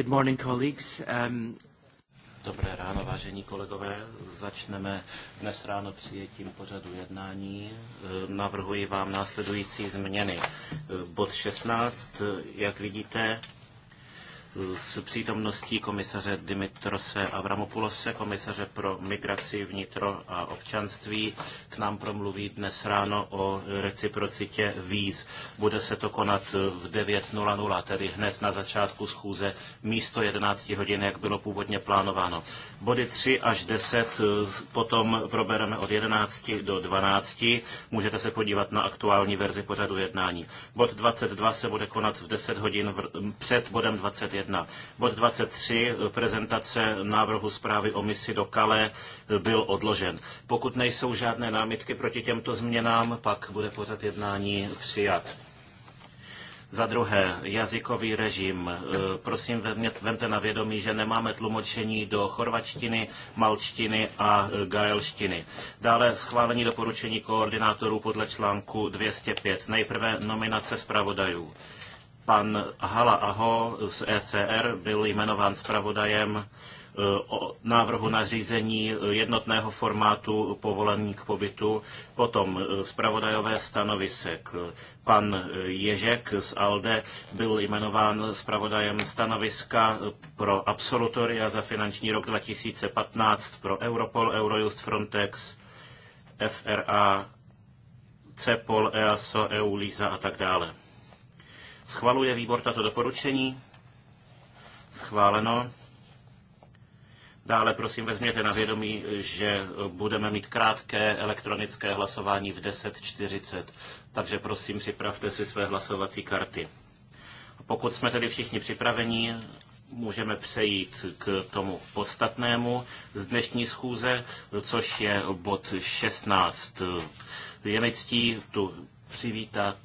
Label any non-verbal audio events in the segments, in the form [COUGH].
Good morning, colleagues. Um... Dobré ráno, vážení kolegové. Začneme dnes ráno přijetím pořadu jednání. Eh, navrhuji vám následující změny. Eh, bod 16, eh, jak vidíte, s přítomností komisaře Dimitrose Avramopulose, komisaře pro migraci, vnitro a občanství. K nám promluví dnes ráno o reciprocitě víz. Bude se to konat v 9.00, tedy hned na začátku schůze, místo 11 hodin, jak bylo původně plánováno. Body 3 až 10 eh, potom probereme od 11 do 12. Můžete se podívat na aktuální verzi pořadu jednání. Bod 22 se bude konat v 10 hodin v, před bodem 21 21. Bod 23, prezentace návrhu zprávy o misi do Kale, byl odložen. Pokud nejsou žádné námitky proti těmto změnám, pak bude pořad jednání přijat. Za druhé, jazykový režim. E, prosím, vemte na vědomí, že nemáme tlumočení do chorvačtiny, malčtiny a gaelštiny. Dále schválení doporučení koordinátorů podle článku 205. Nejprve nominace zpravodajů pan Hala Aho z ECR byl jmenován zpravodajem e, o návrhu nařízení jednotného formátu povolení k pobytu, potom e, zpravodajové stanovisek. Pan Ježek z ALDE byl jmenován zpravodajem stanoviska pro absolutoria za finanční rok 2015 pro Europol, Eurojust, Frontex, FRA, CEPOL, EASO, EU, LISA a tak dále. Schvaluje výbor tato doporučení? Schváleno. Dále prosím vezměte na vědomí, že budeme mít krátké elektronické hlasování v 10.40, takže prosím připravte si své hlasovací karty. Pokud jsme tedy všichni připraveni, můžeme přejít k tomu podstatnému z dnešní schůze, což je bod 16. Je mi ctí tu přivítat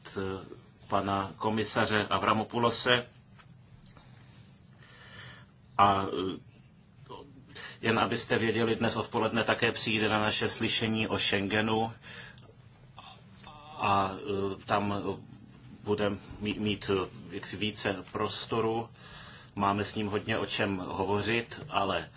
pana komisaře Avramopulose. A e, jen abyste věděli, dnes odpoledne také přijde na naše slyšení o Schengenu a e, tam bude mít e, více prostoru. Máme s ním hodně o čem hovořit, ale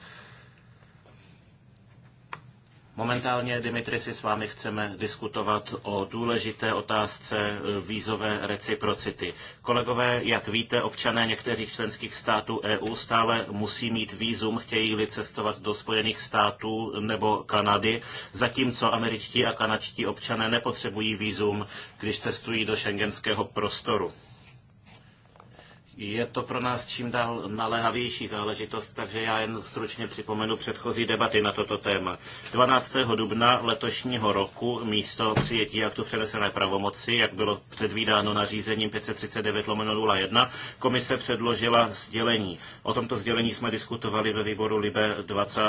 Momentálně, Dimitri, si s vámi chceme diskutovat o důležité otázce e, vízové reciprocity. Kolegové, jak víte, občané některých členských států EU stále musí mít vízum, chtějí-li cestovat do Spojených států nebo Kanady, zatímco američtí a kanadští občané nepotřebují vízum, když cestují do šengenského prostoru. Je to pro nás čím dál naléhavější záležitost, takže já jen stručně připomenu předchozí debaty na toto téma. 12. dubna letošního roku místo přijetí aktu přenesené pravomoci, jak bylo předvídáno nařízením 539 lomeno 01, komise předložila sdělení. O tomto sdělení jsme diskutovali ve výboru Libe 20.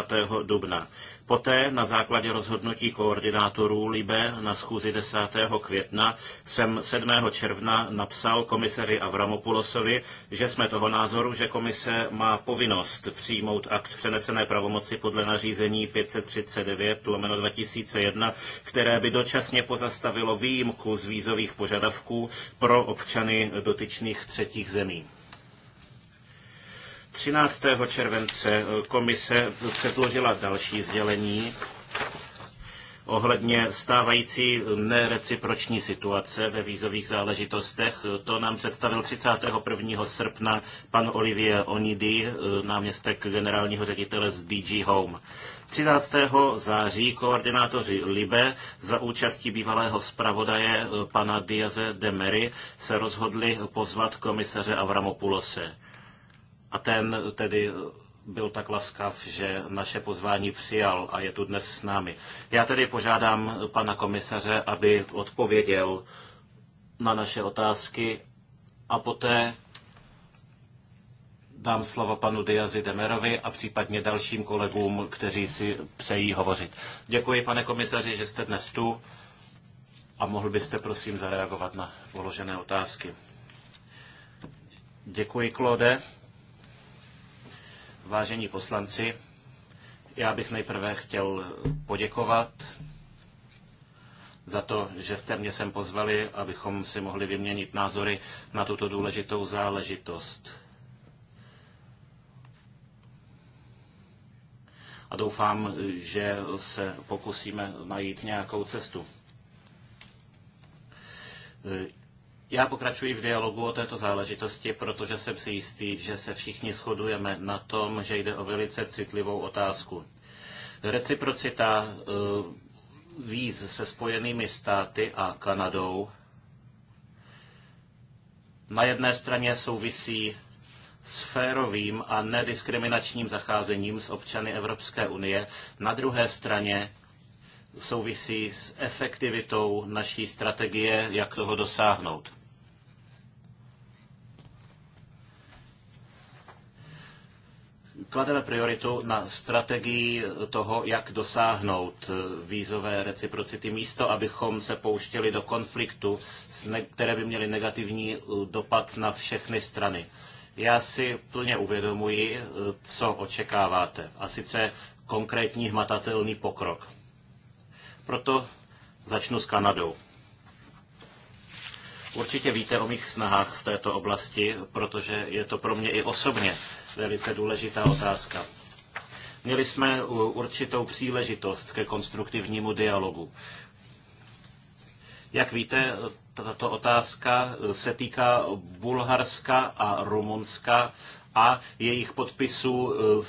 dubna. Poté na základě rozhodnutí koordinátorů Libe na schůzi 10. května jsem 7. června napsal komisaři Avramopulosovi, že jsme toho názoru, že komise má povinnost přijmout akt přenesené pravomoci podle nařízení 539 lomeno 2001, které by dočasně pozastavilo výjimku z vízových požadavků pro občany dotyčných třetích zemí. 13. července eh, komise předložila další sdělení ohledně stávající nereciproční situace ve vízových záležitostech. To nám představil 31. srpna pan Olivier Onidy, eh, náměstek generálního ředitele z DG Home. 13. září koordinátoři Libe za účastí bývalého zpravodaje eh, pana Diaze Demery se rozhodli pozvat komisaře Avramopulose. A ten tedy byl tak laskav, že naše pozvání přijal a je tu dnes s námi. Já tedy požádám pana komisaře, aby odpověděl na naše otázky a poté dám slovo panu Diazi Demerovi a případně dalším kolegům, kteří si přejí hovořit. Děkuji, pane komisaři, že jste dnes tu a mohl byste prosím zareagovat na položené otázky. Děkuji, Klode. Vážení poslanci, já bych nejprve chtěl poděkovat za to, že jste mě sem pozvali, abychom si mohli vyměnit názory na tuto důležitou záležitost. A doufám, že se pokusíme najít nějakou cestu. Já pokračuji v dialogu o této záležitosti, protože jsem si jistý, že se všichni shodujeme na tom, že jde o velice citlivou otázku. Reciprocita eh, víz se spojenými státy a Kanadou na jedné straně souvisí s férovým a nediskriminačním zacházením s občany Evropské unie, na druhé straně souvisí s efektivitou naší strategie, jak toho dosáhnout. klademe prioritu na strategii toho, jak dosáhnout eh, vízové reciprocity, místo abychom se pouštěli do konfliktu, které by měly negativní eh, dopad na všechny strany. Já si plně uvědomuji, eh, co očekáváte, a sice konkrétní hmatatelný pokrok. Proto začnu s Kanadou. Určitě víte o mých snahách v této oblasti, protože je to pro mě i osobně velice důležitá otázka. Měli jsme uh, určitou příležitost ke konstruktivnímu dialogu. Jak víte, tato otázka uh, se týká Bulharska a Rumunska a jejich podpisů uh,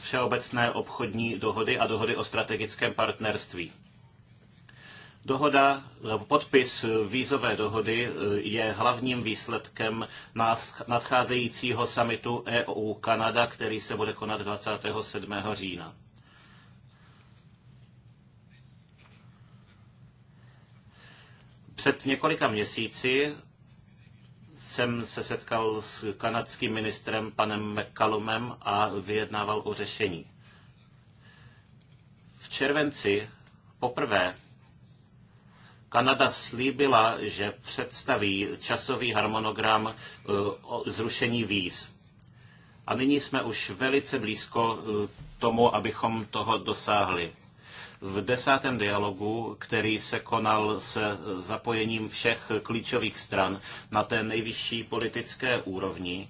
Všeobecné obchodní dohody a dohody o strategickém partnerství. Dohoda, eh, podpis eh, vízové dohody eh, je hlavním výsledkem nadcházejícího samitu EU-Kanada, který se bude konat 27. října. Před několika měsíci jsem se setkal s kanadským ministrem panem McCallumem a vyjednával o řešení. V červenci poprvé Kanada slíbila, že představí časový harmonogram e, zrušení víz. A nyní jsme už velice blízko e, tomu, abychom toho dosáhli. V desátém dialogu, který se konal se zapojením všech klíčových stran na té nejvyšší politické úrovni,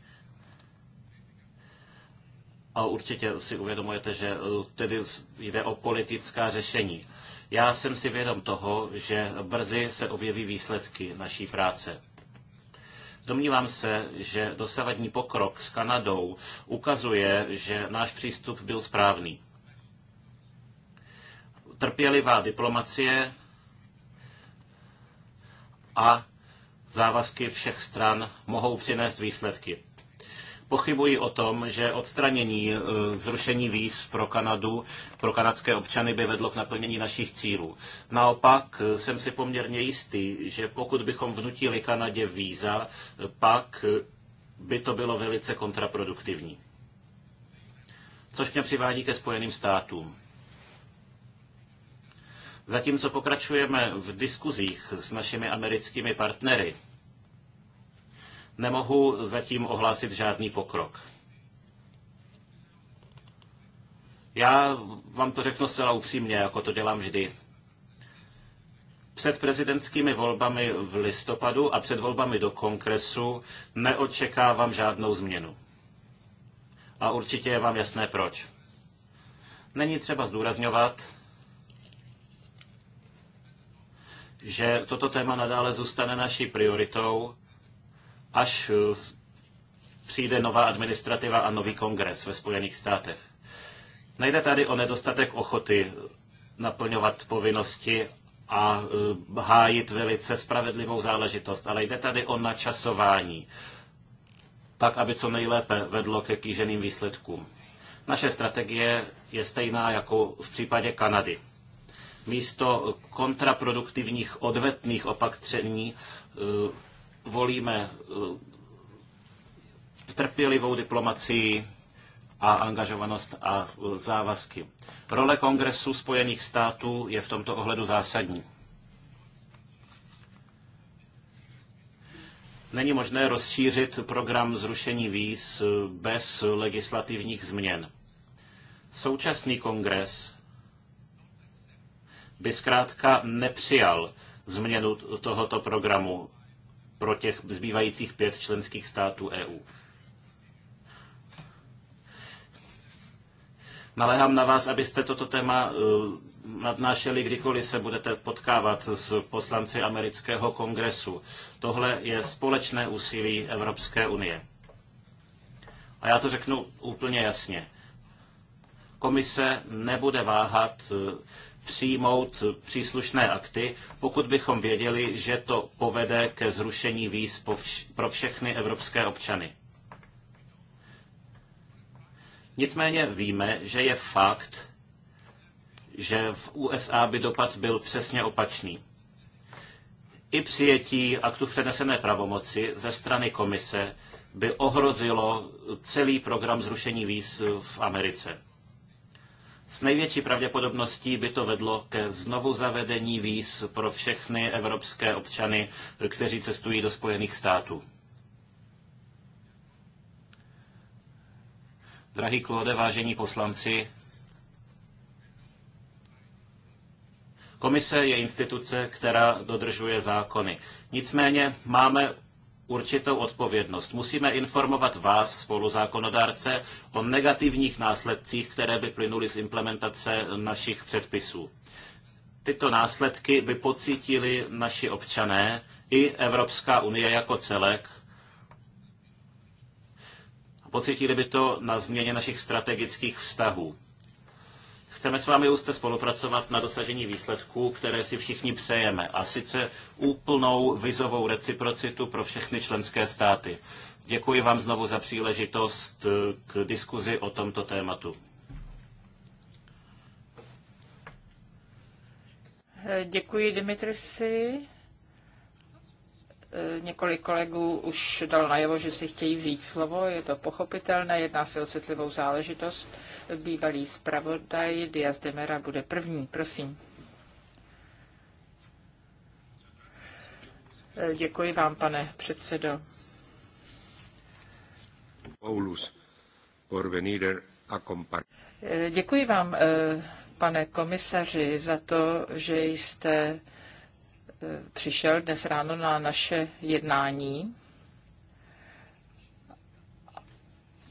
a určitě si uvědomujete, že e, tedy jde o politická řešení. Já jsem si vědom toho, že brzy se objeví výsledky naší práce. Domnívám se, že dosavadní pokrok s Kanadou ukazuje, že náš přístup byl správný. Trpělivá diplomacie a závazky všech stran mohou přinést výsledky. Pochybuji o tom, že odstranění e, zrušení víz pro Kanadu, pro kanadské občany by vedlo k naplnění našich cílů. Naopak e, jsem si poměrně jistý, že pokud bychom vnutili Kanadě víza, e, pak by to bylo velice kontraproduktivní. Což mě přivádí ke Spojeným státům. Zatímco pokračujeme v diskuzích s našimi americkými partnery, nemohu zatím ohlásit žádný pokrok. Já vám to řeknu zcela upřímně, jako to dělám vždy. Před prezidentskými volbami v listopadu a před volbami do kongresu neočekávám žádnou změnu. A určitě je vám jasné proč. Není třeba zdůrazňovat, že toto téma nadále zůstane naší prioritou až eh, přijde nová administrativa a nový kongres ve Spojených státech. Nejde tady o nedostatek ochoty naplňovat povinnosti a eh, hájit velice spravedlivou záležitost, ale jde tady o načasování, tak aby co nejlépe vedlo ke kýženým výsledkům. Naše strategie je stejná jako v případě Kanady. Místo kontraproduktivních odvetných opatření eh, volíme eh, trpělivou diplomacii a angažovanost a eh, závazky. Role Kongresu Spojených států je v tomto ohledu zásadní. Není možné rozšířit program zrušení víz eh, bez legislativních změn. Současný kongres by zkrátka nepřijal změnu tohoto programu pro těch zbývajících pět členských států EU. Naléhám na vás, abyste toto téma eh, nadnášeli, kdykoliv se budete potkávat s poslanci amerického kongresu. Tohle je společné úsilí Evropské unie. A já to řeknu úplně jasně. Komise nebude váhat eh, přijmout příslušné akty, pokud bychom věděli, že to povede ke zrušení víz pro všechny evropské občany. Nicméně víme, že je fakt, že v USA by dopad byl přesně opačný. I přijetí aktu v přenesené pravomoci ze strany komise by ohrozilo celý program zrušení víz v Americe. S největší pravděpodobností by to vedlo ke znovu zavedení víz pro všechny evropské občany, kteří cestují do Spojených států. Drahý Klode, vážení poslanci, Komise je instituce, která dodržuje zákony. Nicméně máme určitou odpovědnost. Musíme informovat vás, spoluzákonodárce, o negativních následcích, které by plynuly z implementace našich předpisů. Tyto následky by pocítili naši občané i Evropská unie jako celek. Pocítili by to na změně našich strategických vztahů. Chceme s vámi úzce spolupracovat na dosažení výsledků, které si všichni přejeme, a sice úplnou vizovou reciprocitu pro všechny členské státy. Děkuji vám znovu za příležitost eh, k diskuzi o tomto tématu. Eh, děkuji Dimitrisi. Eh, několik kolegů už dal najevo, že si chtějí vzít slovo, je to pochopitelné, jedná se o citlivou záležitost. Bývalý zpravodaj Diaz Demera bude první, prosím. Eh, děkuji vám, pane předsedo. Paulus, por venir a eh, Děkuji vám, pane komisaři, za to, že jste přišel dnes ráno na naše jednání,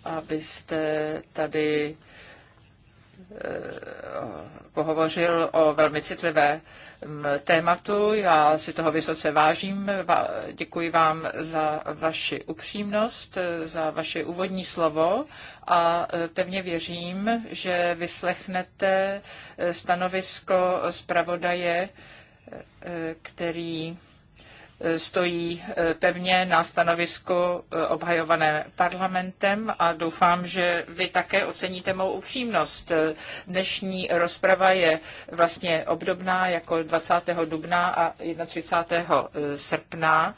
abyste tady eh, pohovořil o velmi citlivé tématu. Já si toho vysoce vážím. Děkuji vám za vaši upřímnost, za vaše úvodní slovo a eh, pevně věřím, že vyslechnete eh, stanovisko zpravodaje který eh, stojí eh, pevně na stanovisku eh, obhajované parlamentem a doufám, že vy také oceníte mou upřímnost. Dnešní rozprava je vlastně obdobná jako 20. dubna a 31. srpna.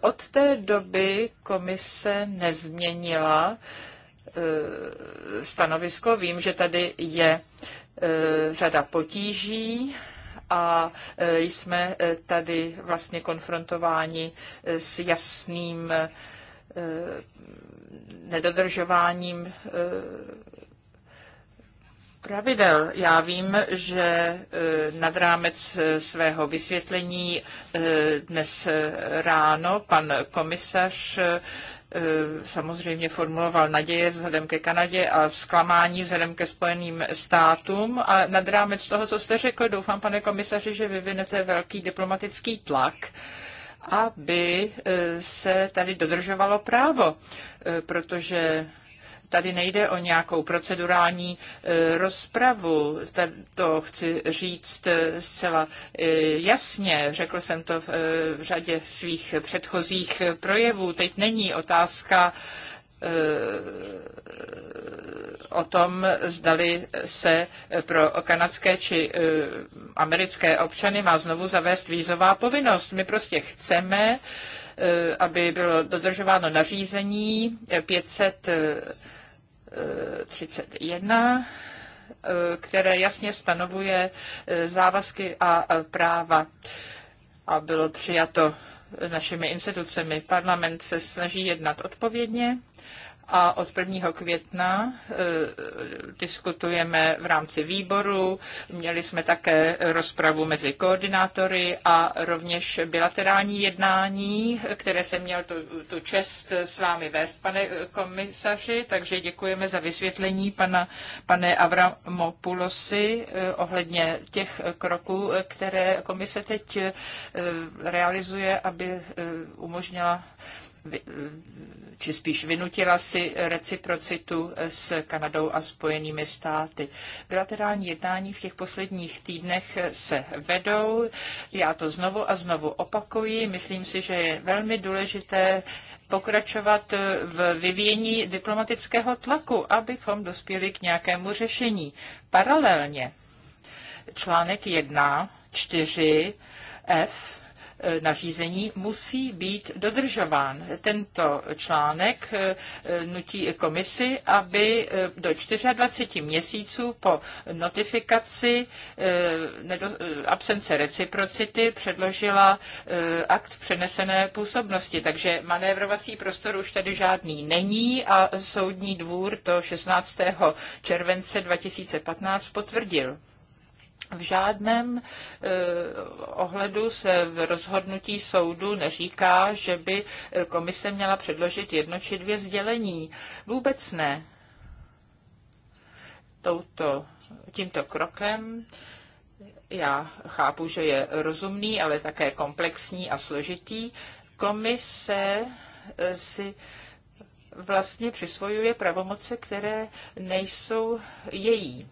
Od té doby komise nezměnila stanovisko. Vím, že tady je řada potíží a e, jsme e, tady vlastně konfrontováni e, s jasným nedodržováním pravidel. Já vím, že nad rámec svého vysvětlení dnes ráno pan komisař Eh, samozřejmě formuloval naděje vzhledem ke Kanadě a zklamání vzhledem ke Spojeným státům. A nad rámec toho, co jste řekl, doufám, pane komisaři, že vyvinete velký diplomatický tlak aby eh, se tady dodržovalo právo, eh, protože Tady nejde o nějakou procedurální e, rozpravu, to chci říct e, zcela e, jasně, řekl jsem to v řadě svých předchozích projevů. Teď není otázka o tom, zdali se pro kanadské či americké občany má znovu zavést vízová povinnost. My prostě chceme, Eh, aby bylo dodržováno nařízení 531, eh, eh, které jasně stanovuje závazky a práva a bylo přijato našimi institucemi. Parlament se snaží jednat odpovědně a od 1. května eh, diskutujeme v rámci výboru. Měli jsme také rozpravu mezi koordinátory a rovněž bilaterální jednání, které jsem měl tu, tu čest s vámi vést, pane komisaři, takže děkujeme za vysvětlení pana, pane Avramopulosi eh, ohledně těch kroků, které komise teď eh, realizuje, aby umožnila či spíš vynutila si reciprocitu s Kanadou a Spojenými státy. Bilaterální jednání v těch posledních týdnech se vedou. Já to znovu a znovu opakuji. Myslím si, že je velmi důležité pokračovat v vyvíjení diplomatického tlaku, abychom dospěli k nějakému řešení. Paralelně článek 1, 4, F Eh, nařízení musí být dodržován. Tento článek eh, nutí komisi, aby eh, do 24 měsíců po notifikaci absence reciprocity předložila akt přenesené působnosti. Takže manévrovací prostor už tady žádný není a soudní dvůr to 16. července 2015 potvrdil. V žádném eh, ohledu se v rozhodnutí soudu neříká, že by eh, komise měla předložit jedno či dvě sdělení. Vůbec ne. Touto, tímto krokem já chápu, že je rozumný, ale také komplexní a složitý. Komise eh, si vlastně přisvojuje pravomoce, které nejsou její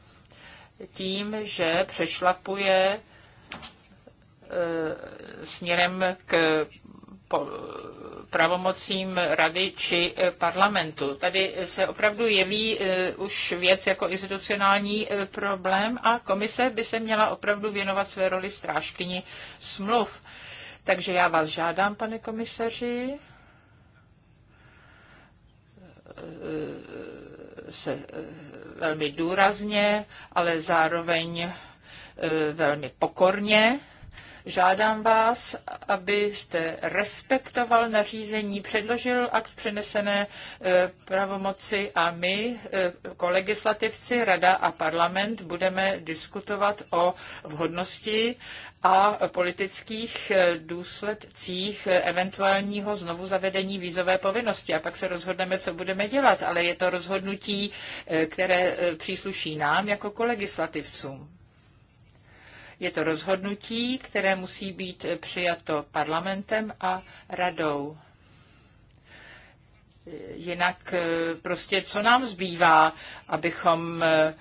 tím, že přešlapuje e, směrem k pravomocím rady či e, parlamentu. Tady se opravdu jeví e, už věc jako institucionální problém a komise by se měla opravdu věnovat své roli strážkyni smluv. Takže já vás žádám, pane komisaři, se velmi důrazně, ale zároveň eh, velmi pokorně Žádám vás, abyste respektoval nařízení, předložil akt přenesené e, pravomoci a my, e, kolegislativci, rada a parlament, budeme diskutovat o vhodnosti a politických e, důsledcích eventuálního znovu zavedení vízové povinnosti. A pak se rozhodneme, co budeme dělat. Ale je to rozhodnutí, které přísluší nám jako kolegislativcům. Je to rozhodnutí, které musí být přijato parlamentem a radou. Jinak eh, prostě co nám zbývá, abychom eh,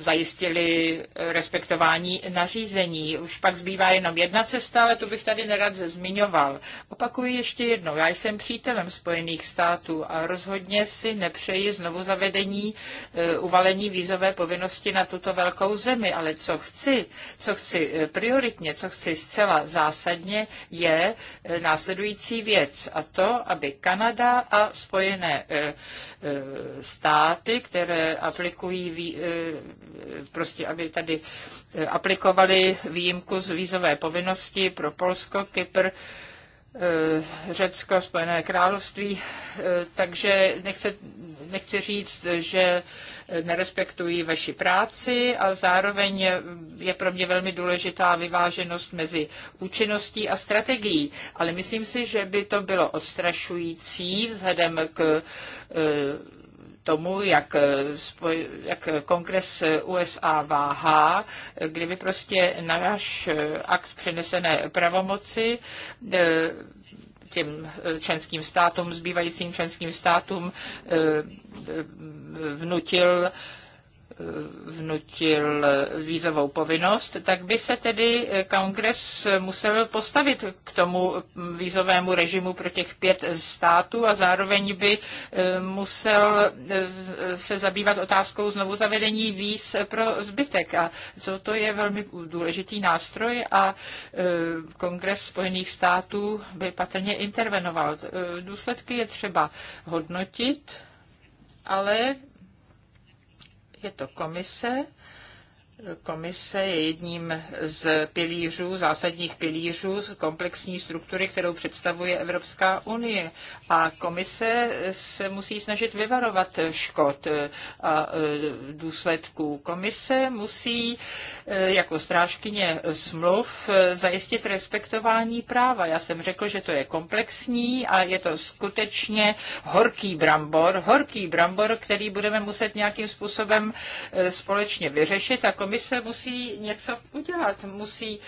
zajistili eh, respektování nařízení. Už pak zbývá jenom jedna cesta, ale to bych tady nerad zmiňoval. Opakuji ještě jednou, já jsem přítelem Spojených států a rozhodně si nepřeji znovu zavedení eh, uvalení vízové povinnosti na tuto velkou zemi, ale co chci, co chci eh, prioritně, co chci zcela zásadně, je následující věc a to, aby Kanada a Spojené státy, které aplikují prostě aby tady eh, aplikovali výjimku z vízové povinnosti pro Polsko, Kypr, eh, Řecko, Spojené království, eh, takže nechce, nechci říct, že nerespektují vaši práci a zároveň je pro mě velmi důležitá vyváženost mezi účinností a strategií. Ale myslím si, že by to bylo odstrašující vzhledem k tomu, jak, eh, jak kongres USA váhá, kdyby prostě náš eh, akt přenesené pravomoci eh, těm členským státům, zbývajícím členským státům vnutil vnutil vízovou povinnost, tak by se tedy kongres musel postavit k tomu vízovému režimu pro těch pět států a zároveň by eh, musel se zabývat otázkou znovu zavedení víz pro zbytek. A to, to je velmi důležitý nástroj a eh, kongres Spojených států by patrně intervenoval. Eh, důsledky je třeba hodnotit ale je to komise Komise je jedním z pilířů, zásadních pilířů komplexní struktury, kterou představuje Evropská unie. A komise se musí snažit vyvarovat škod a e, důsledků. Komise musí e, jako strážkyně smluv e, zajistit respektování práva. Já jsem řekl, že to je komplexní a je to skutečně horký brambor, horký brambor, který budeme muset nějakým způsobem společně vyřešit. A komise komise musí něco udělat. Musí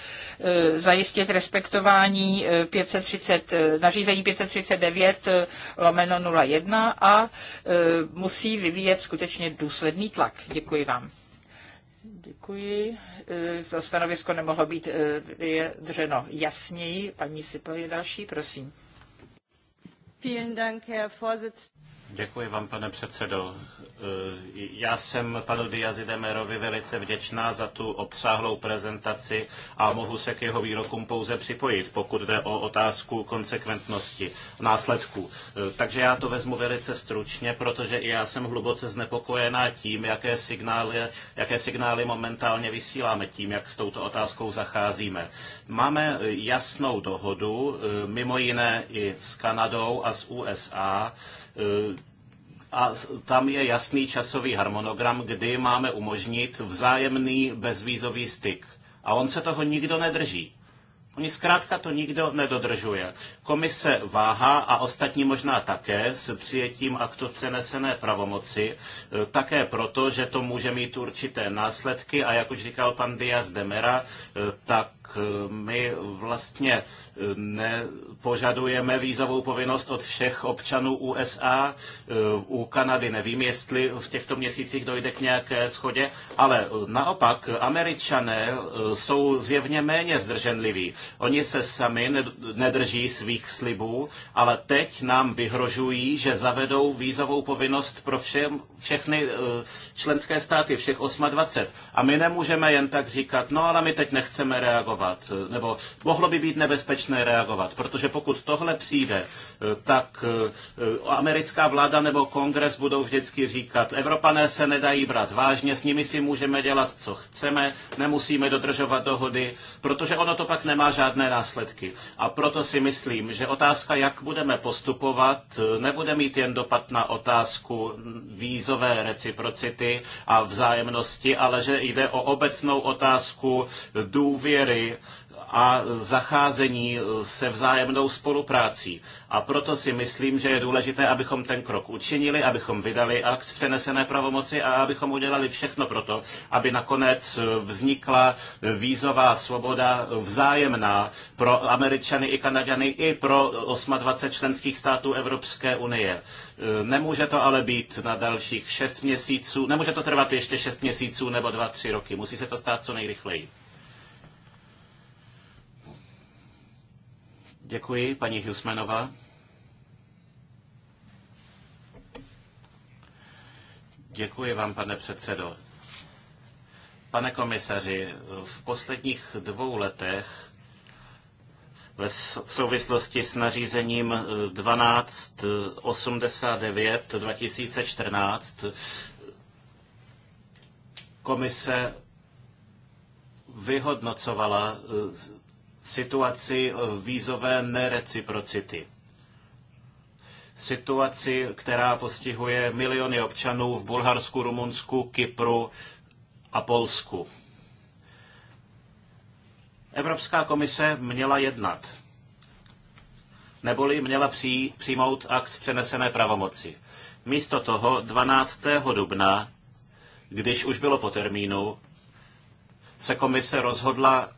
eh, zajistit respektování 530, eh, eh, nařízení 539 lomeno 01 a musí vyvíjet skutečně důsledný tlak. Děkuji vám. Děkuji. To stanovisko nemohlo být vyjadřeno jasněji. Paní Sipel je další, prosím. Děkuji vám, pane předsedo. Eh, já jsem panu Diazi Demerovi velice vděčná za tu obsáhlou prezentaci a mohu se k jeho výrokům pouze připojit, pokud jde o otázku konsekventnosti následků. Eh, takže já to vezmu velice stručně, protože i já jsem hluboce znepokojená tím, jaké signály, jaké signály momentálně vysíláme tím, jak s touto otázkou zacházíme. Máme jasnou dohodu, eh, mimo jiné i s Kanadou a s USA, a tam je jasný časový harmonogram, kdy máme umožnit vzájemný bezvízový styk. A on se toho nikdo nedrží. Oni zkrátka to nikdo nedodržuje. Komise váha a ostatní možná také s přijetím aktu přenesené pravomoci, e, také proto, že to může mít určité následky a jak už říkal pan Diaz Demera, e, tak my vlastně eh, nepožadujeme vízovou povinnost od všech občanů USA. Eh, u Kanady nevím, jestli v těchto měsících dojde k nějaké schodě, ale eh, naopak američané jsou zjevně méně zdrženliví. Oni se sami nedrží svých slibů, ale teď nám vyhrožují, že zavedou vízovou povinnost pro všem, všechny členské státy, všech 28. A my nemůžeme jen tak říkat, no ale my teď nechceme reagovat reagovat, nebo mohlo by být nebezpečné reagovat, protože pokud tohle přijde, tak eh, americká vláda nebo kongres budou vždycky říkat, Evropané se nedají brát vážně, s nimi si můžeme dělat, co chceme, nemusíme dodržovat dohody, protože ono to pak nemá žádné následky. A proto si myslím, že otázka, jak budeme postupovat, nebude mít jen dopad na otázku vízové reciprocity a vzájemnosti, ale že jde o obecnou otázku důvěry a zacházení eh, se vzájemnou spoluprácí. A proto si myslím, že je důležité, abychom ten krok učinili, abychom vydali akt přenesené pravomoci a abychom udělali všechno pro to, aby nakonec eh, vznikla vízová svoboda vzájemná pro Američany i Kanaďany i pro 28 členských států Evropské unie. Eh, nemůže to ale být na dalších šest měsíců, nemůže to trvat ještě šest měsíců nebo dva, tři roky. Musí se to stát co nejrychleji. Děkuji, paní Husmanová. Děkuji vám, pane předsedo. Pane komisaři, v posledních dvou letech v souvislosti s nařízením 1289 eh, 2014 komise vyhodnocovala eh, situaci eh, vízové nereciprocity. Situaci, která postihuje miliony občanů v Bulharsku, Rumunsku, Kypru a Polsku. Evropská komise měla jednat, neboli měla přij, přijmout akt přenesené pravomoci. Místo toho 12. dubna, když už bylo po termínu, se komise rozhodla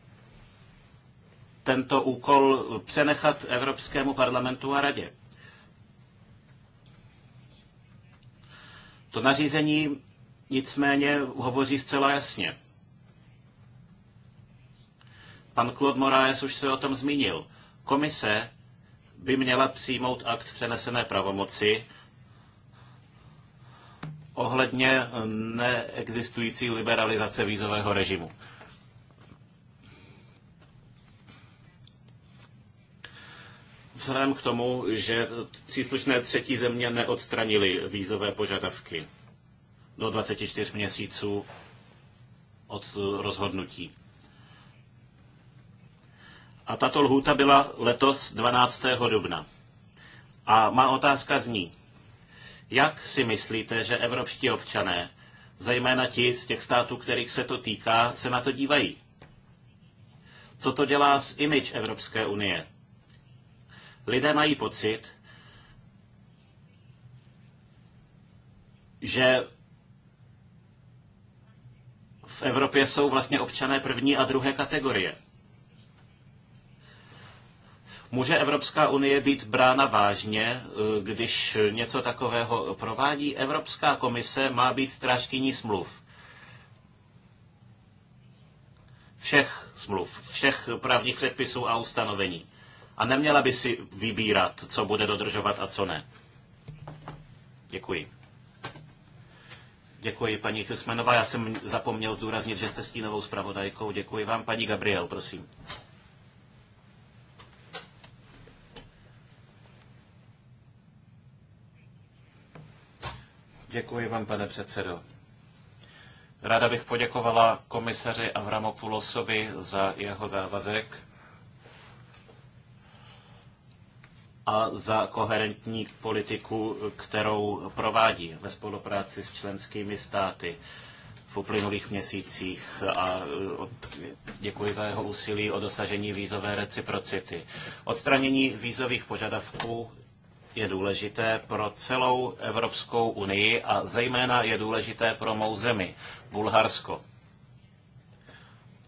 tento úkol přenechat Evropskému parlamentu a radě. To nařízení nicméně hovoří zcela jasně. Pan Claude Moraes už se o tom zmínil. Komise by měla přijmout akt přenesené pravomoci ohledně neexistující liberalizace vízového režimu. vzhledem k tomu, že příslušné třetí země neodstranily vízové požadavky do 24 měsíců od eh, rozhodnutí. A tato lhůta byla letos 12. dubna. A má otázka zní, jak si myslíte, že evropští občané, zejména ti z těch států, kterých se to týká, se na to dívají? Co to dělá s image Evropské unie? Lidé mají pocit, že v Evropě jsou vlastně občané první a druhé kategorie. Může Evropská unie být brána vážně, eh, když něco takového provádí? Evropská komise má být strážkyní smluv. Všech smluv, všech právních předpisů a ustanovení a neměla by si vybírat, co bude dodržovat a co ne. Děkuji. Děkuji, paní Chusmanová. Já jsem zapomněl zdůraznit, že jste stínovou zpravodajkou. Děkuji vám, paní Gabriel, prosím. Děkuji vám, pane předsedo. Ráda bych poděkovala komisaři Avramopulosovi za jeho závazek a za koherentní politiku, kterou provádí ve spolupráci s členskými státy v uplynulých měsících a e, děkuji za jeho úsilí o dosažení vízové reciprocity. Odstranění vízových požadavků je důležité pro celou Evropskou unii a zejména je důležité pro mou zemi, Bulharsko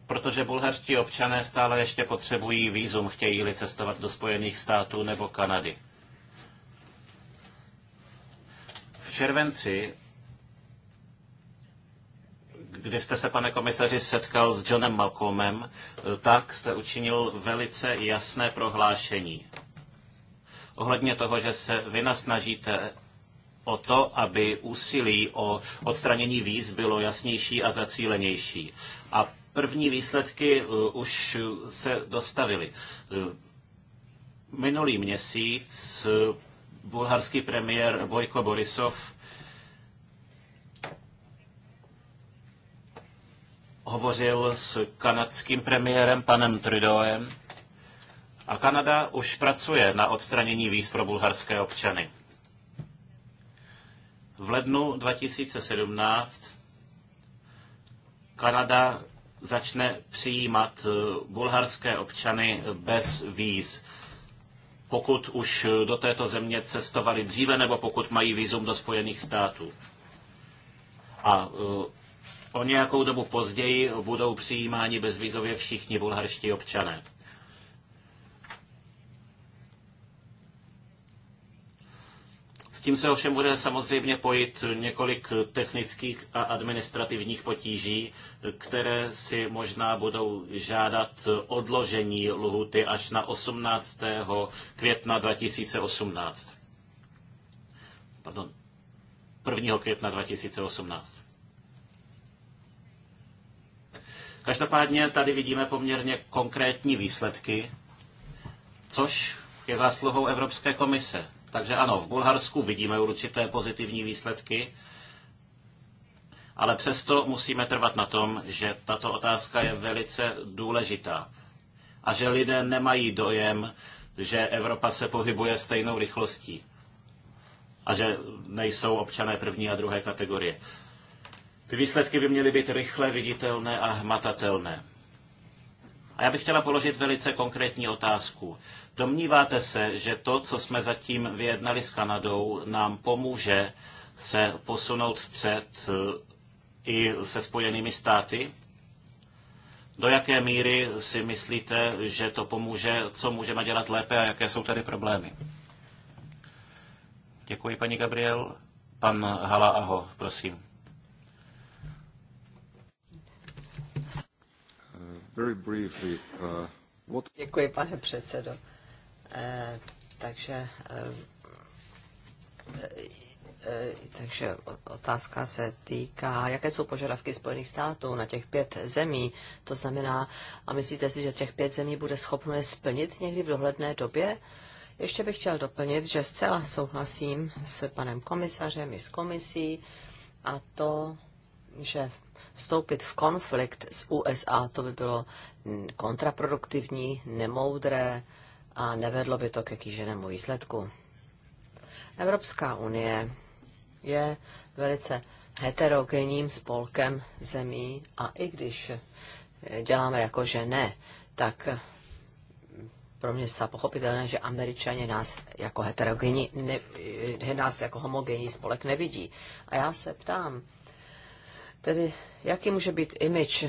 protože bulharští občané stále ještě potřebují výzum, chtějí-li cestovat do Spojených států nebo Kanady. V červenci, kdy jste se, pane komisaři, setkal s Johnem Malcolmem, tak jste učinil velice jasné prohlášení ohledně toho, že se nasnažíte o to, aby úsilí o odstranění víz bylo jasnější a zacílenější. A První výsledky eh, už se dostavily. Eh, minulý měsíc eh, bulharský premiér Bojko Borisov hovořil s kanadským premiérem panem Trudeauem a Kanada už pracuje na odstranění víz pro bulharské občany. V lednu 2017 Kanada začne přijímat eh, bulharské občany bez víz, pokud už eh, do této země cestovali dříve nebo pokud mají vízum do Spojených států. A eh, o nějakou dobu později budou přijímáni bezvízově všichni bulharští občané. tím se ovšem bude samozřejmě pojit několik technických a administrativních potíží, které si možná budou žádat odložení lhuty až na 18. května 2018. Pardon, 1. května 2018. Každopádně tady vidíme poměrně konkrétní výsledky, což je zásluhou Evropské komise. Takže ano, v Bulharsku vidíme určité pozitivní výsledky, ale přesto musíme trvat na tom, že tato otázka je velice důležitá a že lidé nemají dojem, že Evropa se pohybuje stejnou rychlostí a že nejsou občané první a druhé kategorie. Ty výsledky by měly být rychle viditelné a hmatatelné. A já bych chtěla položit velice konkrétní otázku. Domníváte se, že to, co jsme zatím vyjednali s Kanadou, nám pomůže se posunout vpřed eh, i se spojenými státy? Do jaké míry si myslíte, že to pomůže, co můžeme dělat lépe a jaké jsou tady problémy? Děkuji, paní Gabriel. Pan Hala Aho, prosím. Very briefly, uh, what... Děkuji, pane předsedo. Eh, takže eh, eh, takže otázka se týká, jaké jsou požadavky Spojených států na těch pět zemí. To znamená, a myslíte si, že těch pět zemí bude schopno je splnit někdy v dohledné době? Ještě bych chtěl doplnit, že zcela souhlasím s panem komisařem i s komisí a to, že vstoupit v konflikt s USA, to by bylo kontraproduktivní, nemoudré, a nevedlo by to ke kýženému výsledku. Evropská unie je velice heterogenním spolkem zemí a i když děláme jako, že ne, tak pro mě je pochopitelné, že američani nás jako heterogenní, ne, nás jako homogenní spolek nevidí. A já se ptám, tedy jaký může být image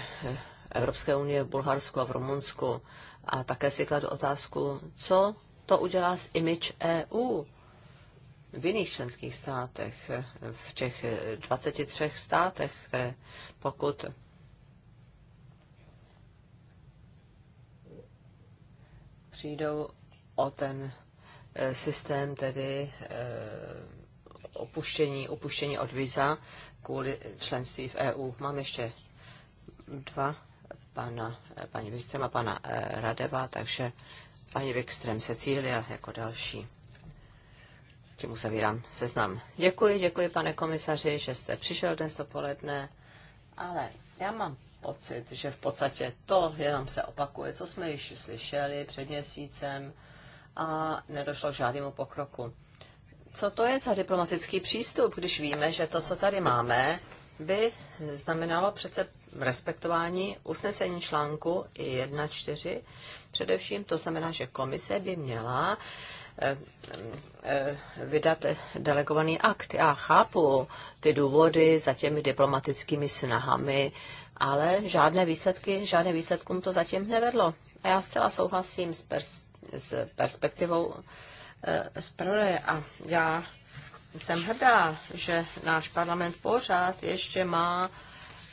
Evropské unie v Bulharsku a v Rumunsku, a také si kladu otázku, co to udělá s image EU v jiných členských státech, v těch 23 státech, které pokud přijdou o ten e, systém tedy e, opuštění, opuštění od víza kvůli členství v EU. Mám ještě dva pana, eh, paní Vistrem a pana eh, Radeva, takže paní se Cecília jako další. Tím uzavírám seznam. Děkuji, děkuji pane komisaři, že jste přišel dnes dopoledne, ale já mám pocit, že v podstatě to jenom se opakuje, co jsme již slyšeli před měsícem a nedošlo k žádnému pokroku. Co to je za diplomatický přístup, když víme, že to, co tady máme, by znamenalo přece v respektování usnesení článku 1.4. Především to znamená, že komise by měla eh, eh, vydat delegovaný akt. Já chápu ty důvody za těmi diplomatickými snahami, ale žádné výsledky, žádné výsledkům to zatím nevedlo. A já zcela souhlasím s, pers- s perspektivou eh, zpravodaje a já jsem hrdá, že náš parlament pořád ještě má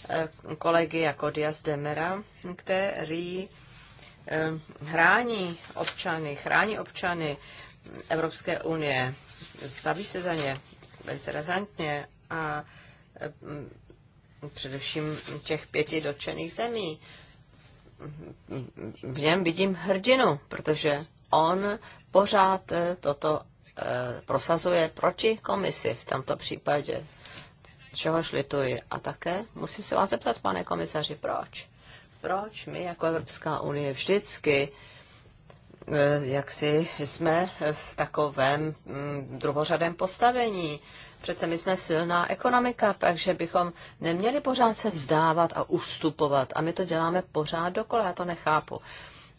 Eh, kolegy jako Diaz Demera, který eh, chrání občany, chrání občany Evropské unie, staví se za ně velice razantně a eh, především těch pěti dotčených zemí. V něm vidím hrdinu, protože on pořád toto prosazuje proti komisi v tomto případě čehož lituji. A také musím se vás zeptat, pane komisaři, proč? Proč my jako Evropská unie vždycky eh, jak si jsme v takovém mm, druhořadém postavení. Přece my jsme silná ekonomika, takže bychom neměli pořád se vzdávat a ustupovat. A my to děláme pořád dokola, já to nechápu.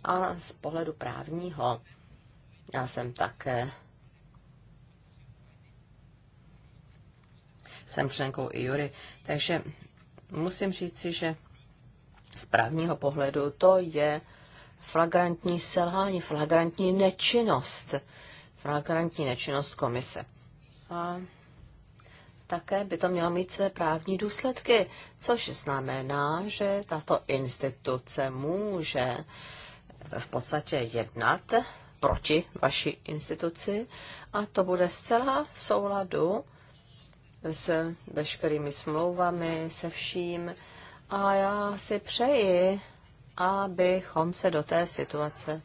A z pohledu právního, já jsem také jsem členkou i Jury. Takže musím říct si, že z právního pohledu to je flagrantní selhání, flagrantní nečinnost, flagrantní nečinnost komise. A také by to mělo mít své právní důsledky, což znamená, že tato instituce může v podstatě jednat proti vaší instituci a to bude zcela v souladu s veškerými smlouvami, se vším. A já si přeji, abychom se do té situace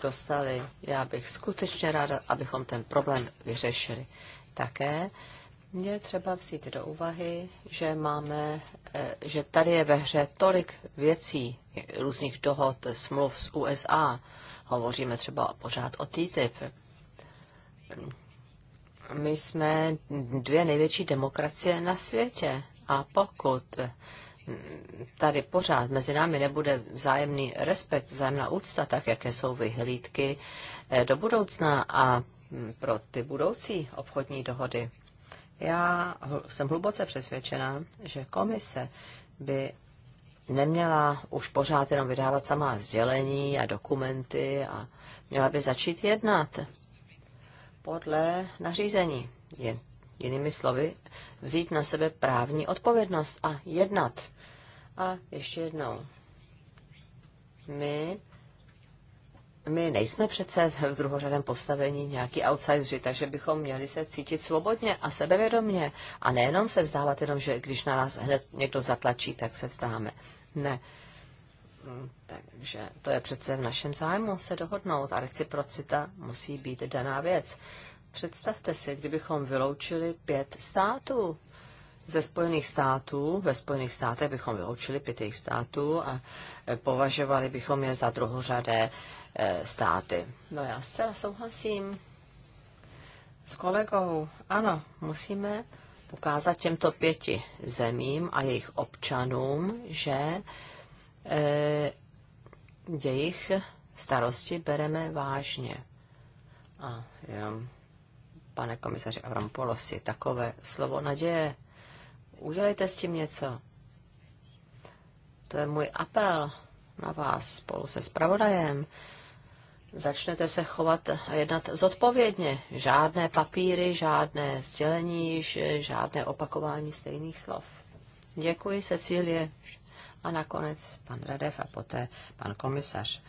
dostali. Já bych skutečně ráda, abychom ten problém vyřešili. Také je třeba vzít do úvahy, že máme, eh, že tady je ve hře tolik věcí, různých dohod, smluv z USA. Hovoříme třeba pořád o TTIP my jsme dvě největší demokracie na světě. A pokud tady pořád mezi námi nebude vzájemný respekt, vzájemná úcta, tak jaké jsou vyhlídky eh, do budoucna a pro ty budoucí obchodní dohody. Já jsem hluboce přesvědčena, že komise by neměla už pořád jenom vydávat samá sdělení a dokumenty a měla by začít jednat podle nařízení. Je, jinými slovy, vzít na sebe právní odpovědnost a jednat. A ještě jednou. My, my nejsme přece v druhořadém postavení nějaký outsideri, takže bychom měli se cítit svobodně a sebevědomně. A nejenom se vzdávat jenom, že když na nás hned někdo zatlačí, tak se vzdáme. Ne. Takže to je přece v našem zájmu se dohodnout a reciprocita musí být daná věc. Představte si, kdybychom vyloučili pět států. Ze Spojených států, ve Spojených státech bychom vyloučili pět jejich států a považovali bychom je za druhořadé eh, státy. No já zcela souhlasím s kolegou. Ano, musíme ukázat těmto pěti zemím a jejich občanům, že E, jejich starosti bereme vážně. A jenom, pane komisaři Avrampolosi, takové slovo naděje. Udělejte s tím něco. To je můj apel na vás spolu se spravodajem. Začnete se chovat a jednat zodpovědně. Žádné papíry, žádné sdělení, žádné opakování stejných slov. Děkuji, Cecílie a nakonec pan Radev a poté pan komisař.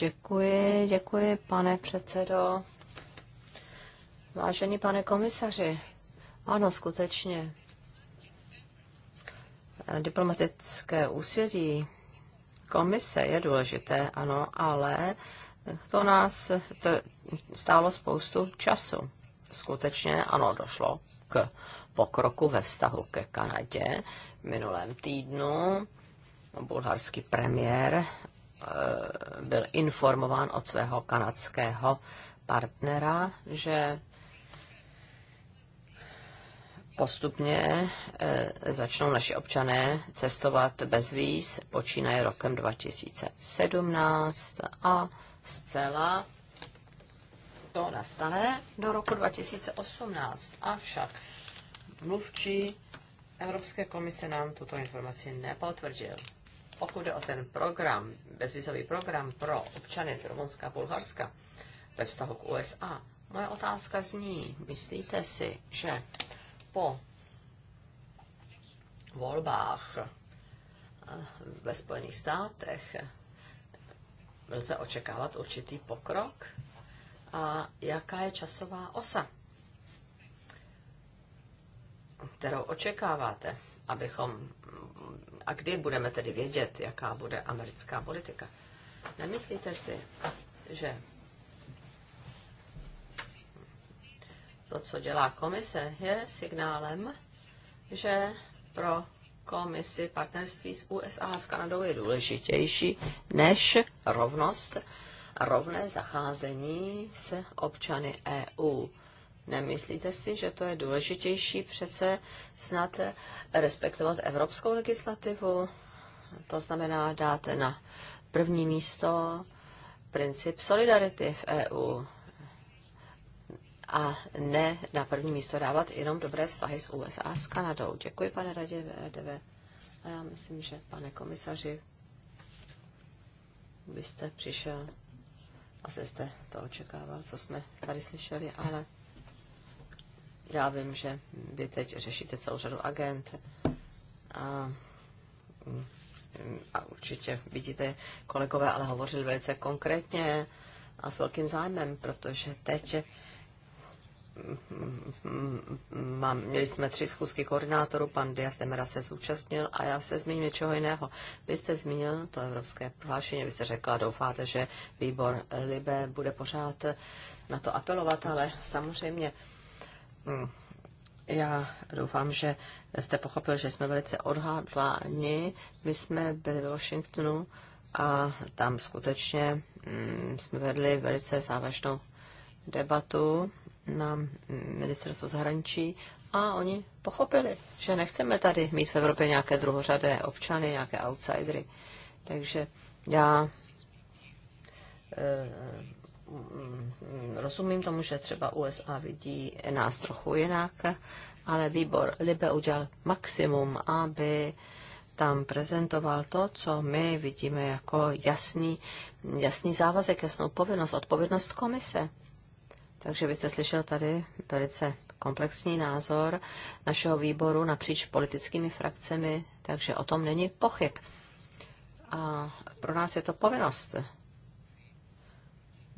Děkuji, děkuji, pane předsedo. Vážený pane komisaři, ano, skutečně. Diplomatické úsilí komise je důležité, ano, ale to nás to stálo spoustu času. Skutečně, ano, došlo k pokroku ve vztahu ke Kanadě. V minulém týdnu bulharský premiér eh, byl informován od svého kanadského partnera, že postupně eh, začnou naši občané cestovat bez víz, počínaje rokem 2017 a zcela to nastane do roku 2018. Avšak mluvčí Evropské komise nám tuto informaci nepotvrdil. Pokud jde o ten program, bezvizový program pro občany z Rumunska a Bulharska ve vztahu k USA, moje otázka zní, myslíte si, že po volbách eh, ve Spojených státech lze očekávat určitý pokrok a jaká je časová osa, kterou očekáváte, abychom a kdy budeme tedy vědět, jaká bude americká politika. Nemyslíte si, že to, co dělá komise, je signálem, že pro komisi partnerství s USA a s Kanadou je důležitější než rovnost rovné zacházení s občany EU. Nemyslíte si, že to je důležitější přece snad respektovat evropskou legislativu? To znamená dát na první místo princip solidarity v EU a ne na první místo dávat jenom dobré vztahy s USA a s Kanadou. Děkuji, pane Radeve. A já myslím, že, pane komisaři, byste přišel asi jste to očekával, co jsme tady slyšeli, ale já vím, že vy teď řešíte celou řadu agent a, a určitě vidíte, kolegové ale hovořili velice konkrétně a s velkým zájmem, protože teď mám, měli jsme tři schůzky koordinátorů, pan Dias Demera se zúčastnil a já se zmíním něčeho jiného. Vy jste zmínil to evropské prohlášení, vy jste řekla, doufáte, že výbor Libe bude pořád na to apelovat, ale samozřejmě hm, já doufám, že jste pochopil, že jsme velice odhádláni. My jsme byli ve Washingtonu a tam skutečně hm, jsme vedli velice závažnou debatu na ministerstvo zahraničí a oni pochopili, že nechceme tady mít v Evropě nějaké druhořadé občany, nějaké outsidery. Takže já eh, rozumím tomu, že třeba USA vidí nás trochu jinak, ale výbor Libe udělal maximum, aby tam prezentoval to, co my vidíme jako jasný, jasný závazek, jasnou povinnost, odpovědnost komise. Takže vy jste slyšel tady velice komplexní názor našeho výboru napříč politickými frakcemi, takže o tom není pochyb. A pro nás je to povinnost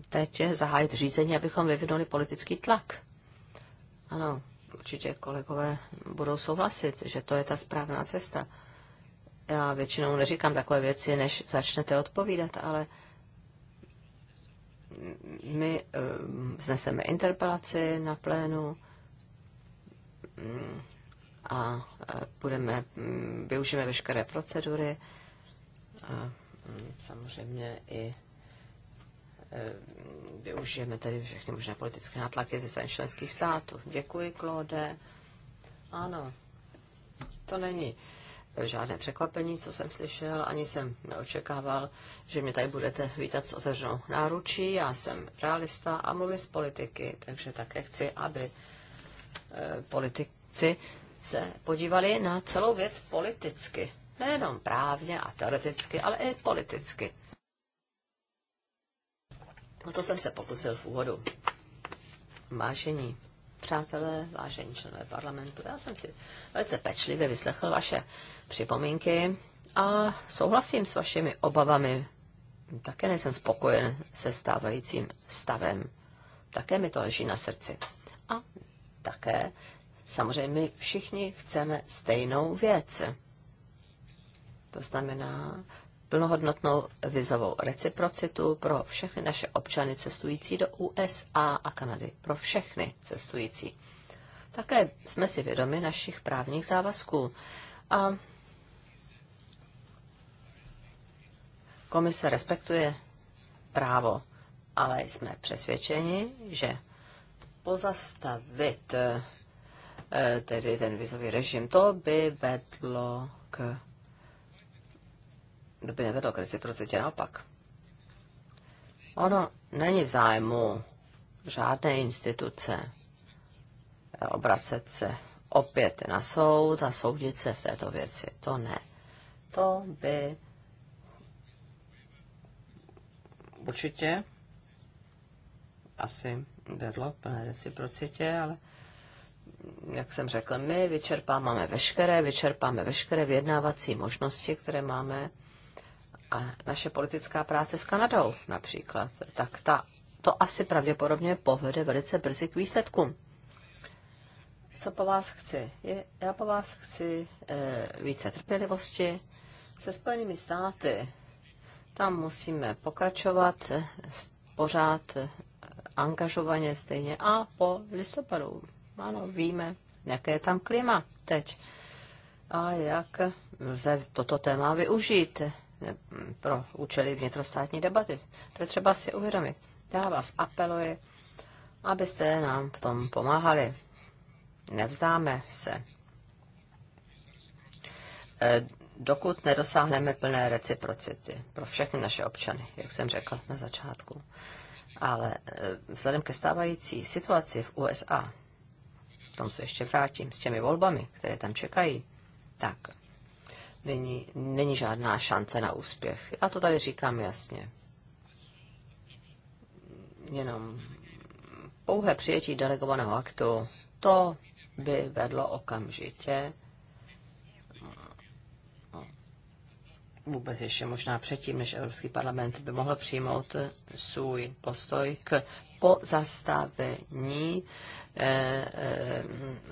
teď zahájit řízení, abychom vyvinuli politický tlak. Ano, určitě kolegové budou souhlasit, že to je ta správná cesta. Já většinou neříkám takové věci, než začnete odpovídat, ale my eh, vzneseme interpelaci na plénu mm, a eh, budeme, mm, využijeme veškeré procedury a mm, samozřejmě i eh, využijeme tady všechny možné politické nátlaky ze strany členských států. Děkuji, Klode. Ano, to není žádné překvapení, co jsem slyšel, ani jsem neočekával, že mě tady budete vítat s otevřenou náručí. Já jsem realista a mluvím z politiky, takže také chci, aby e, politici se podívali na celou věc politicky. Nejenom právně a teoreticky, ale i politicky. No, to jsem se pokusil v úvodu. Vážení přátelé, vážení členové parlamentu, já jsem si velice pečlivě vyslechl vaše připomínky a souhlasím s vašimi obavami. Také nejsem spokojen se stávajícím stavem. Také mi to leží na srdci. A také samozřejmě my všichni chceme stejnou věc. To znamená plnohodnotnou vizovou reciprocitu pro všechny naše občany cestující do USA a Kanady. Pro všechny cestující. Také jsme si vědomi našich právních závazků. A Komise respektuje právo, ale jsme přesvědčeni, že pozastavit eh, tedy ten vizový režim, to by vedlo k to by nevedlo k reciprocitě, naopak. Ono není v zájmu žádné instituce eh, obracet se opět na soud a soudit se v této věci. To ne. To by určitě asi vedlo plné reciprocitě, ale jak jsem řekl, my vyčerpáváme veškeré, vyčerpáme veškeré vyjednávací možnosti, které máme. A naše politická práce s Kanadou například, tak ta, to asi pravděpodobně povede velice brzy k výsledkům. Co po vás chci? Je, já po vás chci e, více trpělivosti se Spojenými státy tam musíme pokračovat eh, pořád eh, angažovaně stejně a po listopadu. Ano, víme, jaké je tam klima teď a jak lze toto téma využít eh, pro účely vnitrostátní debaty. To je třeba si uvědomit. Já vás apeluji, abyste nám v tom pomáhali. Nevzdáme se dokud nedosáhneme plné reciprocity pro všechny naše občany, jak jsem řekl na začátku. Ale eh, vzhledem ke stávající situaci v USA, k tomu se ještě vrátím, s těmi volbami, které tam čekají, tak není, není žádná šance na úspěch. Já to tady říkám jasně. Jenom pouhé přijetí delegovaného aktu, to by vedlo okamžitě vůbec ještě možná předtím, než Evropský parlament by mohl přijmout svůj postoj k pozastavení toho eh,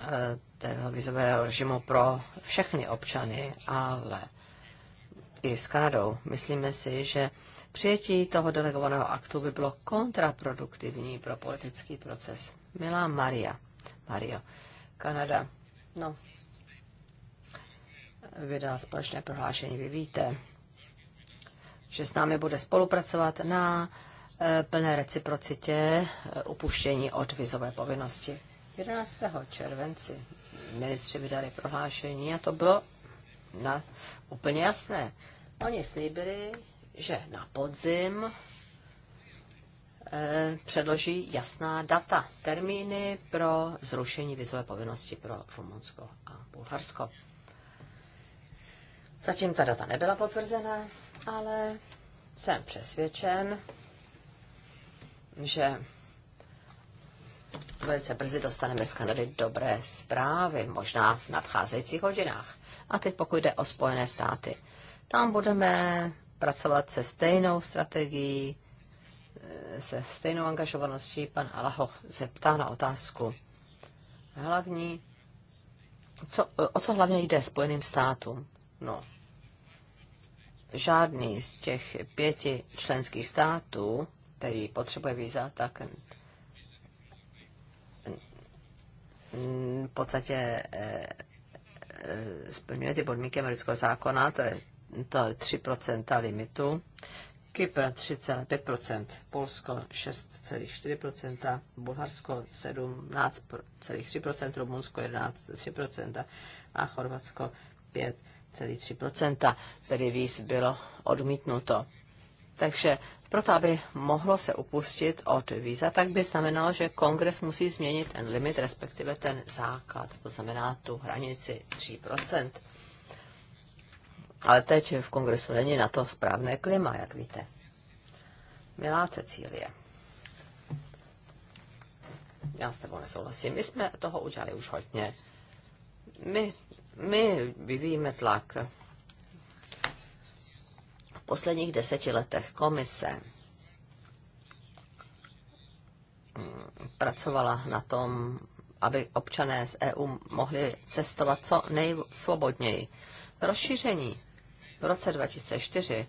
eh, eh, vizového režimu pro všechny občany, ale i s Kanadou. Myslíme si, že přijetí toho delegovaného aktu by bylo kontraproduktivní pro politický proces. Milá Maria, Mario, Kanada, no, vydal společné prohlášení. Vy víte, že s námi bude spolupracovat na eh, plné reciprocitě eh, upuštění od vizové povinnosti. 11. červenci ministři vydali prohlášení a to bylo na, úplně jasné. Oni slíbili, že na podzim eh, předloží jasná data, termíny pro zrušení vizové povinnosti pro Rumunsko a Bulharsko. Zatím ta data nebyla potvrzena, ale jsem přesvědčen, že velice brzy dostaneme z Kanady dobré zprávy, možná v nadcházejících hodinách. A teď pokud jde o Spojené státy, tam budeme pracovat se stejnou strategií, eh, se stejnou angažovaností. Pan Alaho zeptá na otázku. Hlavní, co, o co hlavně jde Spojeným státům? No, žádný z těch pěti členských států, který potřebuje víza, tak v podstatě e, e, splňuje ty podmínky amerického zákona, to je to je 3% limitu, Kypr 3,5%, Polsko 6,4%, Bulharsko 17,3%, Rumunsko 11,3% a Chorvatsko 5%. 0,3 tedy víz bylo odmítnuto. Takže proto, aby mohlo se upustit od víza, tak by znamenalo, že kongres musí změnit ten limit, respektive ten základ, to znamená tu hranici 3 Ale teď v kongresu není na to správné klima, jak víte. Milá Cecílie, já s tebou nesouhlasím. My jsme toho udělali už hodně. My my vyvíjíme tlak. V posledních deseti letech komise pracovala na tom, aby občané z EU mohli cestovat co nejsvobodněji. Rozšíření v roce 2004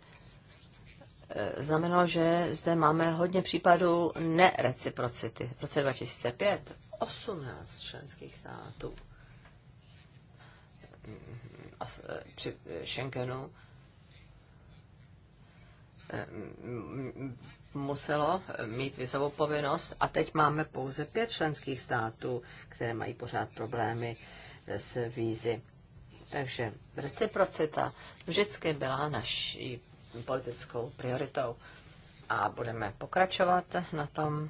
eh, znamenalo, že zde máme hodně případů nereciprocity. V roce 2005 18 členských států Eh, při eh, Schengenu eh, muselo mít vizovou povinnost a teď máme pouze pět členských států, které mají pořád problémy s vízy. Takže reciprocita vždycky byla naší politickou prioritou a budeme pokračovat na tom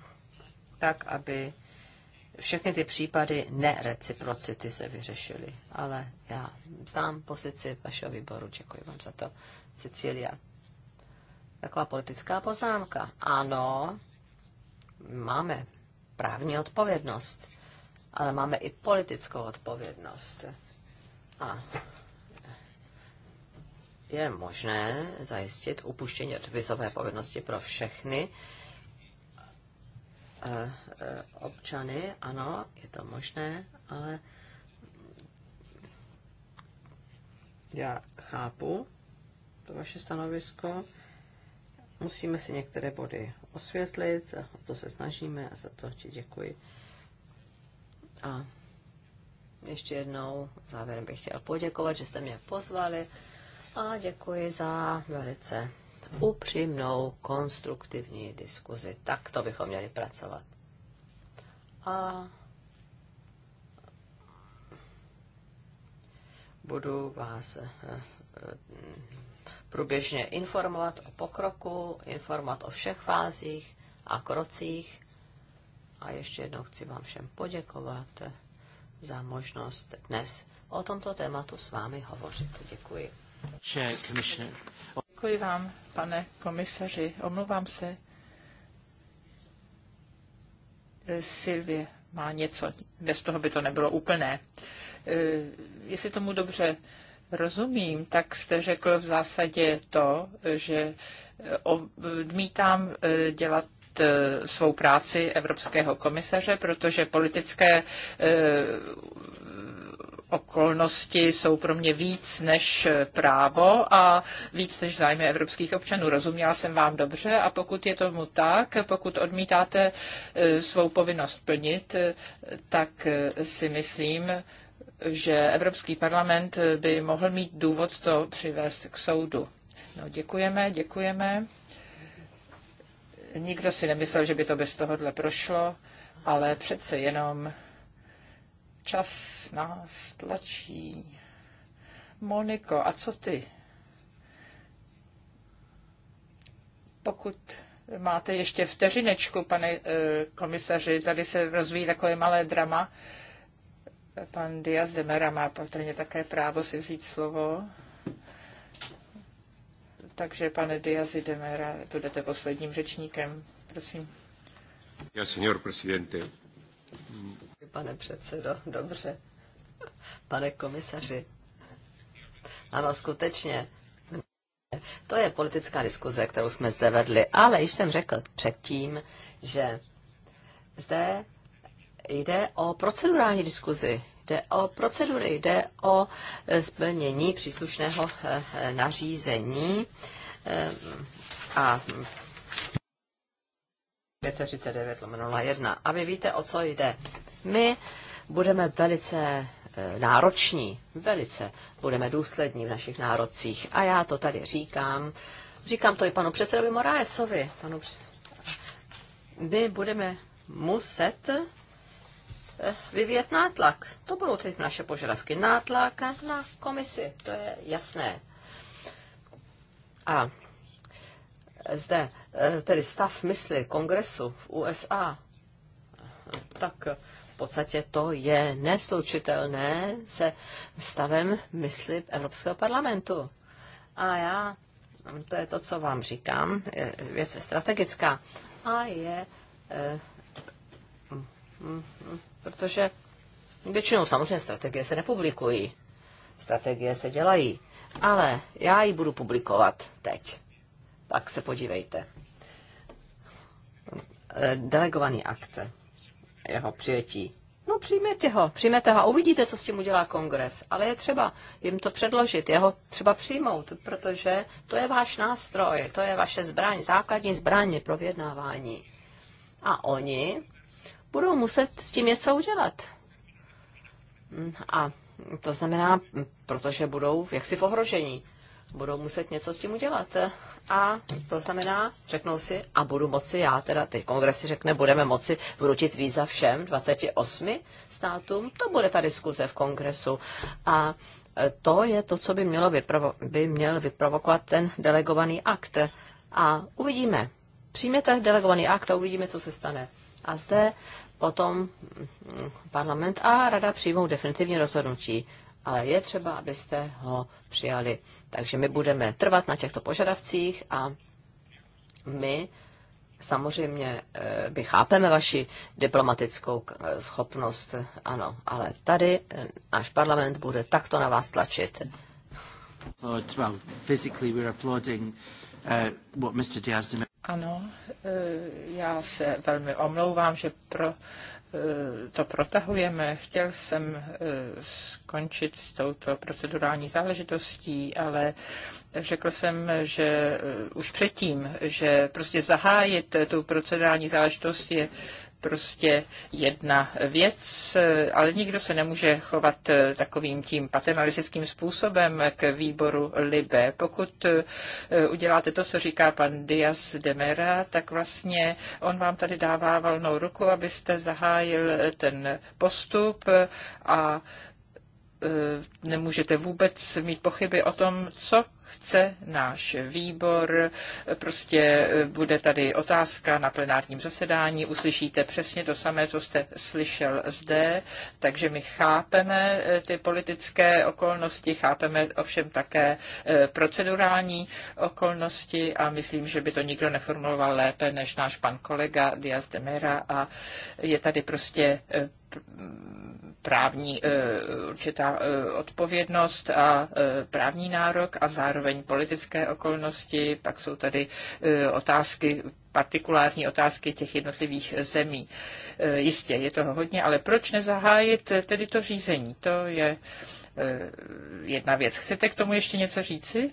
tak, aby všechny ty případy nereciprocity se vyřešily. Ale já znám pozici vašeho výboru, děkuji vám za to, Cecilia. Taková politická poznámka. Ano, máme právní odpovědnost, ale máme i politickou odpovědnost. A je možné zajistit upuštění od vizové povinnosti pro všechny, Eh, eh, občany, ano, je to možné, ale já chápu to vaše stanovisko. Musíme si některé body osvětlit, o to se snažíme a za to ti děkuji. A ještě jednou závěrem bych chtěl poděkovat, že jste mě pozvali a děkuji za velice upřímnou, konstruktivní diskuzi. Tak to bychom měli pracovat. A budu vás eh, eh, průběžně informovat o pokroku, informovat o všech fázích a krocích. A ještě jednou chci vám všem poděkovat eh, za možnost dnes o tomto tématu s vámi hovořit. Děkuji. Chair, Děkuji vám, pane komisaři. Omlouvám se. Eh, Silvie má něco. Bez toho by to nebylo úplné. Eh, jestli tomu dobře rozumím, tak jste řekl v zásadě to, že odmítám eh, dělat svou práci evropského komisaře, protože politické okolnosti jsou pro mě víc než právo a víc než zájmy evropských občanů. Rozuměla jsem vám dobře a pokud je tomu tak, pokud odmítáte e, svou povinnost plnit, e, tak e, si myslím, že Evropský parlament by mohl mít důvod to přivést k soudu. No, děkujeme, děkujeme. Nikdo si nemyslel, že by to bez tohohle prošlo, ale přece jenom Čas nás tlačí. Moniko, a co ty? Pokud máte ještě vteřinečku, pane eh, komisaři, tady se rozvíjí takové malé drama. Pan Diaz de Mera má patrně také právo si vzít slovo. Takže, pane Diaz de Mera, budete posledním řečníkem. Prosím. Já, senor presidente pane předsedo. Dobře. Pane komisaři. Ano, skutečně. To je politická diskuze, kterou jsme zde vedli, ale již jsem řekl předtím, že zde jde o procedurální diskuzi, jde o procedury, jde o eh, splnění příslušného eh, eh, nařízení a 539 lomeno 1. A vy víte, o co jde. My budeme velice e, nároční, velice budeme důslední v našich nárocích. A já to tady říkám. Říkám to i panu předsedovi Moraesovi. Panu... My budeme muset e, vyvíjet nátlak. To budou teď naše požadavky. Nátlak na komisi, to je jasné. A zde Eh, tedy stav mysli kongresu v USA, tak v podstatě to je neslučitelné se stavem mysli Evropského parlamentu. A já, to je to, co vám říkám, je věc je strategická. A je, eh, protože většinou samozřejmě strategie se nepublikují, strategie se dělají, ale já ji budu publikovat teď. Tak se podívejte. Eh, delegovaný akt jeho přijetí. No přijměte ho, přijměte ho a uvidíte, co s tím udělá kongres. Ale je třeba jim to předložit, jeho třeba přijmout, protože to je váš nástroj, to je vaše zbraň, základní zbraň pro vyjednávání. A oni budou muset s tím něco udělat. A to znamená, protože budou jaksi v ohrožení budou muset něco s tím udělat. A to znamená, řeknou si, a budu moci já, teda teď kongresy řekne, budeme moci vrutit víza všem 28 státům, to bude ta diskuze v kongresu. A to je to, co by, mělo vyprovo- by měl vyprovokovat ten delegovaný akt. A uvidíme. Přijměte delegovaný akt a uvidíme, co se stane. A zde potom parlament a rada přijmou definitivní rozhodnutí ale je třeba, abyste ho přijali. Takže my budeme trvat na těchto požadavcích a my samozřejmě by eh, chápeme vaši diplomatickou eh, schopnost, ano, ale tady eh, náš parlament bude takto na vás tlačit. Ano, já se velmi omlouvám, že pro Eh, to protahujeme. Chtěl jsem eh, skončit s touto procedurální záležitostí, ale řekl jsem, že eh, už předtím, že prostě zahájit tu procedurální záležitost je prostě jedna věc, ale nikdo se nemůže chovat eh, takovým tím paternalistickým způsobem k výboru Libe. Pokud eh, uděláte to, co říká pan Diaz de Mera, tak vlastně on vám tady dává valnou ruku, abyste zahájil ten postup a E, nemůžete vůbec mít pochyby o tom, co chce náš výbor. Prostě e, bude tady otázka na plenárním zasedání, uslyšíte přesně to samé, co jste slyšel zde, takže my chápeme e, ty politické okolnosti, chápeme ovšem také procedurální okolnosti a myslím, že by to nikdo neformuloval lépe než náš pan kolega Diaz de Mera a je tady prostě právní eh, určitá eh, odpovědnost a eh, právní nárok a zároveň politické okolnosti, pak jsou tady otázky partikulární otázky těch jednotlivých zemí. Jistě, je toho hodně, ale proč nezahájit tedy to řízení? To je jedna věc. Chcete k tomu ještě něco říci?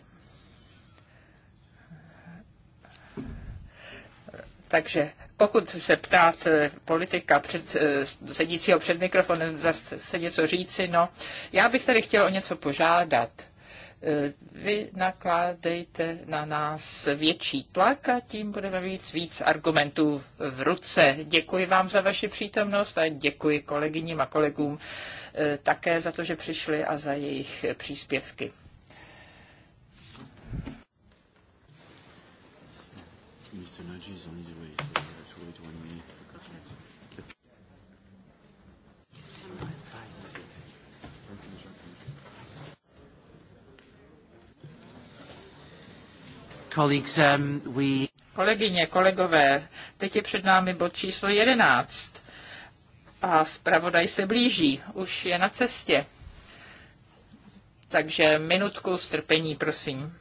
Takže pokud se ptát eh, politika před, eh, sedícího před mikrofonem, zase se něco říci, no, já bych tady chtěl o něco požádat eh, vy nakládejte na nás větší tlak a tím budeme mít víc argumentů v ruce. Děkuji vám za vaši přítomnost a děkuji kolegyním a kolegům také za to, že přišli a za jejich příspěvky. Mr. Nudge is on his way. Um, Kolegyně, kolegové, teď je před námi bod číslo 11 a zpravodaj se blíží, už je na cestě. Takže minutku strpení, prosím.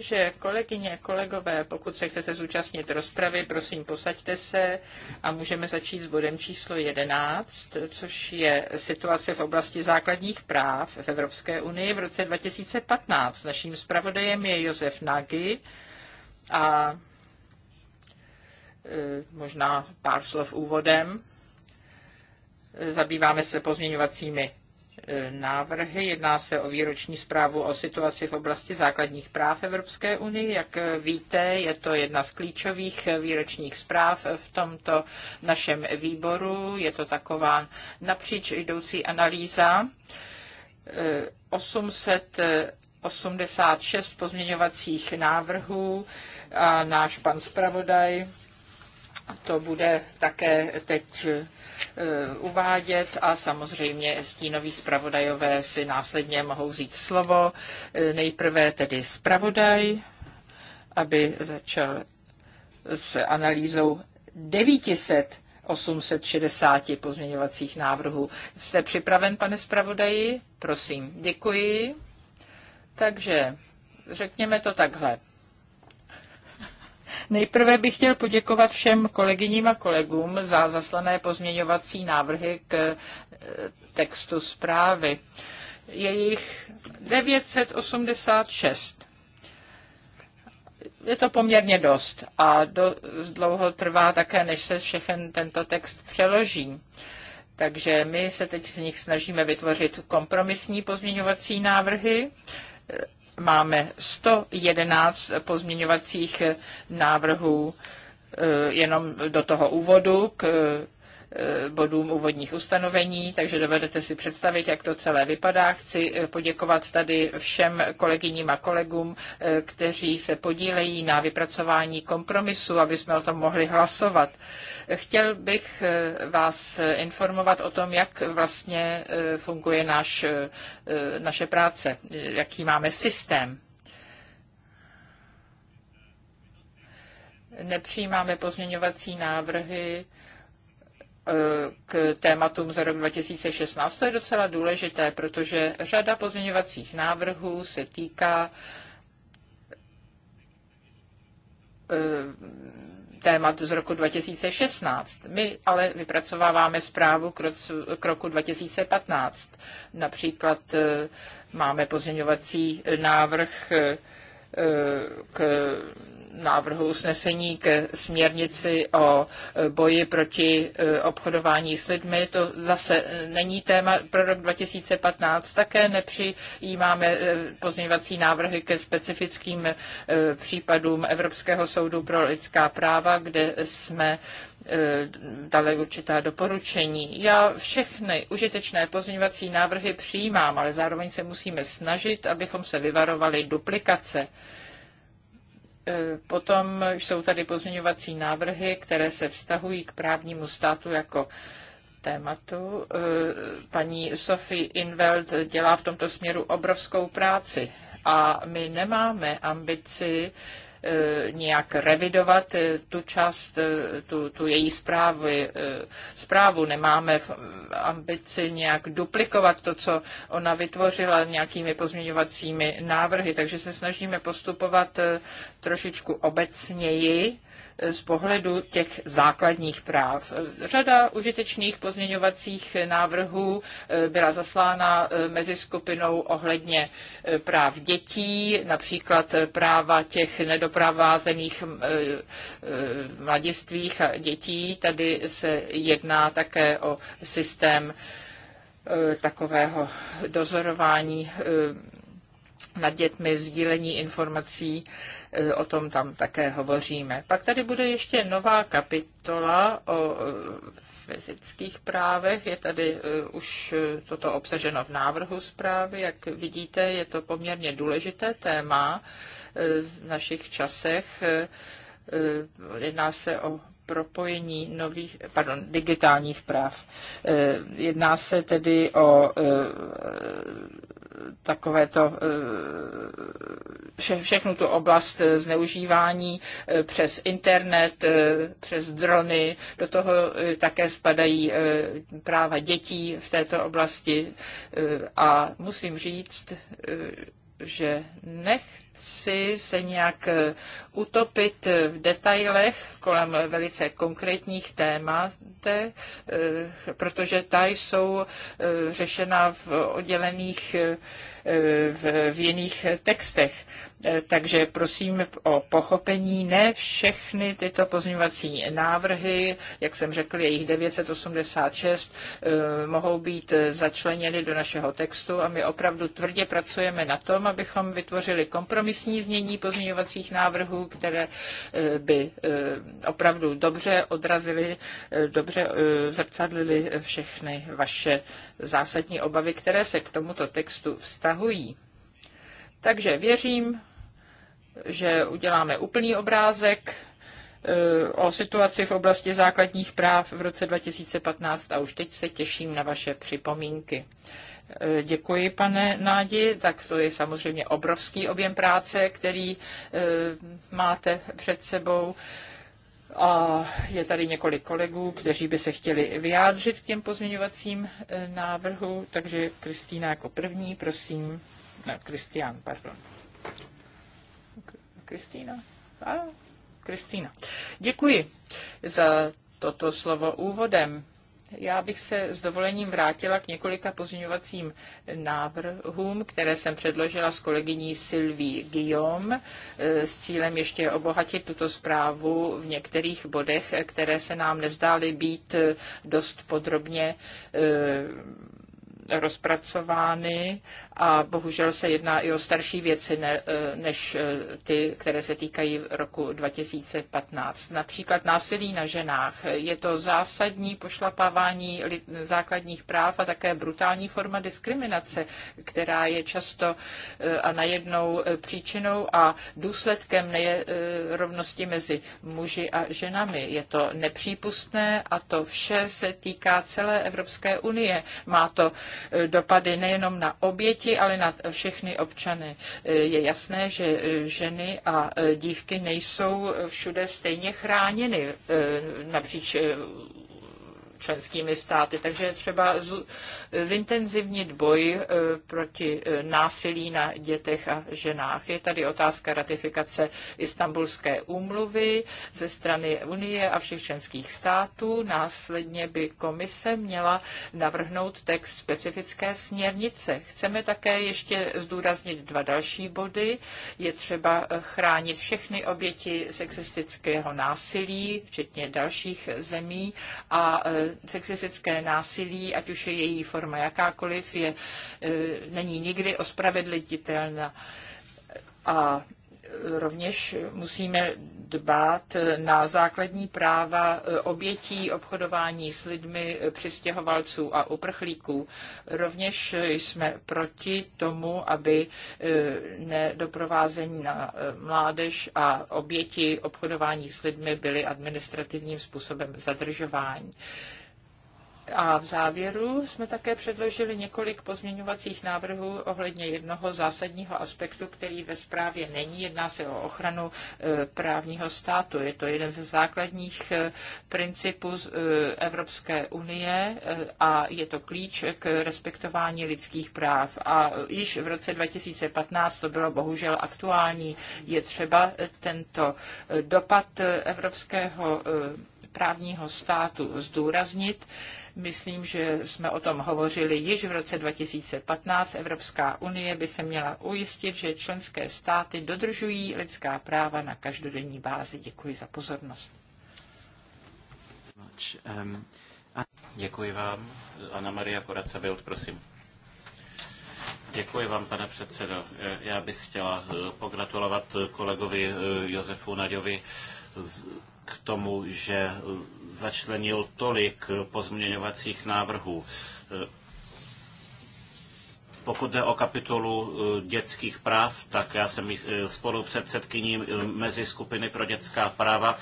Takže kolegyně, kolegové, pokud se chcete zúčastnit rozpravy, prosím posaďte se a můžeme začít s bodem číslo 11, což je situace v oblasti základních práv v Evropské unii v roce 2015. Naším zpravodajem je Josef Nagy a e, možná pár slov úvodem. E, zabýváme se pozměňovacími Eh, návrhy. Jedná se o výroční zprávu o situaci v oblasti základních práv Evropské unie. Jak eh, víte, je to jedna z klíčových eh, výročních zpráv v tomto našem výboru. Je to taková napříč jdoucí analýza. 800 86 pozměňovacích návrhů a náš pan zpravodaj to bude také teď Eh, uvádět a samozřejmě stínoví zpravodajové si následně mohou vzít slovo. Eh, nejprve tedy zpravodaj, aby začal s analýzou 900 860 pozměňovacích návrhů. Jste připraven, pane zpravodaji? Prosím, děkuji. Takže řekněme to takhle. Nejprve bych chtěl poděkovat všem kolegyním a kolegům za zaslané pozměňovací návrhy k eh, textu zprávy. Je jich 986 je to poměrně dost a do, dlouho trvá také, než se všechen tento text přeloží. Takže my se teď z nich snažíme vytvořit kompromisní pozměňovací návrhy máme 111 pozměňovacích návrhů eh, jenom do toho úvodu k eh, bodům úvodních ustanovení, takže dovedete si představit, jak to celé vypadá. Chci eh, poděkovat tady všem kolegyním a kolegům, kteří se podílejí na vypracování kompromisu, aby jsme o tom mohli hlasovat. Chtěl bych eh, vás informovat o tom, jak vlastně eh, funguje naš, eh, naše práce, jaký máme systém. Nepřijímáme pozměňovací návrhy k tématům za rok 2016. To je docela důležité, protože řada pozměňovacích návrhů se týká témat z roku 2016. My ale vypracováváme zprávu k roku 2015. Například eh, máme pozměňovací návrh eh, k návrhu usnesení ke směrnici o boji proti eh, obchodování s lidmi. To zase není téma pro rok 2015. Také nepřijímáme eh, pozměňovací návrhy ke specifickým eh, případům Evropského soudu pro lidská práva, kde jsme Eh, dali určitá doporučení. Já všechny užitečné pozměňovací návrhy přijímám, ale zároveň se musíme snažit, abychom se vyvarovali duplikace. Eh, potom jsou tady pozměňovací návrhy, které se vztahují k právnímu státu jako tématu. Eh, paní Sophie Inveld dělá v tomto směru obrovskou práci a my nemáme ambici Eh, nějak revidovat eh, tu část, eh, tu, tu její zprávy, zprávu. Nemáme v ambici nějak duplikovat to, co ona vytvořila nějakými pozměňovacími návrhy, takže se snažíme postupovat trošičku obecněji z pohledu těch základních práv. Řada užitečných pozměňovacích návrhů eh, byla zaslána eh, mezi skupinou ohledně eh, práv dětí, například práva těch nedoprávázených mladistvých a dětí. Tady se jedná také o systém takového dozorování nad dětmi, sdílení informací E, o tom tam také hovoříme. Pak tady bude ještě nová kapitola o e, fyzických právech. Je tady e, už toto obsaženo v návrhu zprávy. Jak vidíte, je to poměrně důležité téma v našich časech. Jedná se o propojení nových, pardon, digitálních práv. Jedná se tedy o takovéto vše, všechnu tu oblast eh, zneužívání eh, přes internet, eh, přes drony, do toho také spadají práva dětí v této oblasti a musím říct, že nechci se nějak utopit v detailech kolem velice konkrétních témat, tématech, eh, protože ta jsou eh, řešena v oddělených, eh, v, v jiných textech. Takže prosím o pochopení. Ne všechny tyto pozměňovací návrhy, jak jsem řekl, jejich 986, mohou být začleněny do našeho textu a my opravdu tvrdě pracujeme na tom, abychom vytvořili kompromisní znění pozměňovacích návrhů, které by opravdu dobře odrazily dobře dobře eh, zrcadlili všechny vaše zásadní obavy, které se k tomuto textu vztahují. Takže věřím, že uděláme úplný obrázek eh, o situaci v oblasti základních práv v roce 2015 a už teď se těším na vaše připomínky. Eh, děkuji, pane Nádi. Tak to je samozřejmě obrovský objem práce, který máte před sebou. A je tady několik kolegů, kteří by se chtěli vyjádřit k těm pozměňovacím e, návrhu, takže Kristýna jako první, prosím. Ne, Kristián, pardon. Kristýna? A, Kristýna. Děkuji za toto slovo úvodem. Já bych se s dovolením vrátila k několika pozměňovacím návrhům, které jsem předložila s kolegyní Sylví Guillaume eh, s cílem ještě obohatit tuto zprávu v některých bodech, které se nám nezdály být eh, dost podrobně eh, rozpracovány a bohužel se jedná i o starší věci ne, eh, než eh, ty, které se týkají roku 2015. Například násilí na ženách. Je to zásadní pošlapávání základních práv a také brutální forma diskriminace, která je často eh, a najednou příčinou a důsledkem nerovnosti mezi muži a ženami. Je to nepřípustné a to vše se týká celé Evropské unie. Má to dopady nejenom na oběti, děti, ale na všechny občany. Je jasné, že ženy a dívky nejsou všude stejně chráněny eh, napříč eh, členskými státy. Takže je třeba zintenzivnit boj e, proti e, násilí na dětech a ženách. Je tady otázka ratifikace Istanbulské úmluvy ze strany Unie a všech členských států. Následně by komise měla navrhnout text specifické směrnice. Chceme také ještě zdůraznit dva další body. Je třeba chránit všechny oběti sexistického násilí, včetně dalších zemí a e, Eh, sexistické násilí, ať už je její forma jakákoliv, je, eh, není nikdy ospravedlnitelná A rovněž musíme dbát na základní práva eh, obětí obchodování s lidmi, přistěhovalců a uprchlíků. Rovněž jsme proti tomu, aby nedoprovázení na mládež a oběti obchodování s lidmi byly administrativním způsobem zadržování. A v závěru jsme také předložili několik pozměňovacích návrhů ohledně jednoho zásadního aspektu, který ve zprávě není. Jedná se o ochranu e, právního státu. Je to jeden ze základních e, principů e, Evropské unie a je to klíč k respektování lidských práv. A již v roce 2015 to bylo bohužel aktuální. Je třeba tento dopad evropského právního státu zdůraznit Myslím, že jsme o tom hovořili již v roce 2015. Evropská unie by se měla ujistit, že členské státy dodržují lidská práva na každodenní bázi. Děkuji za pozornost. Děkuji vám. Ana Maria Koraca Bild, prosím. Děkuji vám, pane předsedo. Já bych chtěla eh, pogratulovat eh, kolegovi eh, Josefu Naďovi k tomu, že začlenil tolik pozměňovacích návrhů. Pokud jde o kapitolu eh, dětských práv, tak já jsem eh, spolu předsedkyní eh, mezi skupiny pro dětská práva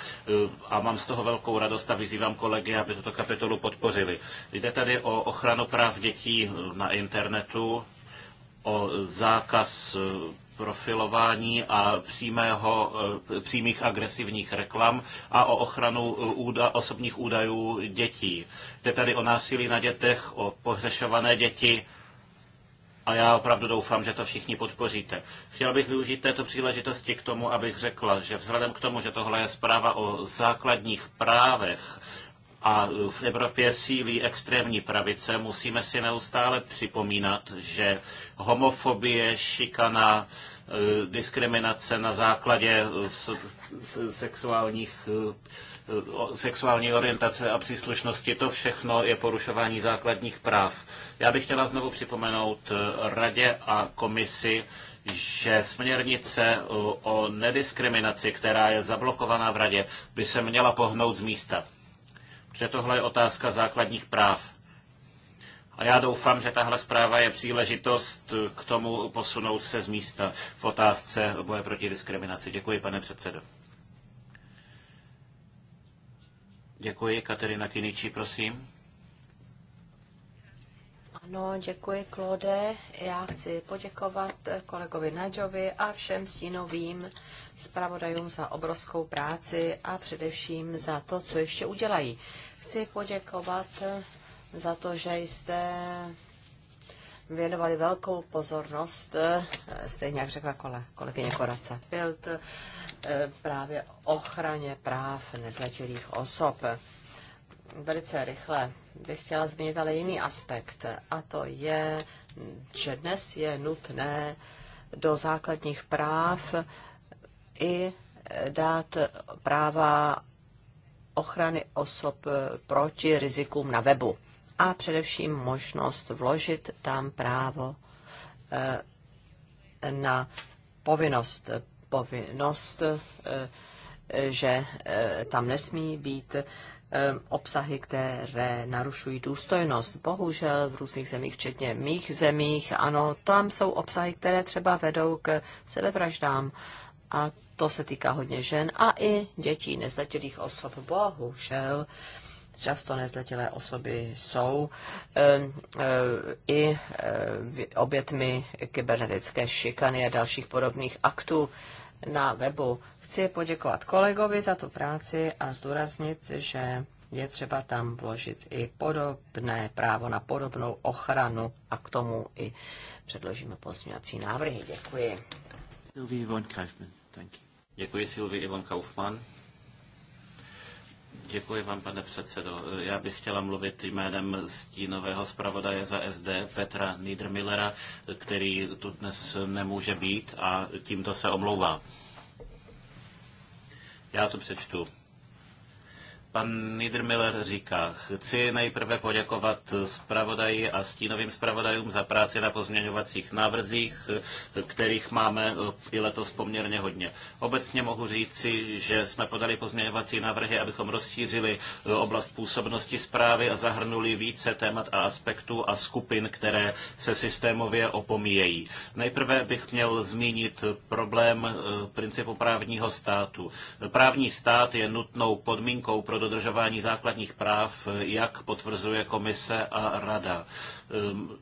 a mám z toho velkou radost a vyzývám kolegy, aby tuto kapitolu podpořili. Jde tady o ochranu práv dětí na internetu, o zákaz profilování a přímého, eh, přímých agresivních reklam a o ochranu eh, úda, osobních údajů dětí. Jde tady o násilí na dětech, o pohřešované děti a já opravdu doufám, že to všichni podpoříte. Chtěl bych využít této příležitosti k tomu, abych řekla, že vzhledem k tomu, že tohle je zpráva o základních právech, a v Evropě sílí extrémní pravice, musíme si neustále připomínat, že homofobie, šikana, e, diskriminace na základě e, sexuálních e, sexuální orientace a příslušnosti, to všechno je porušování základních práv. Já bych chtěla znovu připomenout radě a komisi, že směrnice o nediskriminaci, která je zablokovaná v radě, by se měla pohnout z místa že tohle je otázka základních práv. A já doufám, že tahle zpráva je příležitost k tomu posunout se z místa v otázce boje proti diskriminaci. Děkuji, pane předsedo. Děkuji. Katerina Kiniči, prosím. Ano, děkuji, Klode. Já chci poděkovat kolegovi Naďovi a všem stínovým zpravodajům za obrovskou práci a především za to, co ještě udělají. Chci poděkovat za to, že jste věnovali velkou pozornost, stejně jak řekla kole, kolegyně Koraca Pilt, eh, právě ochraně práv nezletilých osob velice rychle bych chtěla zmínit ale jiný aspekt, a to je, že dnes je nutné do základních práv i dát práva ochrany osob proti rizikům na webu a především možnost vložit tam právo eh, na povinnost, povinnost, eh, že eh, tam nesmí být obsahy, které narušují důstojnost. Bohužel v různých zemích, včetně mých zemích, ano, tam jsou obsahy, které třeba vedou k sebevraždám. A to se týká hodně žen a i dětí, nezletilých osob. Bohužel často nezletilé osoby jsou i obětmi kybernetické šikany a dalších podobných aktů na webu Chci poděkovat kolegovi za tu práci a zdůraznit, že je třeba tam vložit i podobné právo na podobnou ochranu a k tomu i předložíme pozměňovací návrhy. Děkuji. Děkuji Silvi Ivan Kaufmann. Děkuji vám, pane předsedo. Já bych chtěla mluvit jménem stínového zpravodaje za SD Petra Niedermillera, který tu dnes nemůže být a tímto se omlouvá. Já to přečtu. Pan Niedermiller říká, chci nejprve poděkovat zpravodaji a stínovým zpravodajům za práci na pozměňovacích návrzích, kterých máme i letos poměrně hodně. Obecně mohu říci, že jsme podali pozměňovací návrhy, abychom rozšířili oblast působnosti zprávy a zahrnuli více témat a aspektů a skupin, které se systémově opomíjejí. Nejprve bych měl zmínit problém eh, principu právního státu. Právní stát je nutnou podmínkou pro dodržování základních práv, jak potvrzuje komise a rada. Ehm,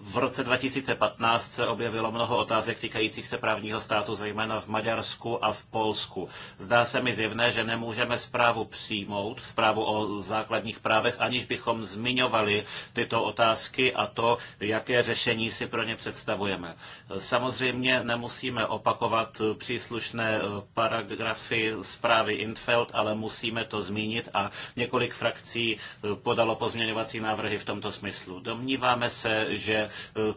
v roce 2015 se objevilo mnoho otázek týkajících se právního státu, zejména v Maďarsku a v Polsku. Zdá se mi zjevné, že nemůžeme zprávu přijmout, zprávu o základních právech, aniž bychom zmiňovali tyto otázky a to, jaké řešení si pro ně představujeme. Samozřejmě nemusíme opakovat příslušné paragrafy zprávy Infeld, ale musíme to zmínit a několik frakcí podalo pozměňovací návrhy v tomto smyslu. Domníváme se, že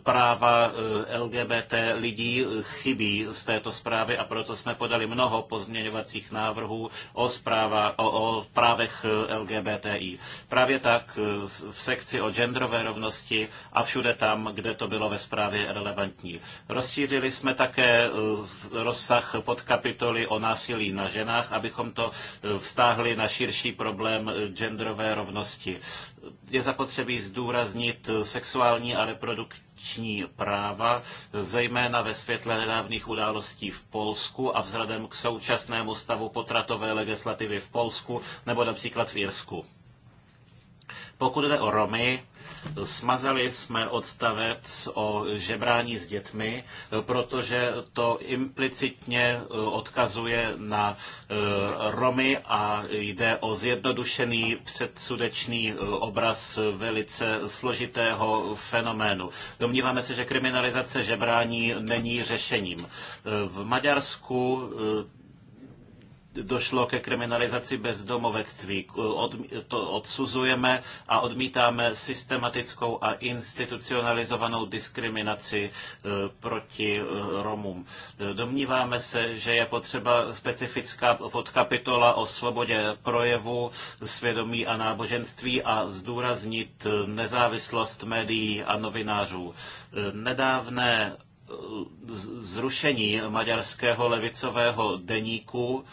práva eh, LGBT lidí chybí z této zprávy a proto jsme podali mnoho pozměňovacích návrhů o, zpráva, o, o právech eh, LGBTI. Právě tak eh, v sekci o genderové rovnosti a všude tam, kde to bylo ve zprávě relevantní. Rozšířili jsme také rozsah podkapitoly o násilí na ženách, abychom to vztáhli na širší problém genderové rovnosti je zapotřebí zdůraznit sexuální a reprodukční práva, zejména ve světle nedávných událostí v Polsku a vzhledem k současnému stavu potratové legislativy v Polsku nebo například v Irsku. Pokud jde o Romy, Smazali jsme odstavec o žebrání s dětmi, protože to implicitně eh, odkazuje na eh, Romy a jde o zjednodušený předsudečný eh, obraz velice složitého fenoménu. Domníváme se, že kriminalizace žebrání není řešením. V Maďarsku došlo ke kriminalizaci bezdomovectví. Od, to odsuzujeme a odmítáme systematickou a institucionalizovanou diskriminaci e, proti e, Romům. E, domníváme se, že je potřeba specifická podkapitola o svobodě projevu, svědomí a náboženství a zdůraznit nezávislost médií a novinářů. Nedávné zrušení maďarského levicového deníku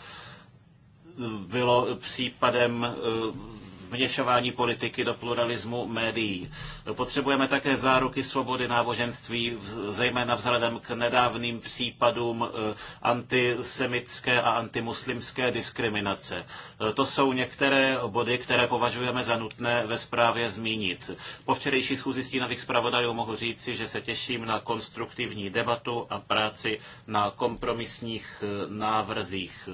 bylo případem eh, vměšování politiky do pluralismu médií. Potřebujeme také záruky svobody náboženství, zejména vzhledem k nedávným případům eh, antisemitské a antimuslimské diskriminace. Eh, to jsou některé body, které považujeme za nutné ve zprávě zmínit. Po včerejší schůzi stínových zpravodajů mohu říci, že se těším na konstruktivní debatu a práci na kompromisních eh, návrzích.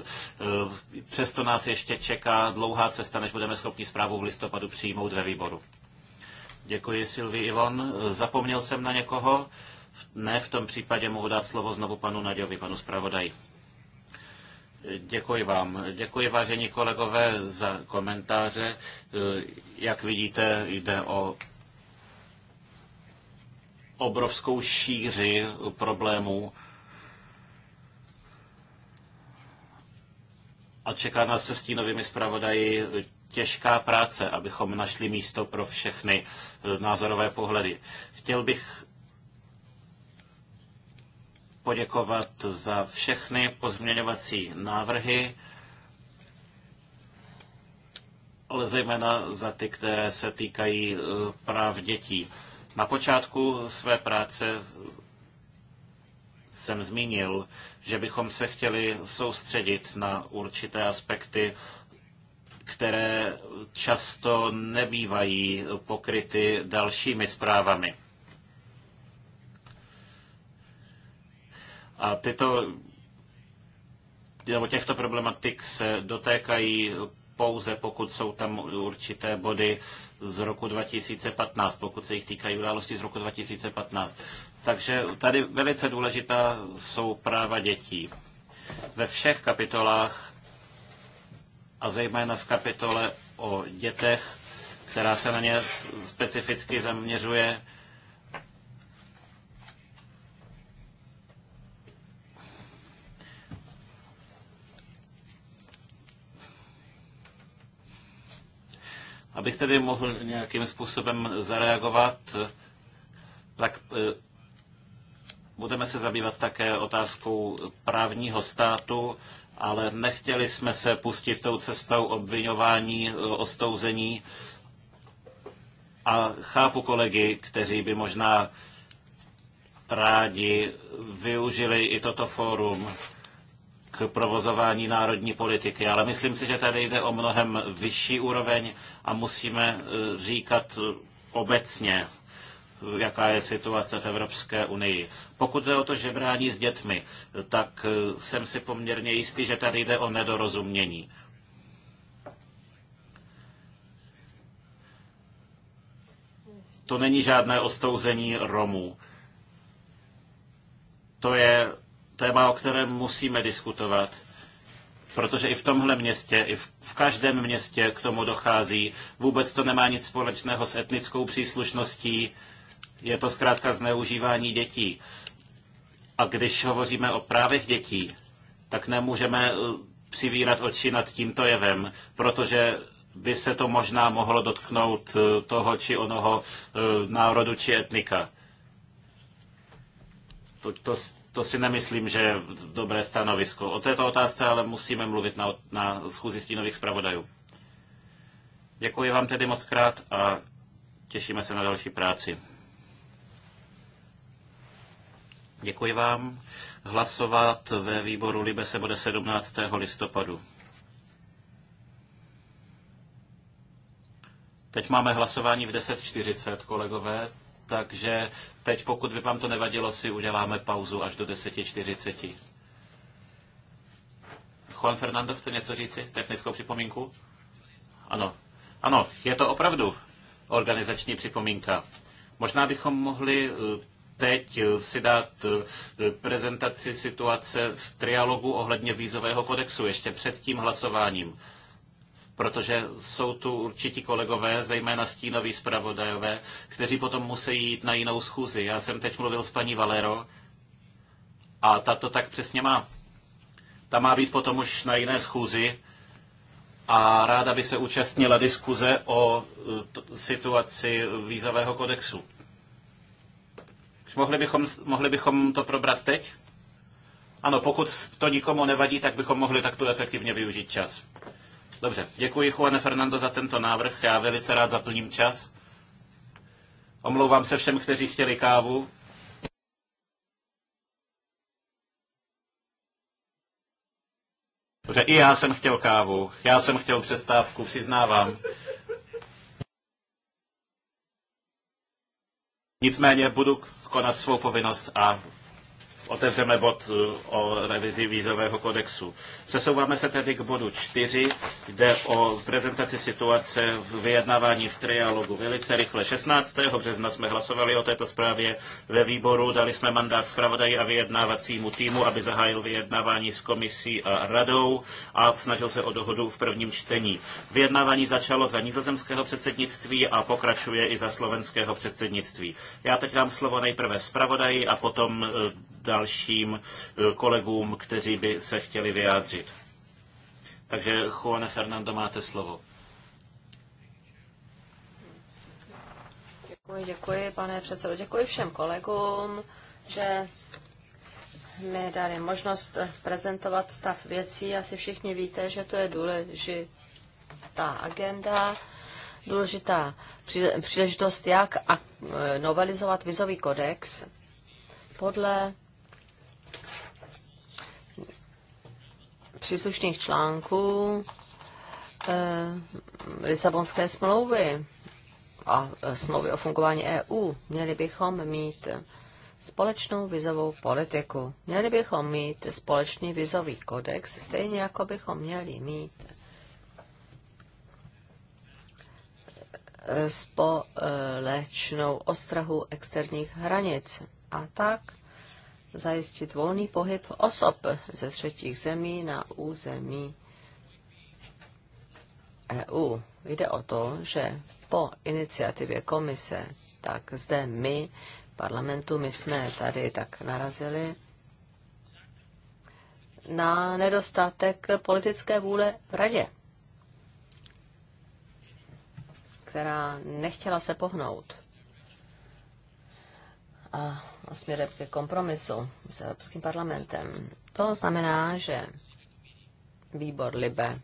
Přesto nás ještě čeká dlouhá cesta, než budeme schopni zprávě zprávu v listopadu přijmout ve výboru. Děkuji Silvi Ivon. Zapomněl jsem na někoho? Ne, v tom případě mohu dát slovo znovu panu Naďovi, panu zpravodaji. Děkuji vám. Děkuji, vážení kolegové, za komentáře. Jak vidíte, jde o obrovskou šíři problémů. A čeká nás se stínovými zpravodaji těžká práce, abychom našli místo pro všechny e, názorové pohledy. Chtěl bych poděkovat za všechny pozměňovací návrhy, ale zejména za ty, které se týkají e, práv dětí. Na počátku své práce jsem zmínil, že bychom se chtěli soustředit na určité aspekty které často nebývají pokryty dalšími zprávami. A tyto, nebo těchto problematik se dotékají pouze pokud jsou tam určité body z roku 2015, pokud se jich týkají události z roku 2015. Takže tady velice důležitá jsou práva dětí. Ve všech kapitolách a zejména v kapitole o dětech, která se na ně specificky zaměřuje. Abych tedy mohl nějakým způsobem zareagovat, tak eh, budeme se zabývat také otázkou právního státu ale nechtěli jsme se pustit tou cestou obvinování, e, ostouzení. A chápu kolegy, kteří by možná rádi využili i toto fórum k provozování národní politiky, ale myslím si, že tady jde o mnohem vyšší úroveň a musíme e, říkat obecně jaká je situace v Evropské unii. Pokud jde o to žebrání s dětmi, tak e, jsem si poměrně jistý, že tady jde o nedorozumění. To není žádné ostouzení Romů. To je téma, o kterém musíme diskutovat protože i v tomhle městě, i v, v každém městě k tomu dochází. Vůbec to nemá nic společného s etnickou příslušností. Je to zkrátka zneužívání dětí. A když hovoříme o právech dětí, tak nemůžeme eh, přivírat oči nad tímto jevem, protože by se to možná mohlo dotknout eh, toho či onoho eh, národu či etnika. To, to, to si nemyslím, že je dobré stanovisko. O této otázce ale musíme mluvit na, na schůzi stínových zpravodajů. Děkuji vám tedy moc krát a těšíme se na další práci. Děkuji vám. Hlasovat ve výboru Libe se bude 17. listopadu. Teď máme hlasování v 10.40, kolegové, takže teď, pokud by vám to nevadilo, si uděláme pauzu až do 10.40. Juan Fernando chce něco říci? Technickou připomínku? Ano. Ano, je to opravdu organizační připomínka. Možná bychom mohli eh, teď si dát eh, prezentaci situace v trialogu ohledně vízového kodexu ještě před tím hlasováním. Protože jsou tu určití kolegové, zejména stínoví zpravodajové, kteří potom musí jít na jinou schůzi. Já jsem teď mluvil s paní Valero a ta to tak přesně má. Ta má být potom už na jiné schůzi a ráda by se účastnila diskuze o eh, situaci vízového kodexu. Mohli bychom, mohli bychom to probrat teď? Ano, pokud to nikomu nevadí, tak bychom mohli takto efektivně využít čas. Dobře, děkuji Juane Fernando za tento návrh, já velice rád zaplním čas. Omlouvám se všem, kteří chtěli kávu. Dobře, i já jsem chtěl kávu, já jsem chtěl přestávku, přiznávám. Nicméně budu, konat svou povinnost a otevřeme bod eh, o revizi vízového kodexu. Přesouváme se tedy k bodu 4, jde o prezentaci situace v vyjednávání v trialogu velice rychle. 16. března jsme hlasovali o této zprávě ve výboru, dali jsme mandát zpravodaji a vyjednávacímu týmu, aby zahájil vyjednávání s komisí a radou a snažil se o dohodu v prvním čtení. Vyjednávání začalo za nizozemského předsednictví a pokračuje i za slovenského předsednictví. Já teď dám slovo nejprve zpravodaji a potom eh, dalším eh, kolegům, kteří by se chtěli vyjádřit. Takže Juane Fernando, máte slovo. Děkuji, děkuji, pane předsedo. Děkuji všem kolegům, že mi dali možnost prezentovat stav věcí. Asi všichni víte, že to je důležitá agenda, důležitá příležitost, jak eh, novelizovat vizový kodex podle příslušných článků eh, Lisabonské smlouvy a eh, smlouvy o fungování EU, měli bychom mít společnou vizovou politiku. Měli bychom mít společný vizový kodex, stejně jako bychom měli mít eh, společnou ostrahu externích hranic. A tak zajistit volný pohyb osob ze třetích zemí na území EU. Jde o to, že po iniciativě komise, tak zde my, parlamentu, my jsme tady tak narazili na nedostatek politické vůle v radě, která nechtěla se pohnout a směrem ke kompromisu s Evropským parlamentem. To znamená, že výbor Libe,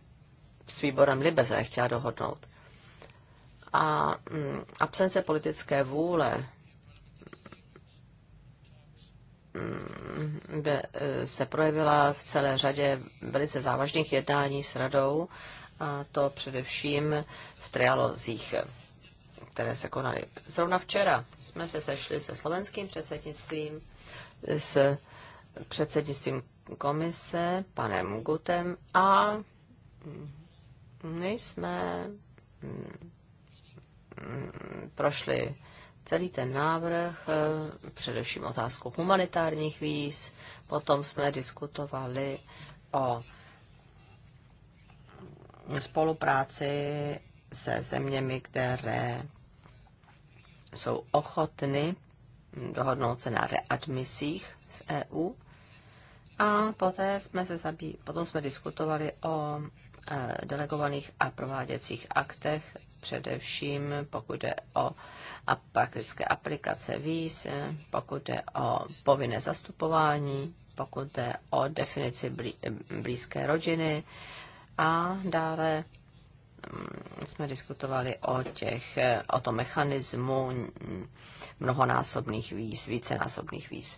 s výborem Libe se chtěla dohodnout. A mm, absence politické vůle mm, e, se projevila v celé řadě velice závažných jednání s radou, a to především v trialozích které se konaly. Zrovna včera jsme se sešli se slovenským předsednictvím, s předsednictvím komise, panem Gutem a my jsme mm, prošli celý ten návrh, eh, především otázku humanitárních víz, potom jsme diskutovali o spolupráci se zeměmi, které jsou ochotny dohodnout se na readmisích z EU. A poté jsme, se zabí, potom jsme diskutovali o e, delegovaných a prováděcích aktech, především pokud jde o a praktické aplikace víz, pokud jde o povinné zastupování, pokud jde o definici blízké rodiny a dále Mm, jsme diskutovali o, těch, eh, o tom mechanismu mnohonásobných výz, vícenásobných výz.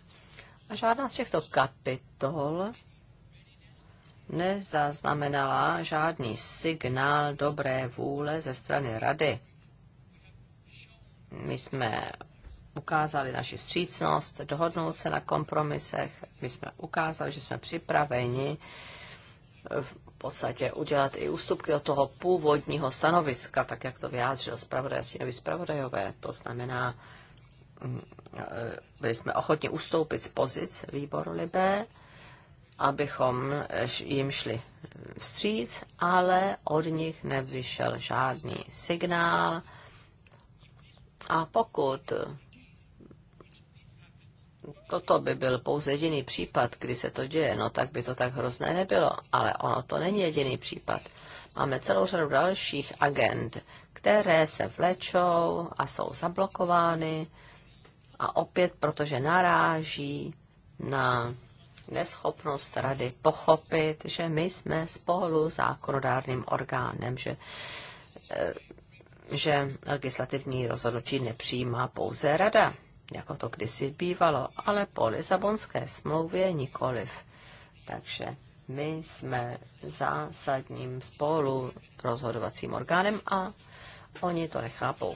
A žádná z těchto kapitol nezaznamenala žádný signál dobré vůle ze strany rady. My jsme ukázali naši vstřícnost, dohodnout se na kompromisech, my jsme ukázali, že jsme připraveni podstatě udělat i ústupky od toho původního stanoviska, tak jak to vyjádřil zpravodaj, stínový zpravodajové. To znamená, mm, e, byli jsme ochotni ustoupit z pozic výboru Libé, abychom e, jim šli vstříc, ale od nich nevyšel žádný signál. A pokud toto by byl pouze jediný případ, kdy se to děje, no tak by to tak hrozné nebylo, ale ono to není jediný případ. Máme celou řadu dalších agent, které se vlečou a jsou zablokovány a opět, protože naráží na neschopnost rady pochopit, že my jsme spolu zákonodárným orgánem, že, eh, že legislativní rozhodnutí nepřijímá pouze rada jako to kdysi bývalo, ale po Lisabonské smlouvě nikoliv. Takže my jsme zásadním spolu rozhodovacím orgánem a oni to nechápou.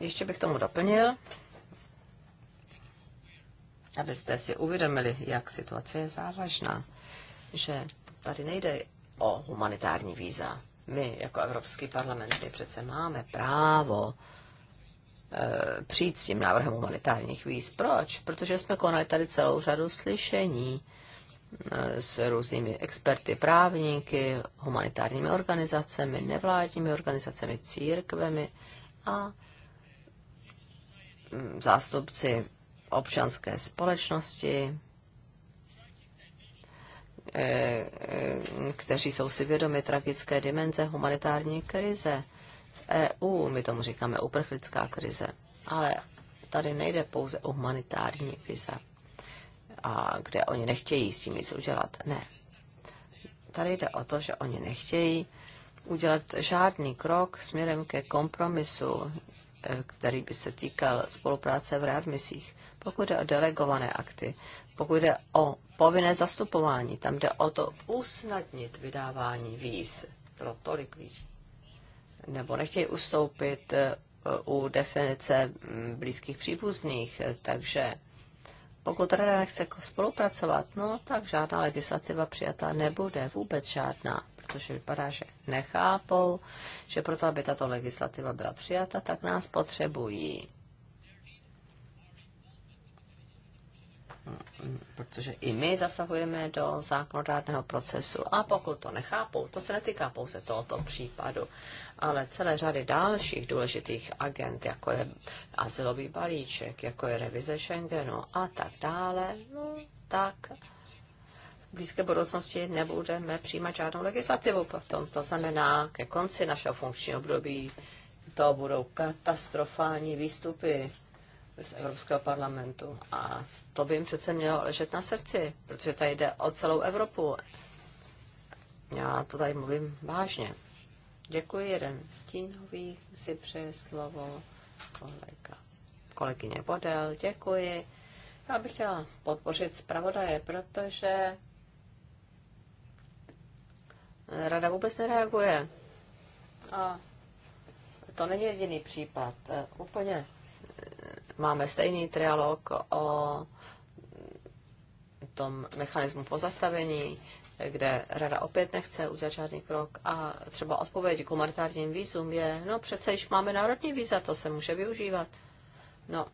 Ještě bych tomu doplnil, abyste si uvědomili, jak situace je závažná, že tady nejde o humanitární víza. My jako Evropský parlament my přece máme právo Eh, přijít s tím návrhem humanitárních víz. Proč? Protože jsme konali tady celou řadu slyšení eh, s různými experty, právníky, humanitárními organizacemi, nevládními organizacemi, církvemi a mm, zástupci občanské společnosti, eh, kteří jsou si vědomi tragické dimenze humanitární krize EU, my tomu říkáme uprchlická krize, ale tady nejde pouze o humanitární krize, a kde oni nechtějí s tím nic udělat. Ne. Tady jde o to, že oni nechtějí udělat žádný krok směrem ke kompromisu, e, který by se týkal spolupráce v readmisích. Pokud jde o delegované akty, pokud jde o povinné zastupování, tam jde o to usnadnit vydávání víz pro tolik lidí nebo nechtějí ustoupit eh, u definice mm, blízkých příbuzných, takže pokud rada nechce spolupracovat, no tak žádná legislativa přijatá nebude, vůbec žádná, protože vypadá, že nechápou, že proto, aby tato legislativa byla přijata, tak nás potřebují. protože i my zasahujeme do zákonodárného procesu a pokud to nechápou, to se netýká pouze tohoto případu, ale celé řady dalších důležitých agent, jako je asilový balíček, jako je revize Schengenu a tak dále, no, tak v blízké budoucnosti nebudeme přijímat žádnou legislativu. Potom to znamená, ke konci našeho funkčního období to budou katastrofální výstupy z Evropského parlamentu. A to by jim přece mělo ležet na srdci, protože tady jde o celou Evropu. Já to tady mluvím vážně. Děkuji, jeden stínový si přeje slovo kolega. Kolegyně Bodel, děkuji. Já bych chtěla podpořit zpravodaje, protože rada vůbec nereaguje. A to není jediný případ. Úplně máme stejný trialog o tom mechanismu pozastavení, kde rada opět nechce udělat žádný krok a třeba odpověď k humanitárním výzum je, no přece již máme národní víza, to se může využívat. No,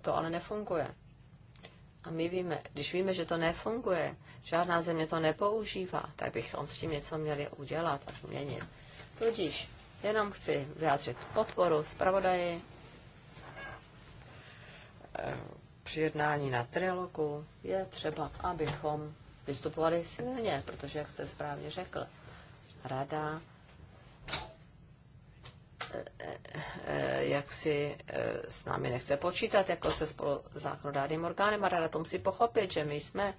to ale nefunguje. A my víme, když víme, že to nefunguje, žádná země to nepoužívá, tak bychom s tím něco měli udělat a změnit. Tudíž jenom chci vyjádřit podporu zpravodaji Eh, při jednání na trialogu je třeba, abychom vystupovali silně, protože, jak jste správně řekl, rada eh, eh, jak si s námi nechce počítat, jako se spolu zákonodárným orgánem a rada to musí pochopit, že my jsme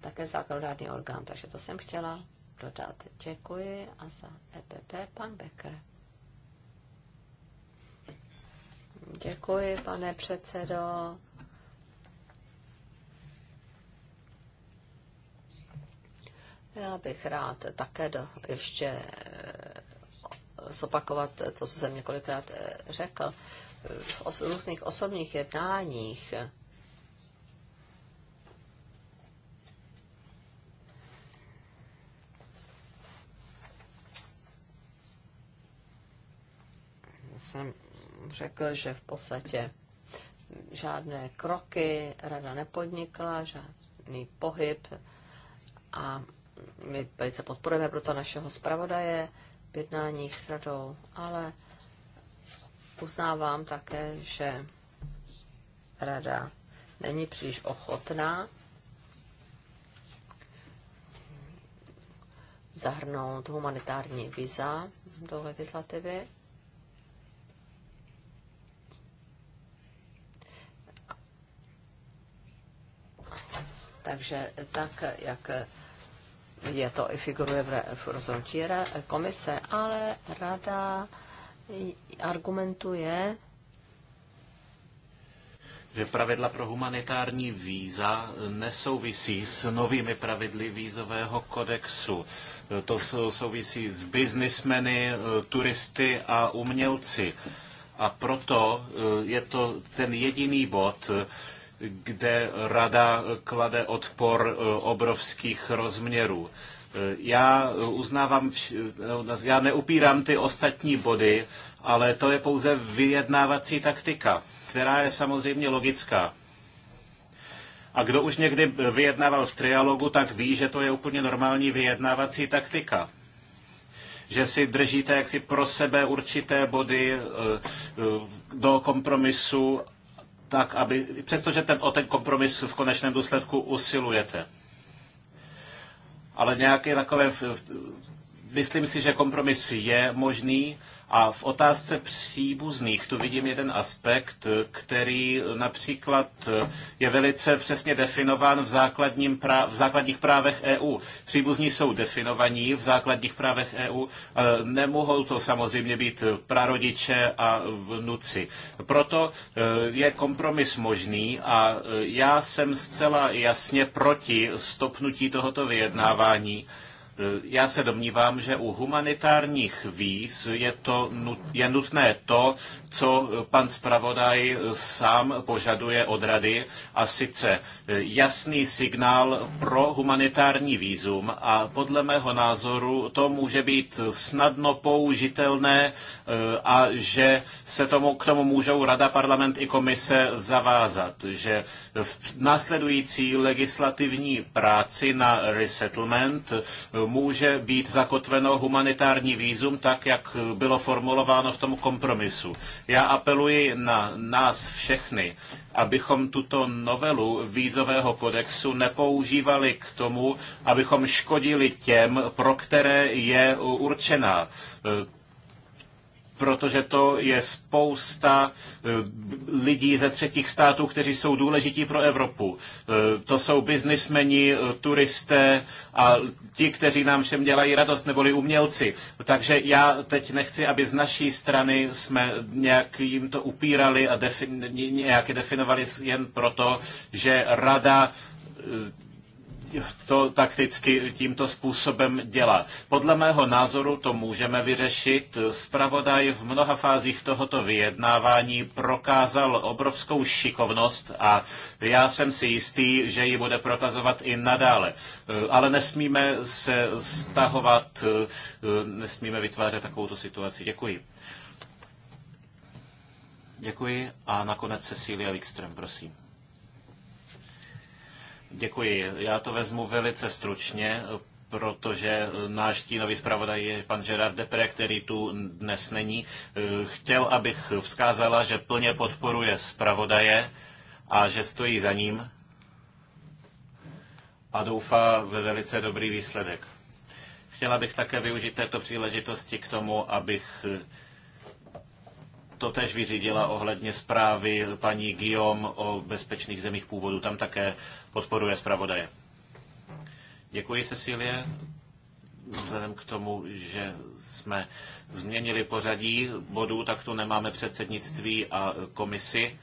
také zákonodárný orgán, takže to jsem chtěla dodat. Děkuji a za EPP pan Becker. Děkuji, pane předsedo. Já bych rád také do, ještě eh, zopakovat to, co jsem několikrát eh, řekl. V os, různých osobních jednáních eh, jsem řekl, že v podstatě žádné kroky rada nepodnikla, žádný pohyb a my velice podporujeme proto našeho zpravodaje v jednáních s radou, ale uznávám také, že rada není příliš ochotná zahrnout humanitární víza do legislativy Takže tak, jak je to i figuruje v rozhodnutí komise, ale rada argumentuje, že pravidla pro humanitární víza nesouvisí s novými pravidly vízového kodexu. To souvisí s biznismeny, e, turisty a umělci. A proto e, je to ten jediný bod, kde rada klade odpor e, obrovských rozměrů. E, já uznávám, e, já neupírám ty ostatní body, ale to je pouze vyjednávací taktika, která je samozřejmě logická. A kdo už někdy vyjednával v trialogu, tak ví, že to je úplně normální vyjednávací taktika že si držíte jaksi pro sebe určité body do kompromisu tak aby, přestože ten, o ten kompromis v konečném důsledku usilujete. Ale nějaké takové, myslím si, že kompromis je možný, a v otázce příbuzných tu vidím jeden aspekt, který například je velice přesně definován v, základním v základních právech EU. Příbuzní jsou definovaní v základních právech EU, nemohou to samozřejmě být prarodiče a vnuci. Proto eh, je kompromis možný a eh, já jsem zcela jasně proti stopnutí tohoto vyjednávání. Eh, já se domnívám, že u humanitárních víz je, to, je nutné to, co eh, pan zpravodaj eh, sám požaduje od rady, a sice jasný signál pro humanitární výzum a podle mého názoru to může být snadno použitelné a že se tomu, k tomu můžou rada, parlament i komise zavázat, že v následující legislativní práci na resettlement může být zakotveno humanitární výzum, tak jak bylo formulováno v tom kompromisu. Já apeluji na nás všechny, abychom tuto novelu vízového kodexu nepoužívali k tomu, abychom škodili těm, pro které je určená protože to je spousta eh, lidí ze třetích států, kteří jsou důležití pro Evropu. Eh, to jsou biznismeni, eh, turisté a ti, kteří nám všem dělají radost, neboli umělci. Takže já teď nechci, aby z naší strany jsme nějak jim to upírali a defin, nějak je definovali jen proto, že rada to takticky tímto způsobem dělá. Podle mého názoru to můžeme vyřešit. Spravodaj v mnoha fázích tohoto vyjednávání prokázal obrovskou šikovnost a já jsem si jistý, že ji bude prokazovat i nadále. Ale nesmíme se stahovat, nesmíme vytvářet takovou situaci. Děkuji. Děkuji a nakonec Cecilia Wikström, prosím. Děkuji. Já to vezmu velice stručně, protože náš stínový zpravodaj je pan Gerard Depre, který tu dnes není. Chtěl, abych vzkázala, že plně podporuje zpravodaje a že stojí za ním a doufá ve velice dobrý výsledek. Chtěla bych také využít této příležitosti k tomu, abych to tež vyřídila ohledně zprávy paní Guillaume o bezpečných zemích původu. Tam také podporuje zpravodaje. Děkuji, Cecilie. Vzhledem k tomu, že jsme změnili pořadí bodů, tak tu nemáme předsednictví a komisi.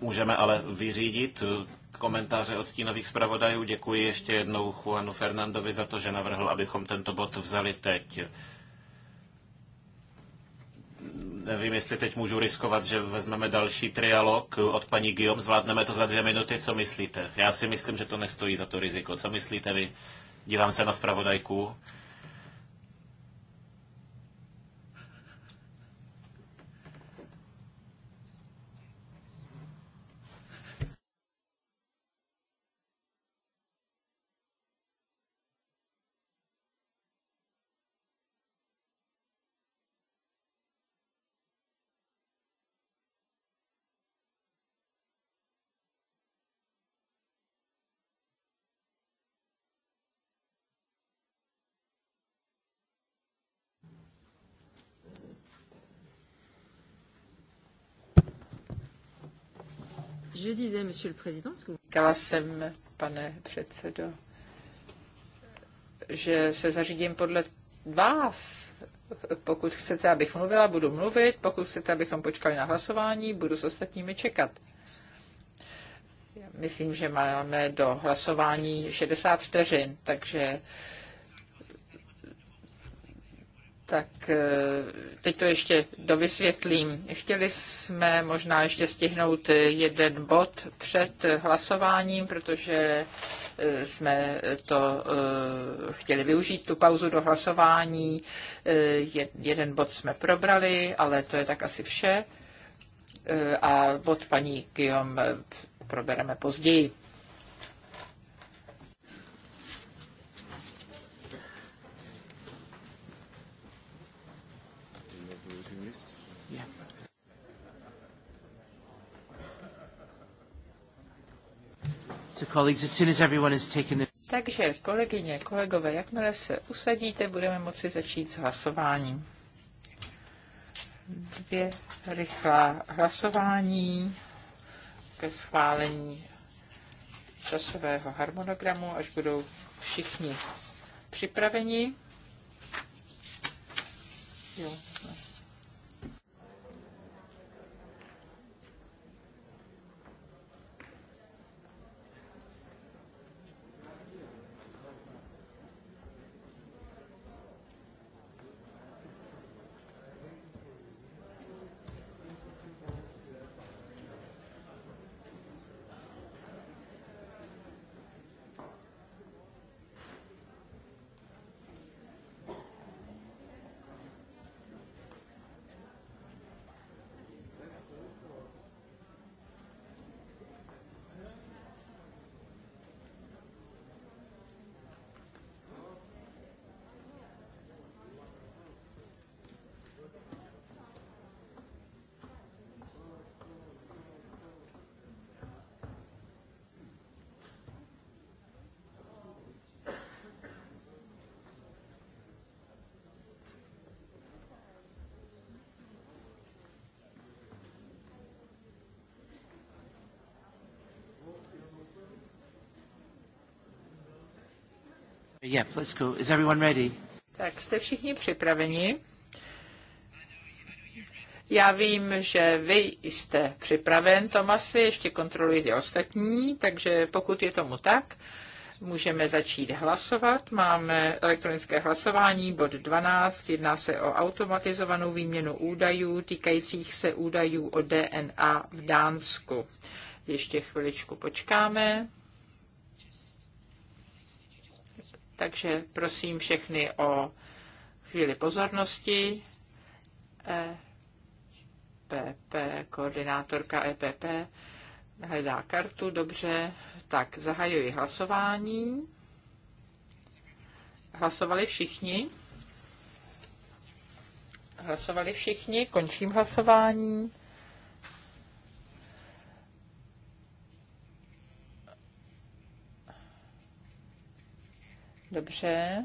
Můžeme ale vyřídit komentáře od stínových zpravodajů. Děkuji ještě jednou Juanu Fernandovi za to, že navrhl, abychom tento bod vzali teď nevím, jestli teď můžu riskovat, že vezmeme další trialog od paní Guillaume, zvládneme to za dvě minuty, co myslíte? Já si myslím, že to nestojí za to riziko. Co myslíte vy? Dívám se na zpravodajku. Říkala jsem, pane předsedo, že se zařídím podle vás. Pokud chcete, abych mluvila, budu mluvit. Pokud chcete, abychom počkali na hlasování, budu s ostatními čekat. Myslím, že máme do hlasování 60 vteřin, takže tak eh, teď to ještě dovysvětlím. Chtěli jsme možná ještě stihnout eh, jeden bod před hlasováním, protože eh, jsme to chtěli využít, tu pauzu do hlasování. Jeden bod jsme probrali, ale to je tak asi vše. A bod paní Kijom probereme později. Takže kolegyně, kolegové, jakmile se usadíte, budeme moci začít s hlasováním. Dvě rychlá hlasování ke schválení časového harmonogramu, až budou všichni připraveni. Jo. Yeah, let's go. Is everyone ready? Tak jste všichni připraveni? Já vím, že vy jste připraven, Tomasy, ještě kontroluji ty ostatní, takže pokud je tomu tak, můžeme začít hlasovat. Máme elektronické hlasování, bod 12, jedná se o automatizovanou výměnu údajů týkajících se údajů o DNA v Dánsku. Ještě chviličku počkáme. Takže prosím všechny o chvíli pozornosti. EPP, koordinátorka EPP hledá kartu, dobře. Tak, zahajuji hlasování. Hlasovali všichni? Hlasovali všichni, končím hlasování. Dobře.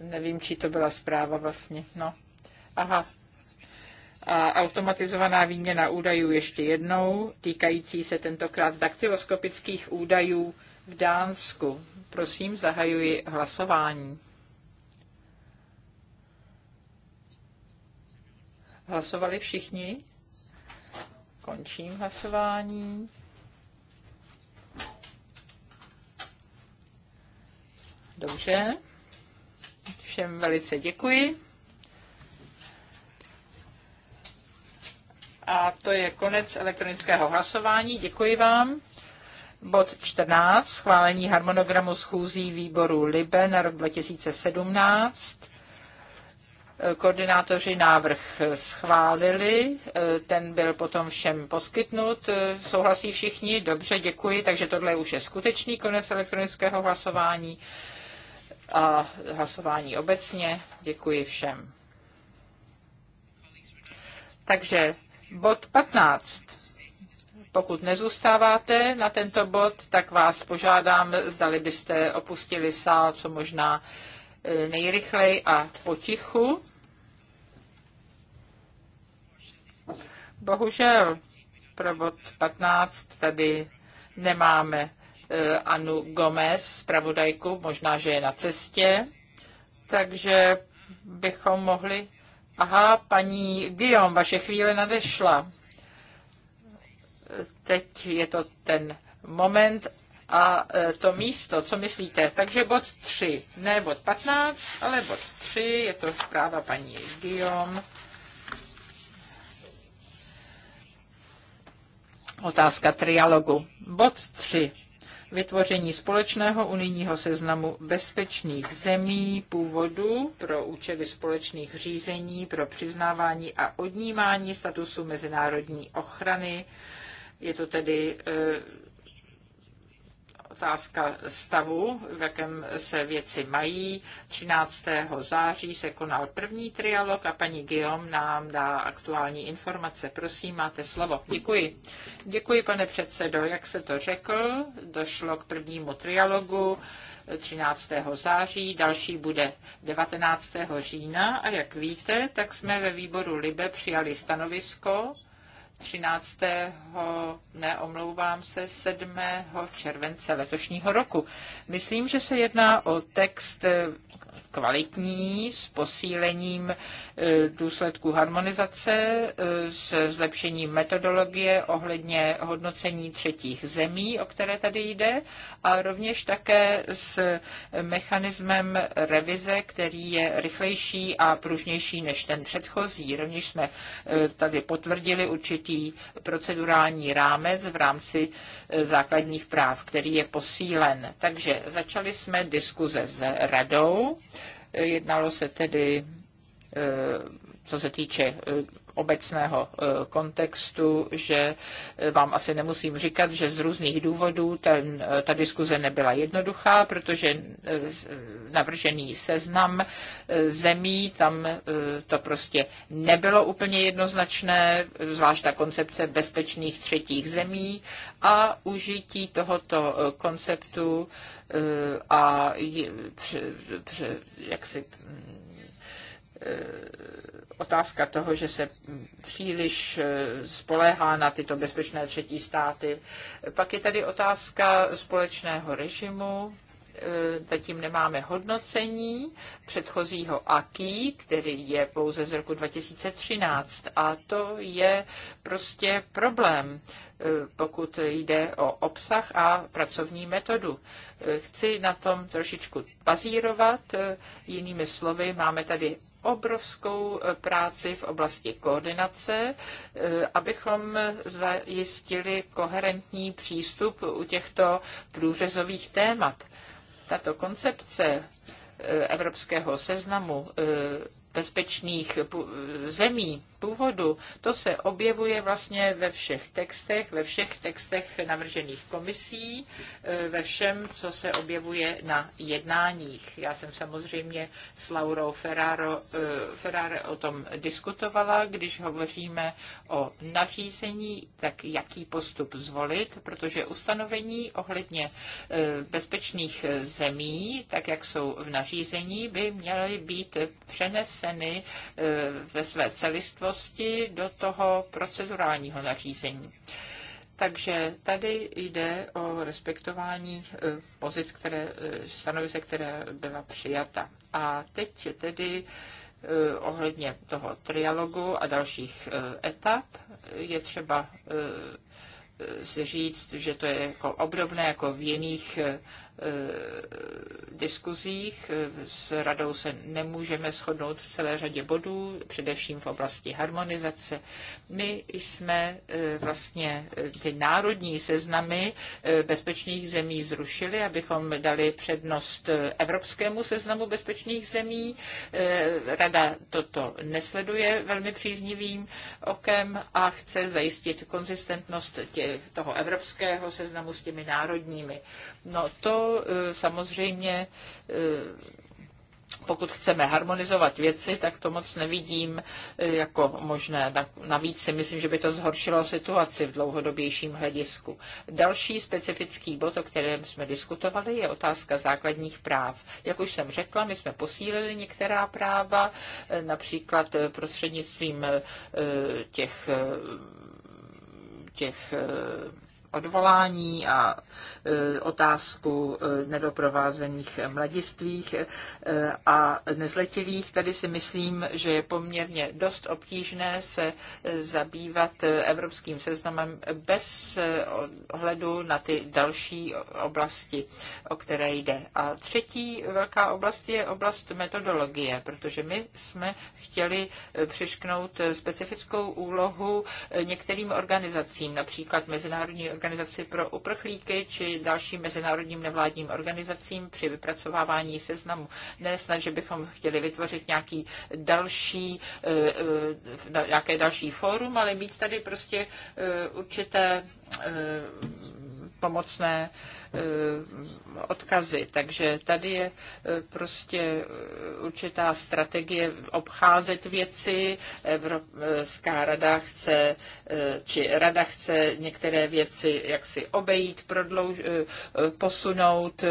Nevím, či to byla zpráva vlastně. No. Aha. A automatizovaná výměna údajů ještě jednou, týkající se tentokrát daktyloskopických údajů v Dánsku. Prosím, zahajuji hlasování. Hlasovali všichni? Končím hlasování. Dobře. Všem velice děkuji. A to je konec elektronického hlasování. Děkuji vám. Bod 14. Schválení harmonogramu schůzí výboru LIBE na rok 2017. Koordinátoři návrh schválili, eh, ten byl potom všem poskytnut. Eh, souhlasí všichni? Dobře, děkuji. Takže tohle už je skutečný konec elektronického hlasování a hlasování obecně. Děkuji všem. Takže bod 15. Pokud nezůstáváte na tento bod, tak vás požádám, zdali byste opustili sál co možná eh, nejrychleji a potichu. Bohužel pravod 15 tady nemáme eh, Anu Gomez, pravodajku, možná, že je na cestě, takže bychom mohli... Aha, paní Guillaume, vaše chvíle nadešla. Teď je to ten moment a eh, to místo, co myslíte? Takže bod 3, ne bod 15, ale bod 3, je to zpráva paní Guillaume. Otázka trialogu. Bod 3. Vytvoření společného unijního seznamu bezpečných zemí původu pro účely společných řízení, pro přiznávání a odnímání statusu mezinárodní ochrany. Je to tedy eh, otázka stavu, v jakém se věci mají. 13. září se konal první trialog a paní Guillaume nám dá aktuální informace. Prosím, máte slovo. Děkuji. Děkuji, pane předsedo. Jak se to řekl, došlo k prvnímu trialogu. 13. září, další bude 19. října a jak víte, tak jsme ve výboru LIBE přijali stanovisko 13. neomlouvám se, 7. července letošního roku. Myslím, že se jedná o text kvalitní, s posílením e, důsledků harmonizace, e, s zlepšením metodologie ohledně hodnocení třetích zemí, o které tady jde, a rovněž také s mechanismem revize, který je rychlejší a pružnější než ten předchozí. Rovněž jsme e, tady potvrdili určitý procedurální rámec v rámci základních práv, který je posílen. Takže začali jsme diskuze s radou Jednalo se tedy, eh, co se týče eh, obecného eh, kontextu, že vám asi nemusím říkat, že z různých důvodů ten, ta diskuze nebyla jednoduchá, protože navržený seznam zemí, tam to prostě nebylo úplně jednoznačné, zvlášť ta koncepce bezpečných třetích zemí a užití tohoto konceptu Eh, a pře, pře, jak si eh, otázka toho, že se příliš eh, spoléhá na tyto bezpečné třetí státy. Pak je tady otázka společného režimu. Zatím nemáme hodnocení předchozího AKI, který je pouze z roku 2013 a to je prostě problém Eh, pokud jde o obsah a pracovní metodu. Eh, chci na tom trošičku bazírovat. Eh, jinými slovy, máme tady obrovskou práci v oblasti koordinace, abychom zajistili koherentní přístup u těchto průřezových témat. Tato koncepce evropského seznamu bezpečných zemí původu, to se objevuje vlastně ve všech textech, ve všech textech navržených komisí, eh, ve všem, co se objevuje na jednáních. Já jsem samozřejmě s Laurou Ferraro, eh, Ferrare o tom diskutovala, když hovoříme o nařízení, tak jaký postup zvolit, protože ustanovení ohledně eh, bezpečných zemí, tak jak jsou v nařízení, by měly být přeneseny zaneseny eh, ve své celistvosti do toho procedurálního nařízení. Takže tady jde o respektování eh, pozic, které, eh, stanovisek, které byla přijata. A teď tedy ohledně toho trialogu a dalších etap je třeba si říct, že to je jako obdobné jako v jiných Eh, diskuzích. S radou se nemůžeme shodnout v celé řadě bodů, především v oblasti harmonizace. My jsme eh, vlastně eh, ty národní seznamy bezpečných zemí zrušili, abychom dali přednost evropskému seznamu bezpečných zemí. Rada toto nesleduje velmi příznivým okem a chce zajistit konzistentnost tě, toho evropského seznamu s těmi národními. No to E, samozřejmě e, pokud chceme harmonizovat věci, tak to moc nevidím e, jako možné. Navíc si myslím, že by to zhoršilo situaci v dlouhodobějším hledisku. Další specifický bod, o kterém jsme diskutovali, je otázka základních práv. Jak už jsem řekla, my jsme posílili některá práva, například prostřednictvím těch těch odvolání a e, otázku e, nedoprovázených mladistvých e, a nezletilých. Tady si myslím, že je poměrně dost obtížné se zabývat evropským seznamem bez ohledu na ty další oblasti, o které jde. A třetí velká oblast je oblast metodologie, protože my jsme chtěli přišknout specifickou úlohu některým organizacím, například Mezinárodní organizace organizaci pro uprchlíky či dalším mezinárodním nevládním organizacím při vypracovávání seznamu. Ne že bychom chtěli vytvořit nějaký další, eh, eh, nějaké další fórum, ale mít tady prostě eh, určité pomocné Eh, odkazy. Takže tady je eh, prostě eh, určitá strategie obcházet věci. Evropská rada chce, či rada chce některé věci jaksi obejít, prodlouž, posunout.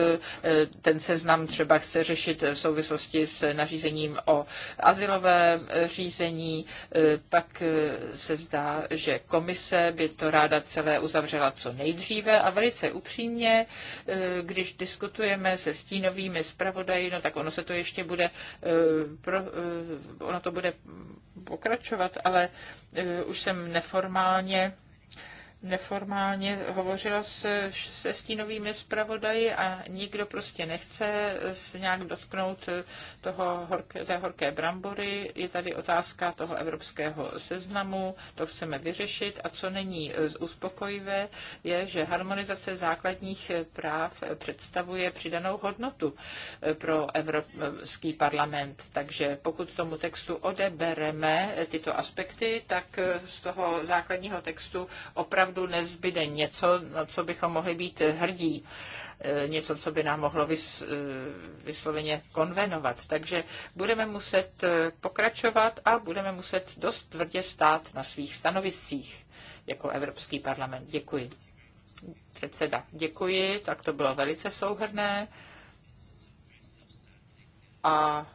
Ten seznam třeba chce řešit v souvislosti s nařízením o asilovém řízení. Pak se zdá, že komise by to ráda celé uzavřela co nejdříve a velice upřímně Eh, když diskutujeme se stínovými zpravodaji, no tak ono se to ještě bude, eh, pro, eh, ono to bude pokračovat, ale už jsem neformálně neformálně hovořila se, se stínovými zpravodaji a nikdo prostě nechce se nějak dotknout toho horké, té horké brambory. Je tady otázka toho evropského seznamu, to chceme vyřešit a co není uspokojivé, je, že harmonizace základních práv představuje přidanou hodnotu eh, pro Evropský parlament. Takže pokud tomu textu odebereme eh, tyto aspekty, tak eh, z toho základního textu opravdu opravdu nezbyde něco, na co bychom mohli být hrdí e, něco, co by nám mohlo vys, e, vysloveně konvenovat. Takže budeme muset e, pokračovat a budeme muset dost tvrdě stát na svých stanoviscích jako Evropský parlament. Děkuji. Předseda, děkuji, tak to bylo velice souhrné. A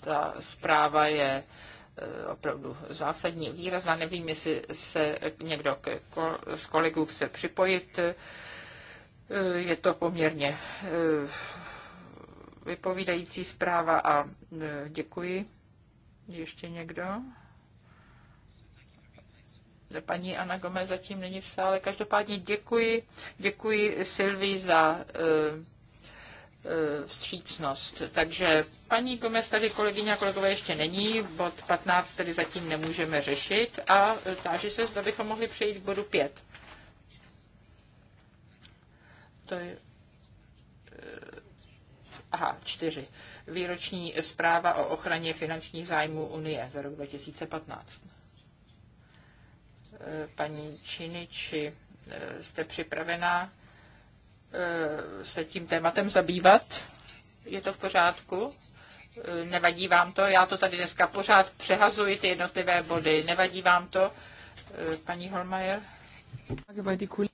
ta zpráva je Eh, opravdu zásadní, výrazná. Nevím, jestli se někdo z kolegů chce připojit. Eh, je to poměrně eh, vypovídající zpráva a děkuji. Ještě někdo? paní Ana Gomez zatím není v sále. Každopádně děkuji, děkuji Silvi za E, vstřícnost. Takže paní Gomez tady kolegyně a kolegové ještě není, bod 15 tedy zatím nemůžeme řešit a e, táži se, zda bychom mohli přejít k bodu 5. To je... E, aha, čtyři. Výroční zpráva o ochraně finančních zájmů Unie za rok 2015. Paní Činiči, jste připravená? Eh, se tím tématem zabývat. Je to v pořádku? Eh, nevadí vám to? Já to tady dneska pořád přehazuji ty jednotlivé body. Nevadí vám to, eh, paní Holmajer?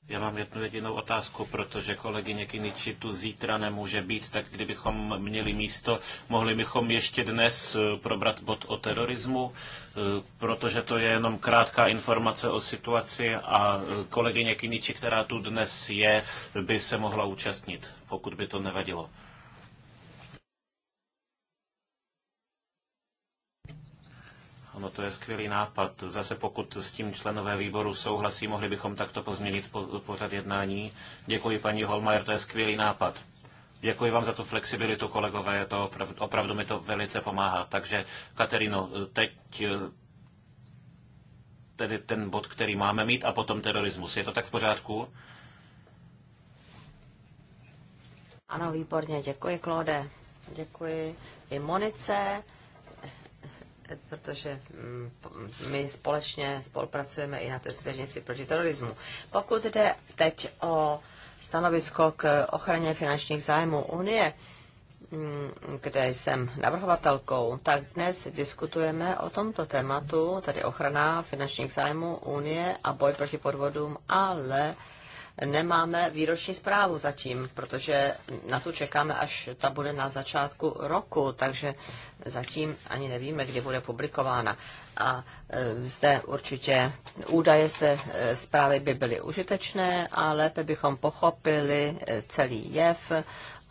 Já mám jednu jedinou otázku, protože kolegyně Kiniči tu zítra nemůže být, tak kdybychom měli místo, mohli bychom ještě dnes eh, probrat bod o terorismu, eh, protože to je jenom krátká informace o situaci a eh, kolegyně Kiniči, která tu dnes je, by se mohla účastnit, pokud by to nevadilo. Ono to je skvělý nápad. Zase pokud s tím členové výboru souhlasí, mohli bychom takto pozměnit pořad jednání. Děkuji paní Holmajer, to je skvělý nápad. Děkuji vám za tu flexibilitu, kolegové, to opravdu, opravdu mi to velice pomáhá. Takže, Katerino, teď tedy ten bod, který máme mít, a potom terorismus. Je to tak v pořádku? Ano, výborně, děkuji, Klode. Děkuji i Monice protože mm, my společně spolupracujeme i na té směrnici proti terorismu. Pokud jde teď o stanovisko k ochraně finančních zájmů Unie, mm, kde jsem navrhovatelkou, tak dnes diskutujeme o tomto tématu, tedy ochrana finančních zájmů Unie a boj proti podvodům, ale nemáme výroční zprávu zatím, protože na tu čekáme, až ta bude na začátku roku, takže zatím ani nevíme, kdy bude publikována. A e, zde určitě údaje z té e, zprávy by byly užitečné a lépe bychom pochopili e, celý jev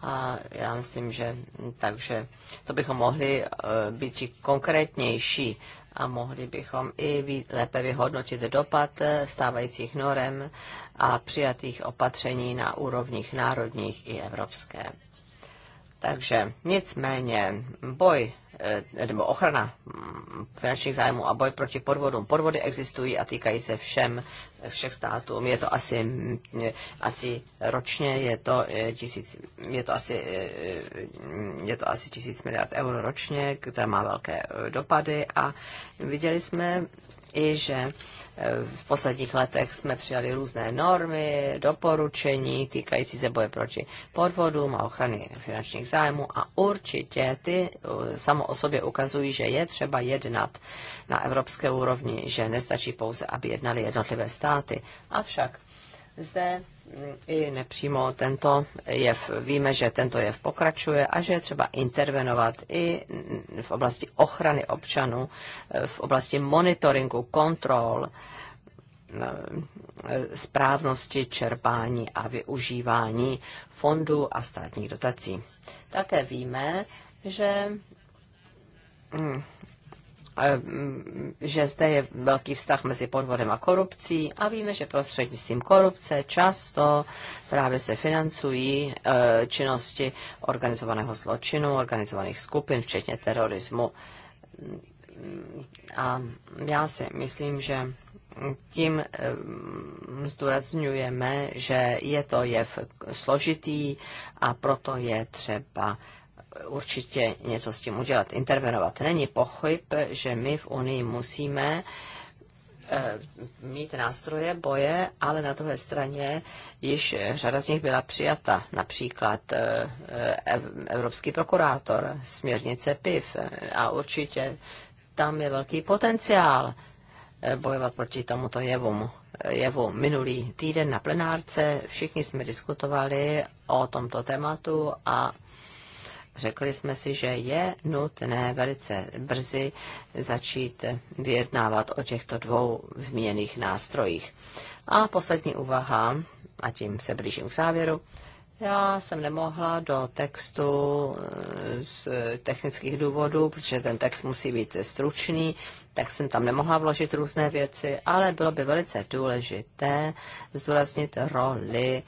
a já myslím, že takže to bychom mohli být konkrétnější a mohli bychom i lépe vyhodnotit dopad eh, stávajících norem a přijatých opatření na úrovních národních i evropské. Takže nicméně boj Eh, nebo ochrana mm, finančních zájmů a boj proti podvodům. Podvody existují a týkají se všem, všech států. Je to asi, mm, asi ročně, je to, eh, tisíc, je, to asi, eh, je to asi tisíc miliard euro ročně, která má velké dopady a viděli jsme i že e, v posledních letech jsme přijali různé normy, doporučení týkající se boje proti podvodům a ochrany finančních zájmů a určitě ty e, samo o sobě ukazují, že je třeba jednat na evropské úrovni, že nestačí pouze, aby jednali jednotlivé státy. Avšak zde i nepřímo tento jev, víme, že tento jev pokračuje a že je třeba intervenovat i v oblasti ochrany občanů, v oblasti monitoringu, kontrol, eh, správnosti čerpání a využívání fondů a státních dotací. Také víme, že hm, Mm, že zde je velký vztah mezi podvodem a korupcí a víme, že prostřednictvím korupce často právě se financují e, činnosti organizovaného zločinu, organizovaných skupin, včetně terorismu. A já si myslím, že tím mm, zdůrazňujeme, že je to jev složitý a proto je třeba určitě něco s tím udělat, intervenovat. Není pochyb, že my v Unii musíme eh, mít nástroje boje, ale na druhé straně již řada z nich byla přijata. Například eh, eh, Evropský prokurátor, směrnice PIV a určitě tam je velký potenciál bojovat proti tomuto jevu. jevu. Minulý týden na plenárce všichni jsme diskutovali o tomto tématu a Řekli jsme si, že je nutné velice brzy začít vyjednávat o těchto dvou zmíněných nástrojích. A poslední úvaha, a tím se blížím k závěru, já jsem nemohla do textu eh, z technických důvodů, protože ten text musí být stručný, tak jsem tam nemohla vložit různé věci, ale bylo by velice důležité zdůraznit roli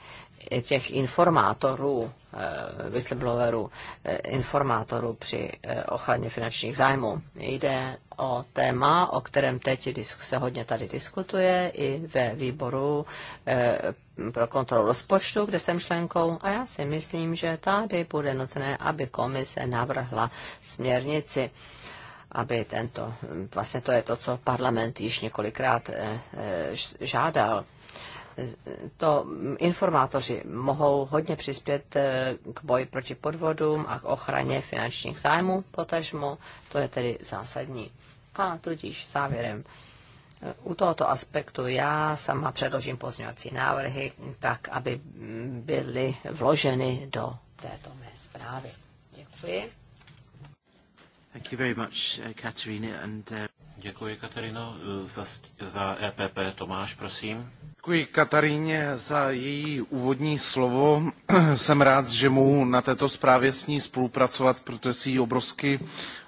těch informátorů Eh, whistleblowerů, eh, informátorů při eh, ochraně finančních zájmů. Jde o téma, o kterém teď se hodně tady diskutuje i ve výboru pro kontrolu rozpočtu, kde jsem členkou a já si myslím, že tady bude nutné, aby komise navrhla směrnici aby tento, vlastně to je to, co parlament již několikrát žádal to informátoři mohou hodně přispět eh, k boji proti podvodům a k ochraně finančních zájmů, potažmo, to je tedy zásadní. A tudíž závěrem. Eh, u tohoto aspektu já sama předložím pozměňovací návrhy tak, aby byly vloženy do této mé zprávy. Děkuji. Thank you very much, eh, Katerina, and, uh... Děkuji, Katerino. Za, za EPP Tomáš, prosím. Děkuji Kataríně za její úvodní slovo. [CLEARS THROAT] Jsem rád, že mohu na této zprávě s ní spolupracovat, protože si ji obrovsky,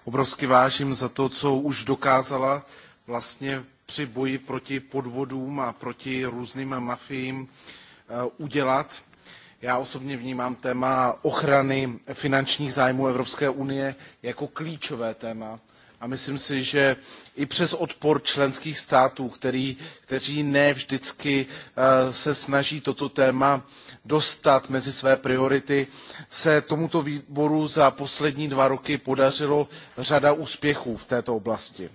obrovsky vážím za to, co už dokázala vlastně při boji proti podvodům a proti různým mafiím eh, udělat. Já osobně vnímám téma ochrany finančních zájmů Evropské unie jako klíčové téma a myslím si, že i přes odpor členských států, který, kteří ne vždycky eh, se snaží toto téma dostat mezi své priority, se tomuto výboru za poslední dva roky podařilo řada úspěchů v této oblasti.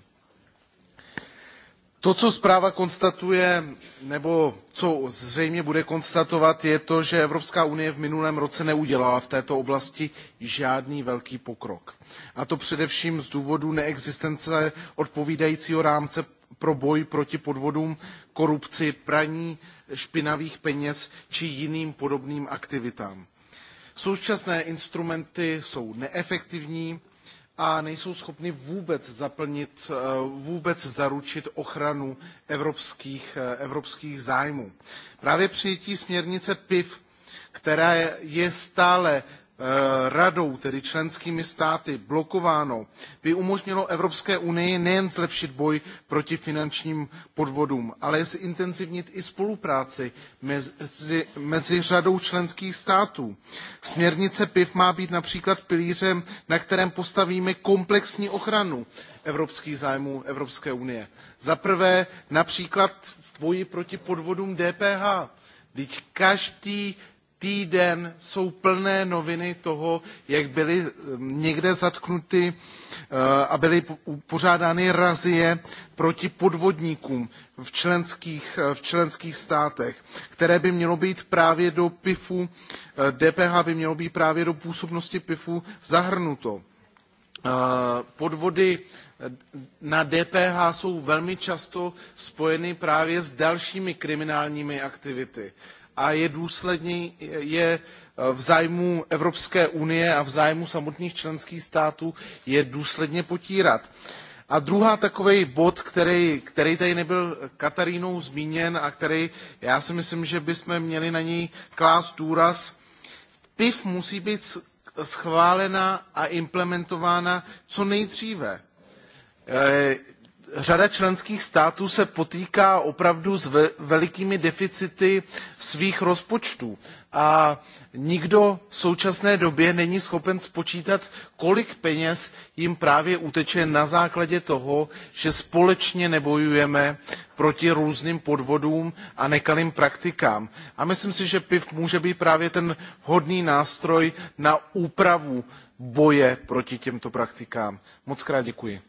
To, co zpráva konstatuje, nebo co zřejmě bude konstatovat, je to, že Evropská unie v minulém roce neudělala v této oblasti žádný velký pokrok. A to především z důvodu neexistence odpovídajícího rámce pro boj proti podvodům, korupci, praní špinavých peněz či jiným podobným aktivitám. Současné instrumenty jsou neefektivní, a nejsou schopny vůbec zaplnit, eh, vůbec zaručit ochranu evropských, eh, evropských zájmů. Právě přijetí směrnice PIV, která je stále Eh, radou, tedy členskými státy, blokováno, by umožnilo Evropské unii nejen zlepšit boj proti finančním podvodům, ale zintenzivnit i spolupráci mezi, mezi řadou členských států. Směrnice PIV má být například pilířem, na kterém postavíme komplexní ochranu evropských zájmů Evropské unie. Za prvé například v boji proti podvodům DPH. Vždyť každý týden jsou plné noviny toho, jak byly ehm, někde zatknuty eh, a byly pořádány razie proti podvodníkům v členských, eh, v členských státech, které by mělo být právě do PIFu, DPH eh, by mělo být právě do působnosti PIFu zahrnuto. Podvody na DPH jsou velmi často spojeny právě s dalšími kriminálními aktivitami a je důsledně je v zájmu Evropské unie a v zájmu samotných členských států je důsledně potírat. A druhá takový bod, který, který tady nebyl Katarínou zmíněn a který já si myslím, že bychom měli na něj klást důraz, PIV musí být schválena a implementována co nejdříve. Eh, řada členských států se potýká opravdu s velikými deficity svých rozpočtů a nikdo v současné době není schopen spočítat, kolik peněz jim právě uteče na základě toho, že společně nebojujeme proti různým podvodům a nekalým praktikám. A myslím si, že PIV může být právě ten vhodný nástroj na úpravu boje proti těmto praktikám. Moc krát děkuji.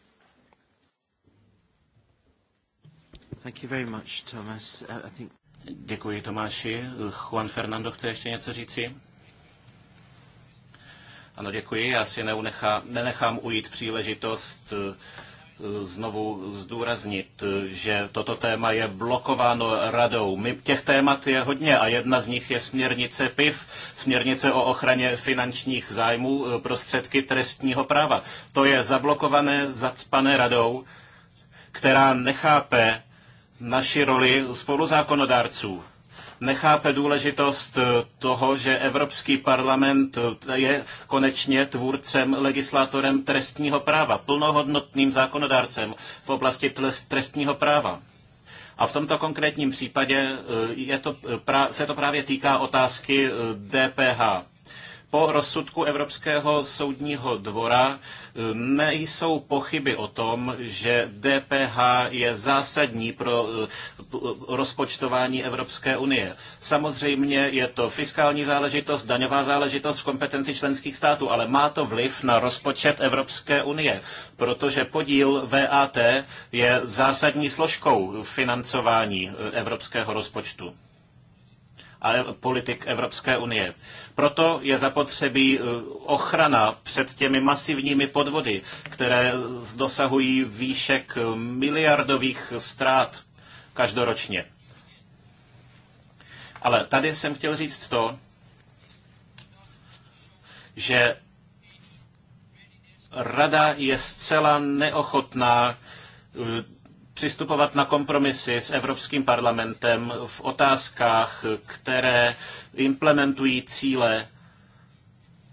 Thank you very much, Thomas. Uh, I think... Děkuji, Tomáši. Juan Fernando chce ještě něco říci? Ano, děkuji. Já si neunecha, nenechám ujít příležitost uh, znovu zdůraznit, uh, že toto téma je blokováno radou. My, těch témat je hodně a jedna z nich je směrnice PIV, směrnice o ochraně finančních zájmů prostředky trestního práva. To je zablokované, zacpané radou, která nechápe, naši roli spoluzákonodárců nechápe důležitost eh, toho, že Evropský parlament eh, je konečně tvůrcem, legislátorem trestního práva, plnohodnotným zákonodárcem v oblasti trestního práva. A v tomto konkrétním případě eh, je to, se to právě týká otázky DPH. Po rozsudku Evropského soudního dvora eh, nejsou pochyby o tom, že DPH je zásadní pro eh, rozpočtování Evropské unie. Samozřejmě je to fiskální záležitost, daňová záležitost v kompetenci členských států, ale má to vliv na rozpočet Evropské unie, protože podíl VAT je zásadní složkou financování eh, evropského rozpočtu a politik Evropské unie. Proto je zapotřebí eh, ochrana před těmi masivními podvody, které dosahují výšek eh, miliardových ztrát každoročně. Ale tady jsem chtěl říct to, že rada je zcela neochotná eh, přistupovat na kompromisy s Evropským parlamentem v otázkách, které implementují cíle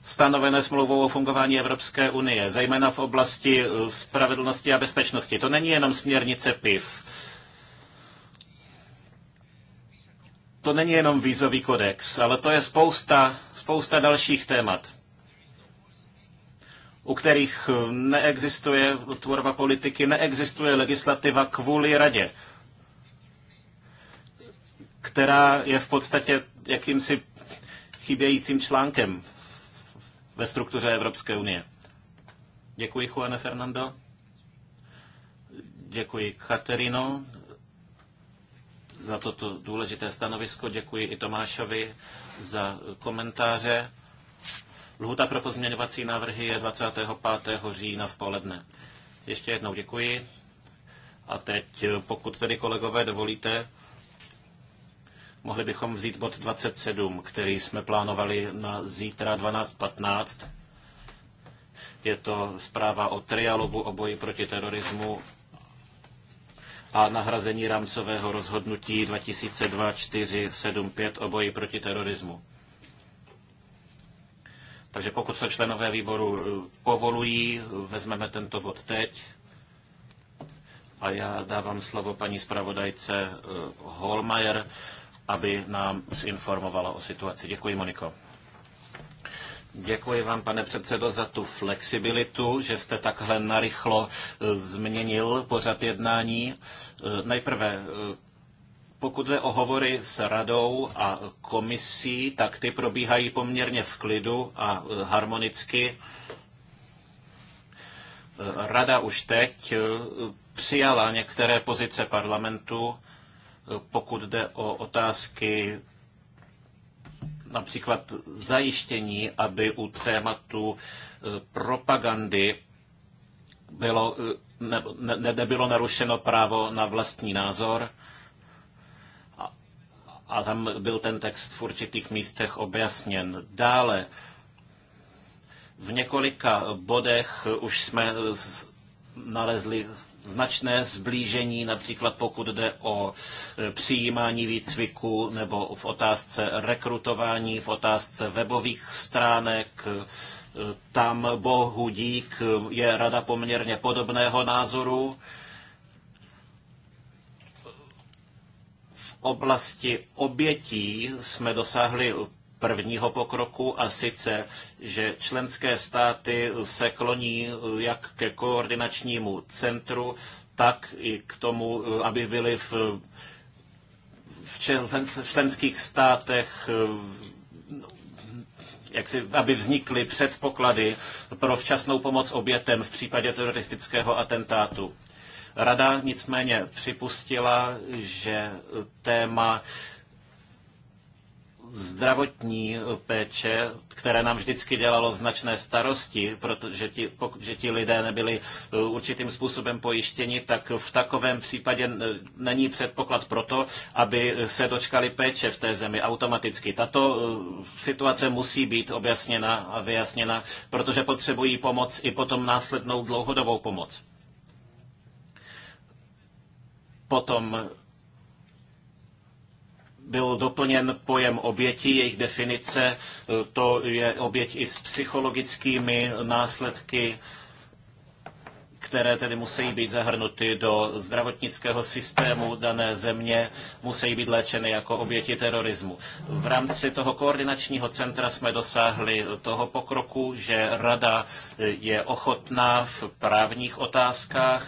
stanovené smlouvou o fungování Evropské unie, zejména v oblasti spravedlnosti a bezpečnosti. To není jenom směrnice PIV. To není jenom vízový kodex, ale to je spousta, spousta dalších témat u kterých eh, neexistuje tvorba politiky, neexistuje legislativa kvůli radě, která je v podstatě jakýmsi chybějícím článkem ve struktuře Evropské unie. Děkuji, Juane Fernando. Děkuji, Katerino, za toto důležité stanovisko. Děkuji i Tomášovi za komentáře. Lhuta pro pozměňovací návrhy je 25. října v poledne. Ještě jednou děkuji. A teď, pokud tedy kolegové dovolíte, mohli bychom vzít bod 27, který jsme plánovali na zítra 12.15. Je to zpráva o trialogu o boji proti terorismu a nahrazení rámcového rozhodnutí 2002-475 o boji proti terorismu. Takže pokud to členové výboru eh, povolují, vezmeme tento bod teď. A já dávám slovo paní zpravodajce eh, Holmajer, aby nám zinformovala o situaci. Děkuji, Moniko. Děkuji vám, pane předsedo, za tu flexibilitu, že jste takhle narychlo eh, změnil pořad jednání. Nejprve pokud jde o hovory s radou a komisí, tak ty probíhají poměrně v klidu a e, harmonicky. E, rada už teď e, přijala některé pozice parlamentu, pokud jde o otázky například zajištění, aby u tématu propagandy bylo, ne, ne, nebylo narušeno právo na vlastní názor a tam byl ten text v určitých místech objasněn. Dále v několika bodech už jsme nalezli značné zblížení, například pokud jde o e, přijímání výcviku nebo v otázce rekrutování, v otázce webových stránek. E, tam bohu dík e, je rada poměrně podobného názoru. oblasti obětí jsme dosáhli prvního pokroku a sice, že členské státy se kloní jak ke koordinačnímu centru, tak i k tomu, aby byly v, v členských státech jak si, aby vznikly předpoklady pro včasnou pomoc obětem v případě teroristického atentátu. Rada nicméně připustila, že téma zdravotní péče, které nám vždycky dělalo značné starosti, protože ti, pokud, že ti lidé nebyli eh, určitým způsobem pojištěni, tak v takovém případě není předpoklad pro to, aby se dočkali péče v té zemi automaticky. Tato eh, situace musí být objasněna a vyjasněna, protože potřebují pomoc i potom následnou dlouhodobou pomoc. Potom byl doplněn pojem oběti, jejich definice, to je oběť i s psychologickými následky, které tedy musí být zahrnuty do zdravotnického systému dané země, musí být léčeny jako oběti terorismu. V rámci toho koordinačního centra jsme dosáhli toho pokroku, že rada je ochotná v právních otázkách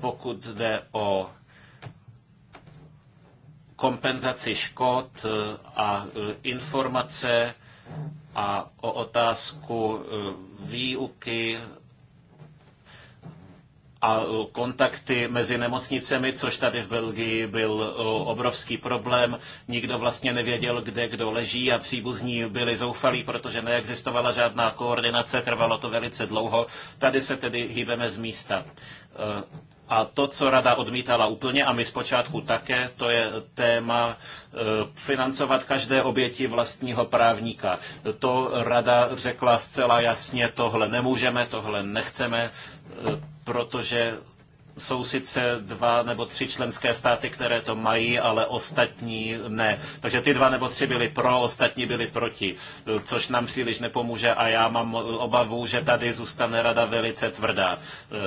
pokud jde o kompenzaci škod e, a e, informace a o otázku e, výuky a e, kontakty mezi nemocnicemi, což tady v Belgii byl e, obrovský problém. Nikdo vlastně nevěděl, kde kdo leží a příbuzní byli zoufalí, protože neexistovala žádná koordinace, trvalo to velice dlouho. Tady se tedy hýbeme z místa. E, a to, co rada odmítala úplně, a my zpočátku také, to je téma financovat každé oběti vlastního právníka. To rada řekla zcela jasně, tohle nemůžeme, tohle nechceme, Eh, protože jsou sice dva nebo tři členské státy, které to mají, ale ostatní ne. Takže ty dva nebo tři byly pro, ostatní byli proti, což nám příliš nepomůže a já mám obavu, že tady zůstane rada velice tvrdá.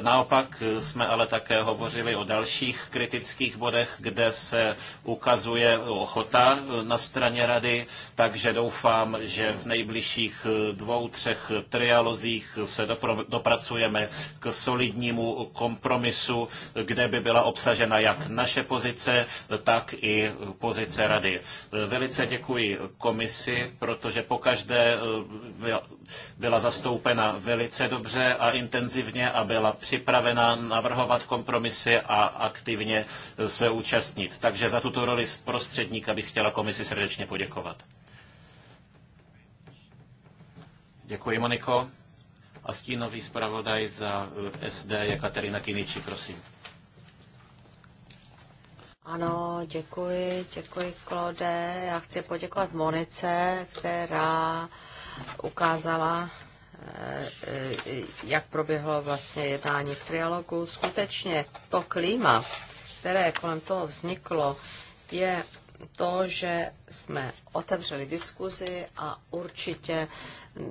Naopak jsme ale také hovořili o dalších kritických bodech, kde se ukazuje ochota na straně rady, takže doufám, že v nejbližších dvou, třech trialozích se dopracujeme k solidnímu kompromisu kompromisu, kde by byla obsažena jak naše pozice, tak i pozice rady. Velice děkuji komisi, protože pokaždé eh, byla zastoupena velice dobře a intenzivně a byla připravena navrhovat kompromisy a aktivně se účastnit. Takže za tuto roli prostředníka bych chtěla komisi srdečně poděkovat. Děkuji, Moniko. A stínový zpravodaj za eh, SD je Katerina Kiniči, prosím. Ano, děkuji, děkuji, Klode. Já chci poděkovat Monice, která ukázala, eh, jak proběhlo vlastně jednání v trialogu. Skutečně to klima, které kolem toho vzniklo, je to, že jsme otevřeli diskuzi a určitě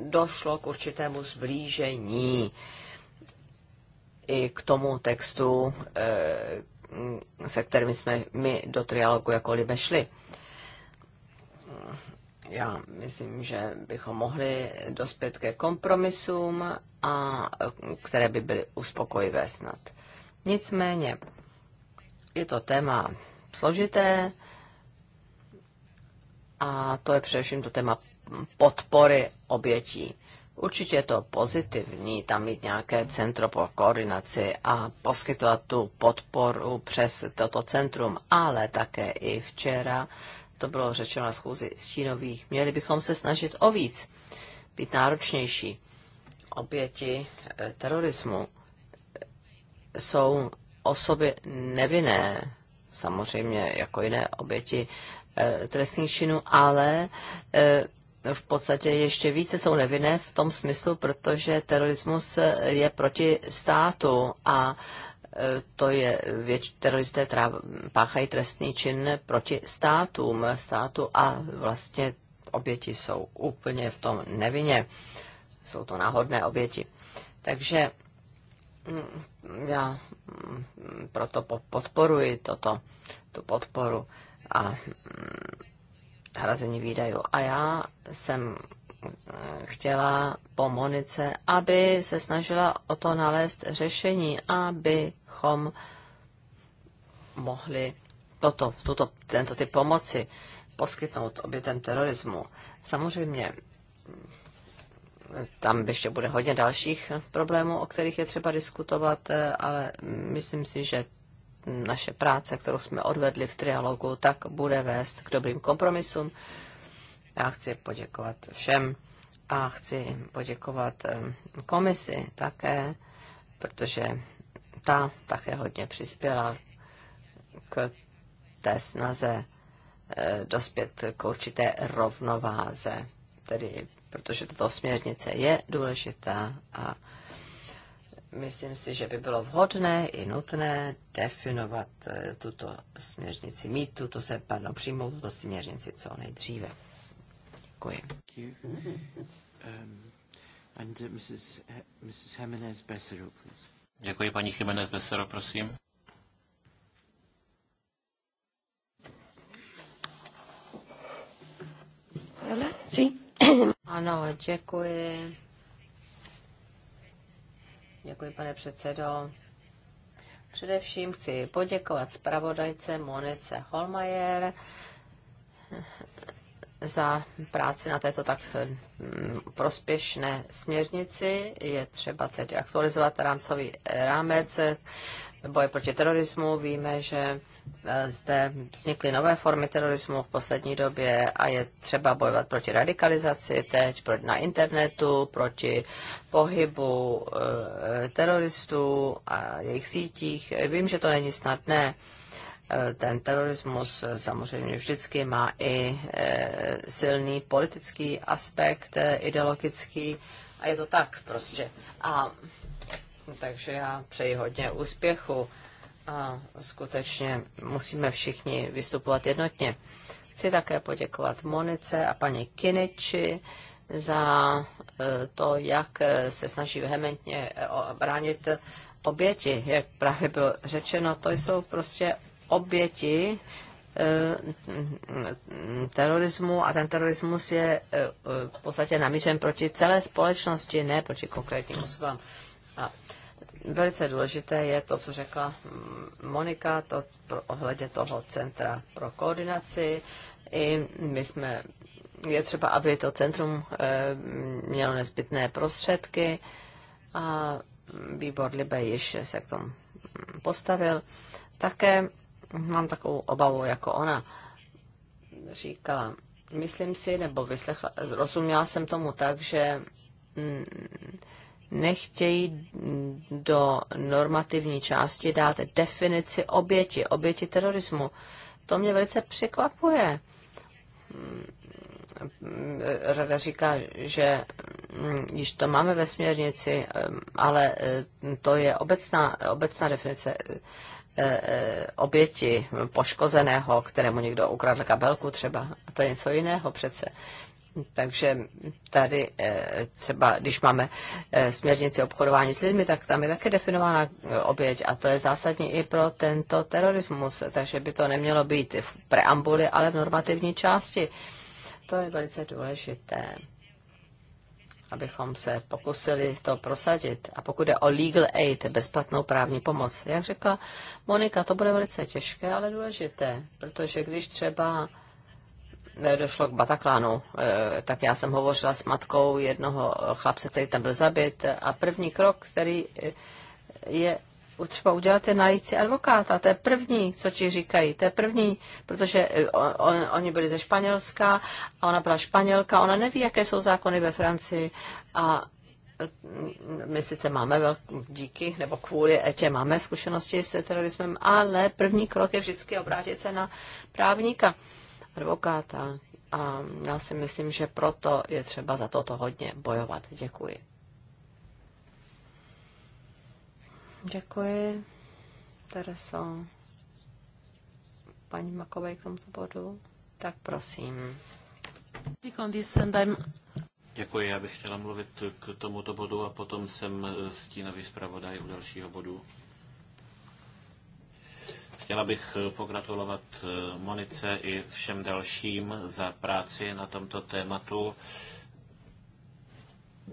došlo k určitému zblížení i k tomu textu, eh, se kterými jsme my do trialogu jako libe šli. Já myslím, že bychom mohli dospět ke kompromisům, a, které by byly uspokojivé snad. Nicméně je to téma složité, a to je především to téma podpory obětí. Určitě je to pozitivní tam mít nějaké centro po koordinaci a poskytovat tu podporu přes toto centrum, ale také i včera, to bylo řečeno na schůzi stínových, měli bychom se snažit o víc, být náročnější. Oběti eh, terorismu jsou osoby nevinné, samozřejmě jako jiné oběti Eh, trestných činů, ale eh, v podstatě ještě více jsou nevinné v tom smyslu, protože terorismus eh, je proti státu a to je, věc, teroristé páchají trestný čin proti státům, státu a vlastně oběti jsou úplně v tom nevině. Jsou to náhodné oběti. Takže mm, já mm, proto podporuji toto, tu podporu a mm, hrazení výdajů. A já jsem mm, chtěla po Monice, aby se snažila o to nalézt řešení, abychom mohli toto, tuto, tento typ pomoci poskytnout obětem terorismu. Samozřejmě mm, tam ještě bude hodně dalších problémů, o kterých je třeba diskutovat, eh, ale myslím si, že naše práce, kterou jsme odvedli v trialogu, tak bude vést k dobrým kompromisům. Já chci poděkovat všem a chci poděkovat komisi také, protože ta také hodně přispěla k té snaze eh, dospět k určité rovnováze, tedy protože toto směrnice je důležitá a myslím si, že by bylo vhodné i nutné definovat eh, tuto směrnici, mít tuto se, pardon, přijmout tuto směrnici co nejdříve. Děkuji. Um, uh, děkuji, paní Jiménez Besero, prosím. Ano, děkuji. Děkuji, pane předsedo. Především chci poděkovat zpravodajce Monice Holmajer za práci na této tak mm, prospěšné směrnici. Je třeba tedy aktualizovat rámcový eh, rámec boje proti terorismu. Víme, že eh, zde vznikly nové formy terorismu v poslední době a je třeba bojovat proti radikalizaci teď na internetu, proti pohybu eh, teroristů a jejich sítích. Vím, že to není snadné. Eh, ten terorismus samozřejmě vždycky má i silný politický aspekt, ideologický a je to tak prostě. A takže já přeji hodně úspěchu a skutečně musíme všichni vystupovat jednotně. Chci také poděkovat Monice a paní Kiniči za e, to, jak e, se snaží vehementně e, bránit oběti. Jak právě bylo řečeno, to jsou prostě oběti terorismu a ten terorismus je v podstatě namířen proti celé společnosti, ne proti konkrétním osobám. A velice důležité je to, co řekla mm, Monika, to ohledně toho centra pro koordinaci. I my jsme, je třeba, aby to centrum eh, mělo nezbytné prostředky a výbor Libe již se k tomu mm, postavil. Také mám takovou obavu, jako ona říkala, myslím si, nebo vyslechla, rozuměla jsem tomu tak, že mm, nechtějí do normativní části dát definici oběti, oběti terorismu. To mě velice překvapuje. Rada říká, že již to máme ve směrnici, ale to je obecná, obecná definice eh, eh, oběti poškozeného, kterému někdo ukradl kabelku třeba. A to je něco jiného přece. Takže tady eh, třeba, když máme eh, směrnici obchodování s lidmi, tak tam je také definována eh, oběť a to je zásadní i pro tento terorismus. Takže by to nemělo být v preambuli, ale v normativní části. To je velice důležité, abychom se pokusili to prosadit. A pokud je o legal aid, bezplatnou právní pomoc, jak řekla Monika, to bude velice těžké, ale důležité, protože když třeba došlo k Bataklánu, eh, tak já jsem hovořila s matkou jednoho chlapce, který tam byl zabit a první krok, který eh, je třeba udělat, je najít si advokáta. To je první, co ti říkají. To je první, protože eh, on, on, oni byli ze Španělska a ona byla Španělka. Ona neví, jaké jsou zákony ve Francii a my sice máme velk, díky nebo kvůli etě máme zkušenosti s terorismem, ale první krok je vždycky obrátit se na právníka advokáta a já si myslím, že proto je třeba za toto hodně bojovat. Děkuji. Děkuji, Tereso. Paní Makové k tomuto bodu. Tak prosím. Děkuji, já bych chtěla mluvit k tomuto bodu a potom jsem stínový zpravodaj u dalšího bodu. Chtěla bych eh, pogratulovat eh, Monice i všem dalším za práci na tomto tématu.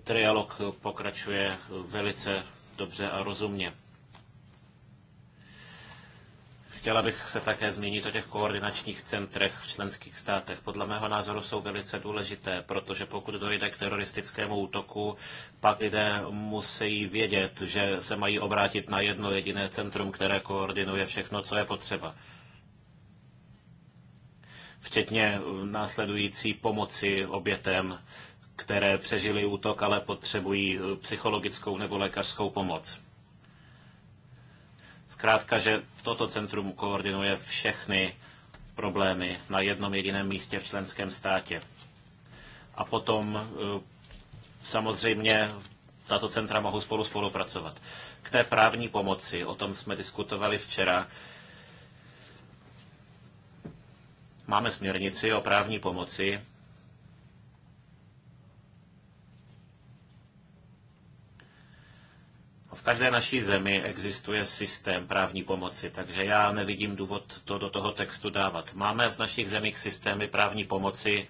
Trialog pokračuje velice dobře a rozumně. Chtěla bych se také zmínit o těch koordinačních centrech v členských státech. Podle mého názoru jsou velice důležité, protože pokud dojde k teroristickému útoku, pak lidé musí vědět, že se mají obrátit na jedno jediné centrum, které koordinuje všechno, co je potřeba včetně následující pomoci obětem, které přežili útok, ale potřebují psychologickou nebo lékařskou pomoc. Zkrátka, že toto centrum koordinuje všechny problémy na jednom jediném místě v členském státě. A potom e, samozřejmě tato centra mohou spolu spolupracovat. K té právní pomoci, o tom jsme diskutovali včera. Máme směrnici o právní pomoci V každé naší zemi existuje systém právní pomoci, takže já nevidím důvod to do toho textu dávat. Máme v našich zemích systémy právní pomoci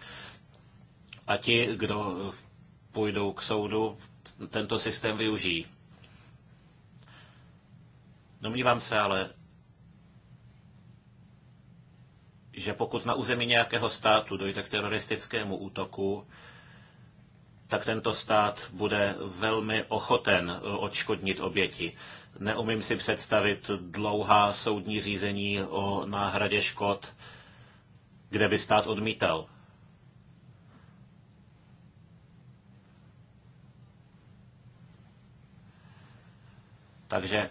a ti, kdo půjdou k soudu, tento systém využijí. Domnívám se ale, že pokud na území nějakého státu dojde k teroristickému útoku, tak tento stát bude velmi ochoten eh, odškodnit oběti. Neumím si představit dlouhá soudní řízení o náhradě škod, kde by stát odmítal. Takže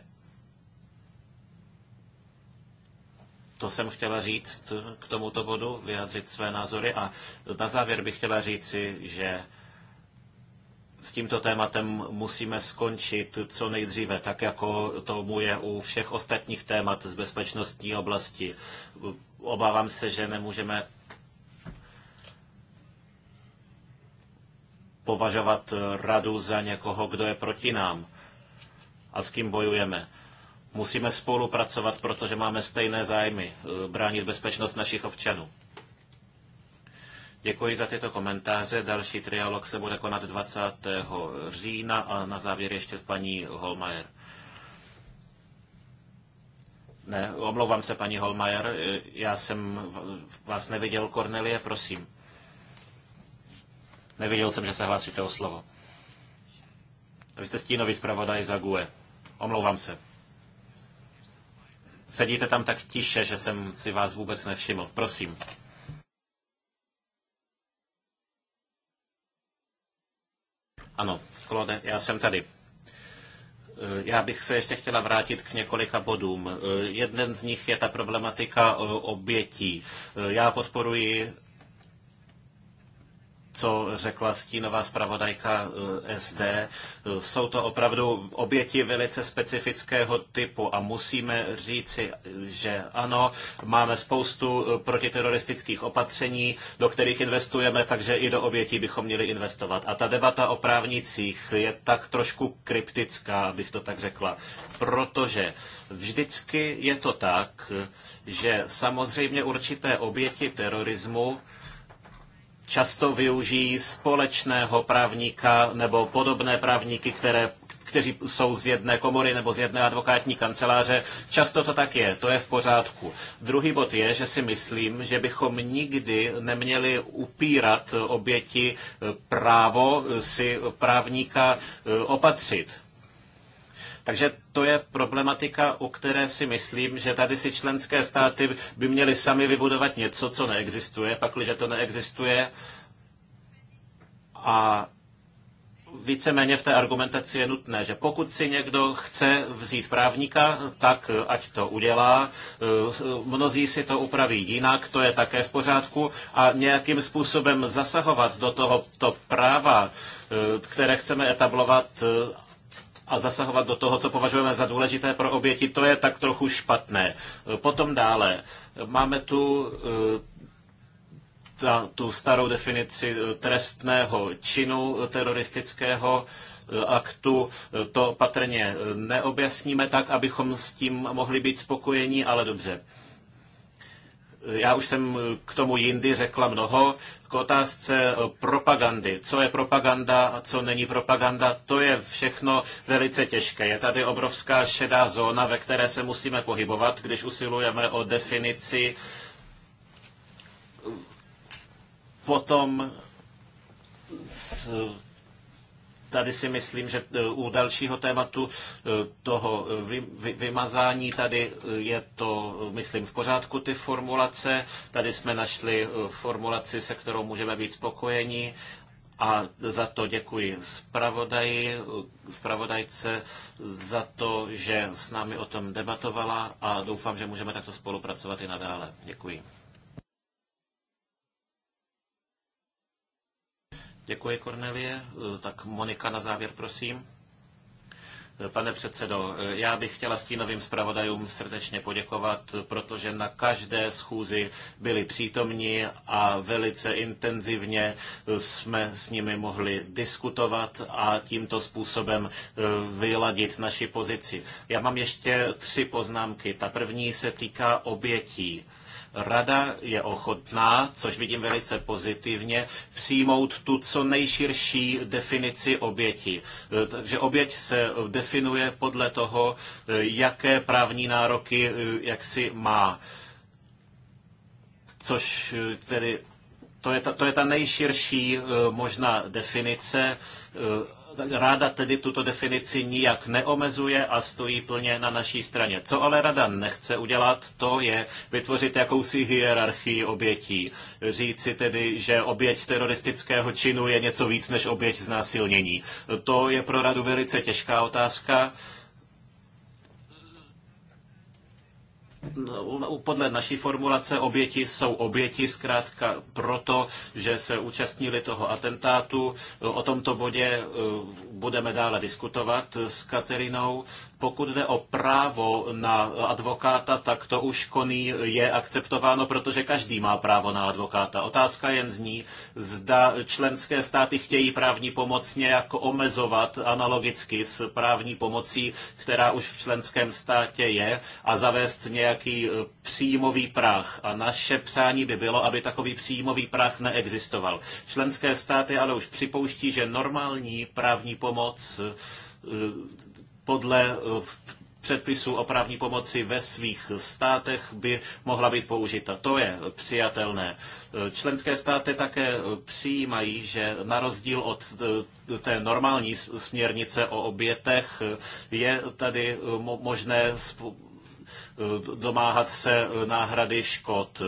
to jsem chtěla říct eh, k tomuto bodu, vyjádřit své názory a na závěr bych chtěla říci, že s tímto tématem musíme skončit co nejdříve, tak jako tomu je u všech ostatních témat z bezpečnostní oblasti. Obávám se, že nemůžeme považovat radu za někoho, kdo je proti nám a s kým bojujeme. Musíme spolupracovat, protože máme stejné zájmy bránit bezpečnost našich občanů. Děkuji za tyto komentáře. Další trialog se bude konat 20. října a na závěr ještě paní Holmajer. Ne, omlouvám se, paní Holmajer, já jsem vás neviděl, Kornelie, prosím. Neviděl jsem, že se hlásíte o slovo. Vy jste stínový zpravodaj za GUE. Omlouvám se. Sedíte tam tak tiše, že jsem si vás vůbec nevšiml. Prosím. Ano, Klode, já jsem tady. E, já bych se ještě chtěla vrátit k několika bodům. E, jeden z nich je ta problematika e, obětí. Já podporuji co řekla stínová zpravodajka eh, SD. Eh, jsou to opravdu oběti velice specifického typu a musíme říci, že ano, máme spoustu eh, protiteroristických opatření, do kterých investujeme, takže i do obětí bychom měli investovat. A ta debata o právnicích je tak trošku kryptická, abych to tak řekla, protože vždycky je to tak, že samozřejmě určité oběti terorismu často využijí společného právníka nebo podobné právníky, které, kteří jsou z jedné komory nebo z jedné advokátní kanceláře. Často to tak je, to je v pořádku. Druhý bod je, že si myslím, že bychom nikdy neměli upírat oběti eh, právo si právníka eh, opatřit takže to je problematika, u které si myslím, že tady si členské státy by měly sami vybudovat něco, co neexistuje, pakliže to neexistuje. A víceméně v té argumentaci je nutné, že pokud si někdo chce vzít právníka, tak eh, ať to udělá. Eh, mnozí si to upraví jinak, to je také v pořádku. A nějakým způsobem zasahovat do tohoto práva, eh, které chceme etablovat, a zasahovat do toho, co považujeme za důležité pro oběti, to je tak trochu špatné. Potom dále. Máme tu eh, ta, tu starou definici eh, trestného činu teroristického eh, aktu. To patrně neobjasníme tak, abychom s tím mohli být spokojení, ale dobře. Já už jsem k tomu jindy řekla mnoho. K otázce eh, propagandy. Co je propaganda a co není propaganda, to je všechno velice těžké. Je tady obrovská šedá zóna, ve které se musíme pohybovat, když usilujeme o definici eh, potom tady si myslím, že e, u dalšího tématu e, toho e, vymazání tady je to, myslím, v pořádku ty formulace. Tady jsme našli formulaci, se kterou můžeme být spokojeni a za to děkuji zpravodaji, zpravodajce za to, že s námi o tom debatovala a doufám, že můžeme takto spolupracovat i nadále. Děkuji. Děkuji, Kornelie. Tak Monika na závěr, prosím. Pane předsedo, já bych chtěla stínovým zpravodajům srdečně poděkovat, protože na každé schůzi byli přítomní a velice intenzivně jsme s nimi mohli diskutovat a tímto způsobem eh, vyladit naši pozici. Já mám ještě tři poznámky. Ta první se týká obětí Rada je ochotná, což vidím velice pozitivně, přijmout tu co nejširší definici oběti. E, takže oběť se definuje podle toho, e, jaké právní nároky e, jak si má. Což tedy to je ta, to je ta nejširší možná definice Ráda tedy tuto definici nijak neomezuje a stojí plně na naší straně. Co ale rada nechce udělat, to je vytvořit jakousi hierarchii obětí. Říci tedy, že oběť teroristického činu je něco víc než oběť znásilnění. To je pro radu velice těžká otázka No, podle naší formulace oběti jsou oběti zkrátka proto, že se účastnili toho atentátu. O tomto bodě eh, budeme dále diskutovat s Katerinou pokud jde o právo na advokáta, tak to už koný je akceptováno, protože každý má právo na advokáta. Otázka jen zní, zda členské státy chtějí právní pomoc nějak omezovat analogicky s právní pomocí, která už v členském státě je, a zavést nějaký eh, příjmový práh. A naše přání by bylo, aby takový příjmový práh neexistoval. Členské státy ale už připouští, že normální právní pomoc eh, podle eh, předpisů o právní pomoci ve svých státech by mohla být použita. To je přijatelné. Eh, členské státy také eh, přijímají, že na rozdíl od té normální směrnice o obětech je tady možné Eh, domáhat se eh, náhrady škod.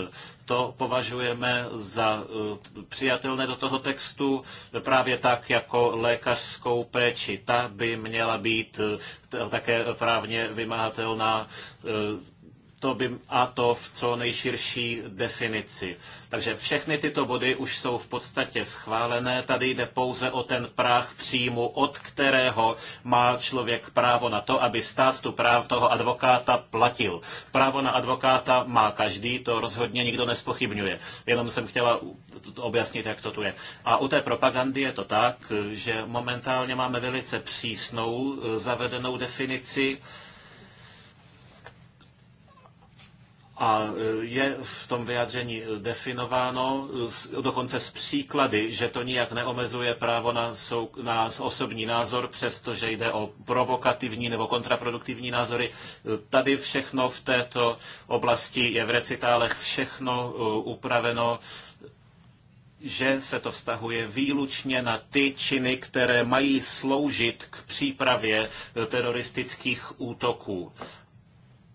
To považujeme za eh, přijatelné do toho textu právě tak jako lékařskou péči. Ta by měla být také právně vymahatelná to by, a to v co nejširší definici. Takže všechny tyto body už jsou v podstatě schválené. Tady jde pouze o ten práh příjmu, od kterého má člověk právo na to, aby stát tu práv toho advokáta platil. Právo na advokáta má každý, to rozhodně nikdo nespochybňuje. Jenom jsem chtěla objasnit, jak to tu je. A u té propagandy je to tak, že momentálně máme velice přísnou e, zavedenou definici, A e, je v tom vyjádření e, definováno e, dokonce z příklady, že to nijak neomezuje právo na, sou, na osobní názor, přestože jde o provokativní nebo kontraproduktivní názory. Tady všechno v této oblasti je v recitálech všechno upraveno že se to vztahuje výlučně na ty činy, které mají sloužit k přípravě teroristických útoků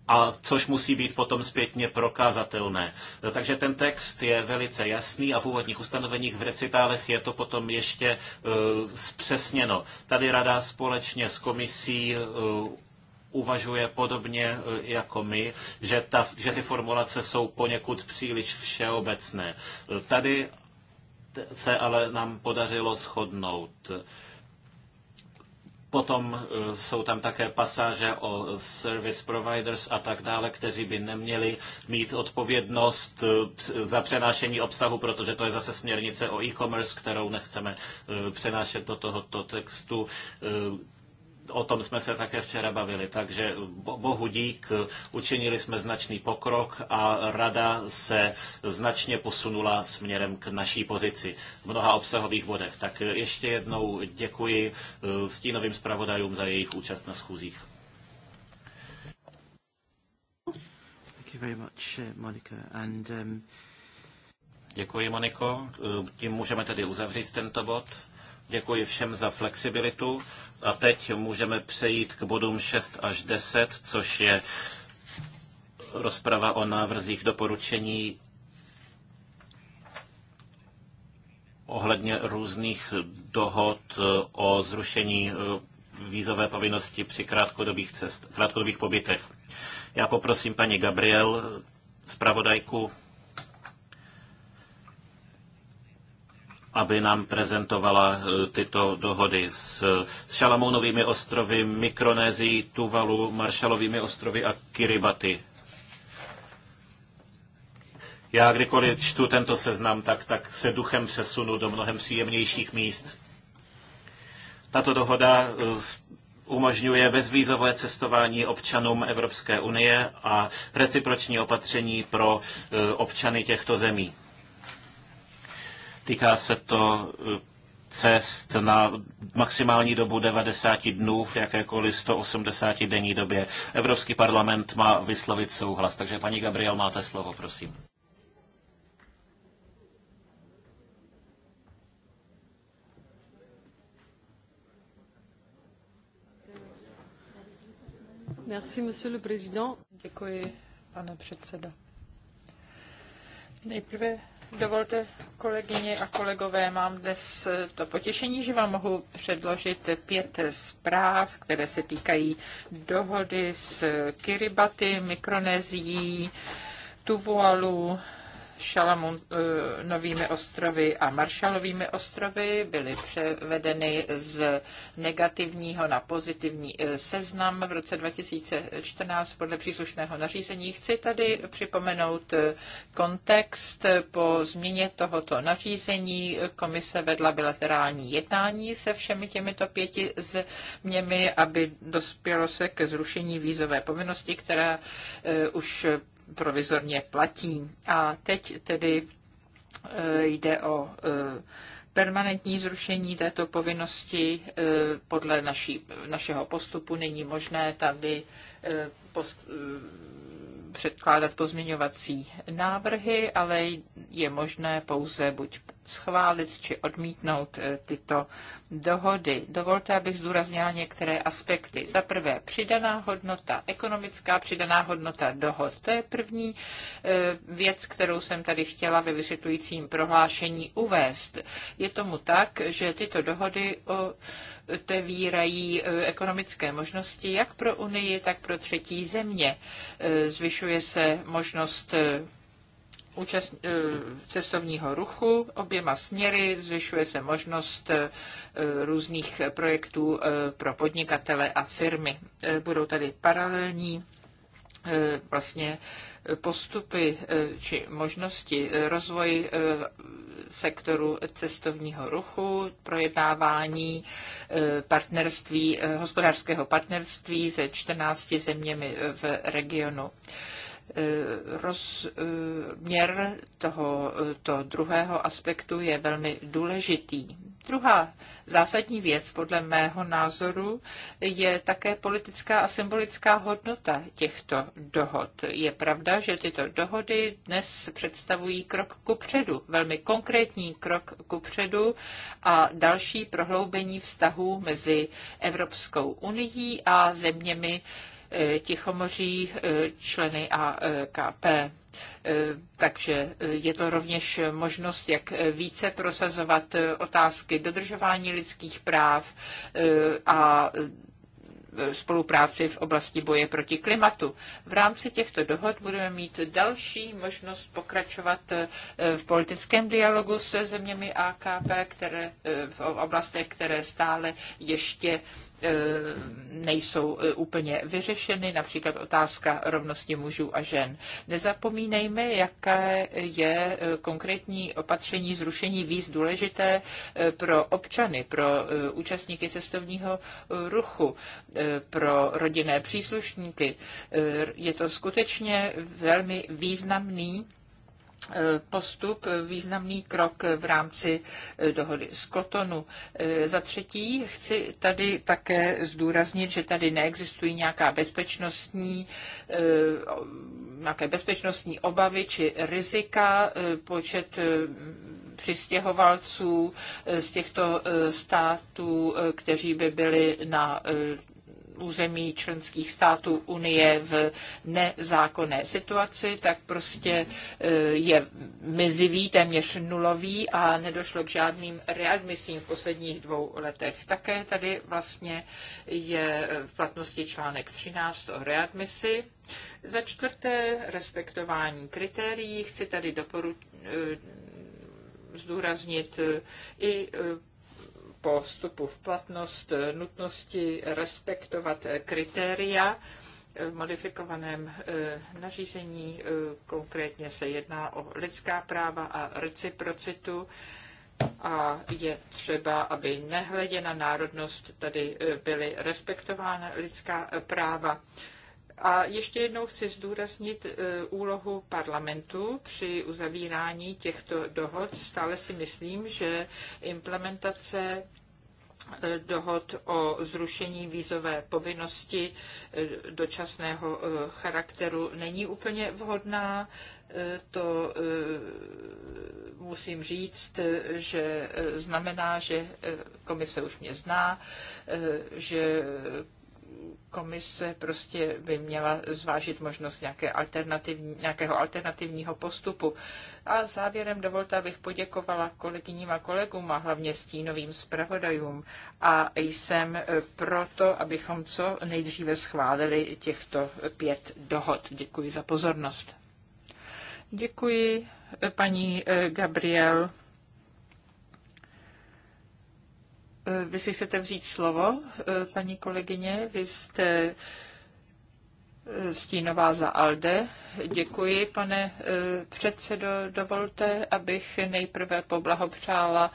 a což musí být potom zpětně prokázatelné. Takže ten text je velice jasný a v úvodních ustanoveních v recitálech je to potom ještě e, zpřesněno. Tady rada společně s komisí e, uvažuje podobně e, jako my, že, ta, že ty formulace jsou poněkud příliš všeobecné. Tady se ale nám podařilo shodnout. Potom eh, jsou tam také pasáže o service providers a tak dále, kteří by neměli mít odpovědnost eh, za přenášení obsahu, protože to je zase směrnice o e-commerce, kterou nechceme eh, přenášet do tohoto textu o tom jsme se také včera bavili. Takže bohu dík, učinili jsme značný pokrok a rada se značně posunula směrem k naší pozici v mnoha obsahových bodech. Tak ještě jednou děkuji eh, stínovým zpravodajům za jejich účast na schůzích. Eh, um, děkuji, Moniko. Eh, tím můžeme tedy uzavřít tento bod. Děkuji všem za flexibilitu. A teď můžeme přejít k bodům 6 až 10, což je rozprava o návrzích doporučení ohledně různých dohod eh, o zrušení eh, vízové povinnosti při krátkodobých, cest, krátkodobých pobytech. Já poprosím paní Gabriel, zpravodajku, aby nám prezentovala e, tyto dohody s Šalamounovými ostrovy, Mikronézií, Tuvalu, Maršalovými ostrovy a Kiribati. Já kdykoliv čtu tento seznam, tak, tak se duchem přesunu do mnohem příjemnějších míst. Tato dohoda e, umožňuje bezvýzové cestování občanům Evropské unie a reciproční opatření pro e, občany těchto zemí. Týká se to eh, cest na maximální dobu 90 dnů v jakékoliv 180 denní době. Evropský parlament má vyslovit souhlas. Takže paní Gabriel, máte slovo, prosím. Merci, monsieur le président. Děkuji, pane předsedo. Nejprve Dovolte, kolegyně a kolegové, mám dnes eh, to potěšení, že vám mohu předložit pět zpráv, které se týkají dohody s Kiribati, Mikronezií, Tuvalu, Šalamunovými eh, ostrovy a Maršalovými ostrovy byly převedeny z negativního na pozitivní eh, seznam v roce 2014 podle příslušného nařízení. Chci tady připomenout eh, kontext. Po změně tohoto nařízení komise vedla bilaterální jednání se všemi těmito pěti zeměmi, aby dospělo se ke zrušení vízové povinnosti, která už provizorně platí. A teď tedy e, jde o e, permanentní zrušení této povinnosti e, podle naší, našeho postupu není možné tady post, předkládat pozměňovací návrhy, ale je možné pouze buď schválit či odmítnout eh, tyto dohody. Dovolte, abych zdůraznila některé aspekty. Za prvé, přidaná hodnota, ekonomická přidaná hodnota dohod. To je první eh, věc, kterou jsem tady chtěla ve vysvětlujícím prohlášení uvést. Je tomu tak, že tyto dohody otevírají eh, ekonomické možnosti jak pro Unii, tak pro třetí země. Zvyšuje se možnost účast, eh, cestovního ruchu oběma směry, zvyšuje se možnost eh, různých projektů eh, pro podnikatele a firmy. Budou tady paralelní vlastně postupy či možnosti rozvoji sektoru cestovního ruchu, projednávání partnerství, hospodářského partnerství se 14 zeměmi v regionu Eh, rozměr toho eh, to druhého aspektu je velmi důležitý. Druhá zásadní věc, podle mého názoru, je také politická a symbolická hodnota těchto dohod. Je pravda, že tyto dohody dnes představují krok ku předu, velmi konkrétní krok ku předu a další prohloubení vztahů mezi Evropskou unií a zeměmi, E, Tichomoří, e, členy AKP. E, takže je to rovněž možnost, jak více prosazovat otázky dodržování lidských práv a spolupráci v oblasti boje proti klimatu. V rámci těchto dohod budeme mít další možnost pokračovat v politickém dialogu se zeměmi AKP, které, v oblastech, které stále ještě E, nejsou e, úplně vyřešeny, například otázka rovnosti mužů a žen. Nezapomínejme, jaké je e, konkrétní opatření zrušení víz důležité pro občany, pro účastníky cestovního ruchu, pro rodinné příslušníky. Je to skutečně velmi významný Eh, postup, eh, významný krok eh, v rámci dohody z Kotonu. Za třetí chci tady také zdůraznit, že tady neexistují nějaká bezpečnostní, nějaké bezpečnostní obavy či rizika, počet přistěhovalců z těchto států, kteří by byli na území členských států Unie v nezákonné situaci, tak prostě e, je mizivý, téměř nulový a nedošlo k žádným readmisím v posledních dvou letech. Také tady vlastně je v platnosti článek 13 o readmisi. Za čtvrté, respektování kritérií. Chci tady doporučit e, zdůraznit e, i po vstupu v platnost nutnosti respektovat kritéria v modifikovaném eh, nařízení. Eh, konkrétně se jedná o lidská práva a reciprocitu a je třeba, aby nehledě na národnost tady eh, byly respektována lidská práva. A ještě jednou chci zdůraznit eh, úlohu parlamentu při uzavírání těchto dohod. Stále si myslím, že implementace eh, dohod o zrušení vízové povinnosti eh, dočasného charakteru není úplně vhodná. To musím říct, že znamená, že komise už mě zná, že komise prostě by měla zvážit možnost nějaké alternativní, nějakého alternativního postupu. A závěrem dovolte, abych poděkovala kolegyním a kolegům a hlavně stínovým zpravodajům. A jsem eh, proto, abychom co nejdříve schválili těchto pět dohod. Děkuji za pozornost. Děkuji eh, paní eh, Gabriel. Eh, vy si chcete vzít slovo, eh, paní kolegyně, vy jste eh, Stínová za ALDE. Děkuji, pane předsedo. Dovolte, abych nejprve poblahopřála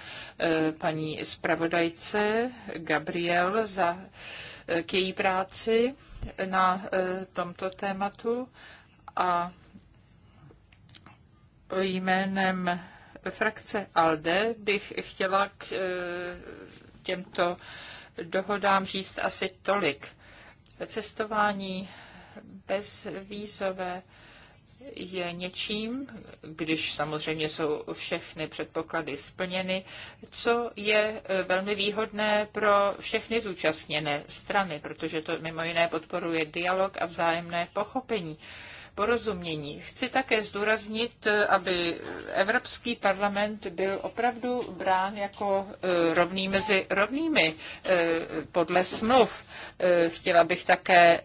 paní zpravodajce Gabriel za k její práci na tomto tématu a jménem frakce ALDE bych chtěla k těmto dohodám říct asi tolik. Cestování bezvízové je něčím, když samozřejmě jsou všechny předpoklady splněny, co je e, velmi výhodné pro všechny zúčastněné strany, protože to mimo jiné podporuje dialog a vzájemné pochopení porozumění. Chci také zdůraznit, eh, aby Evropský parlament byl opravdu brán jako eh, rovný mezi rovnými eh, podle smluv. Chtěla bych také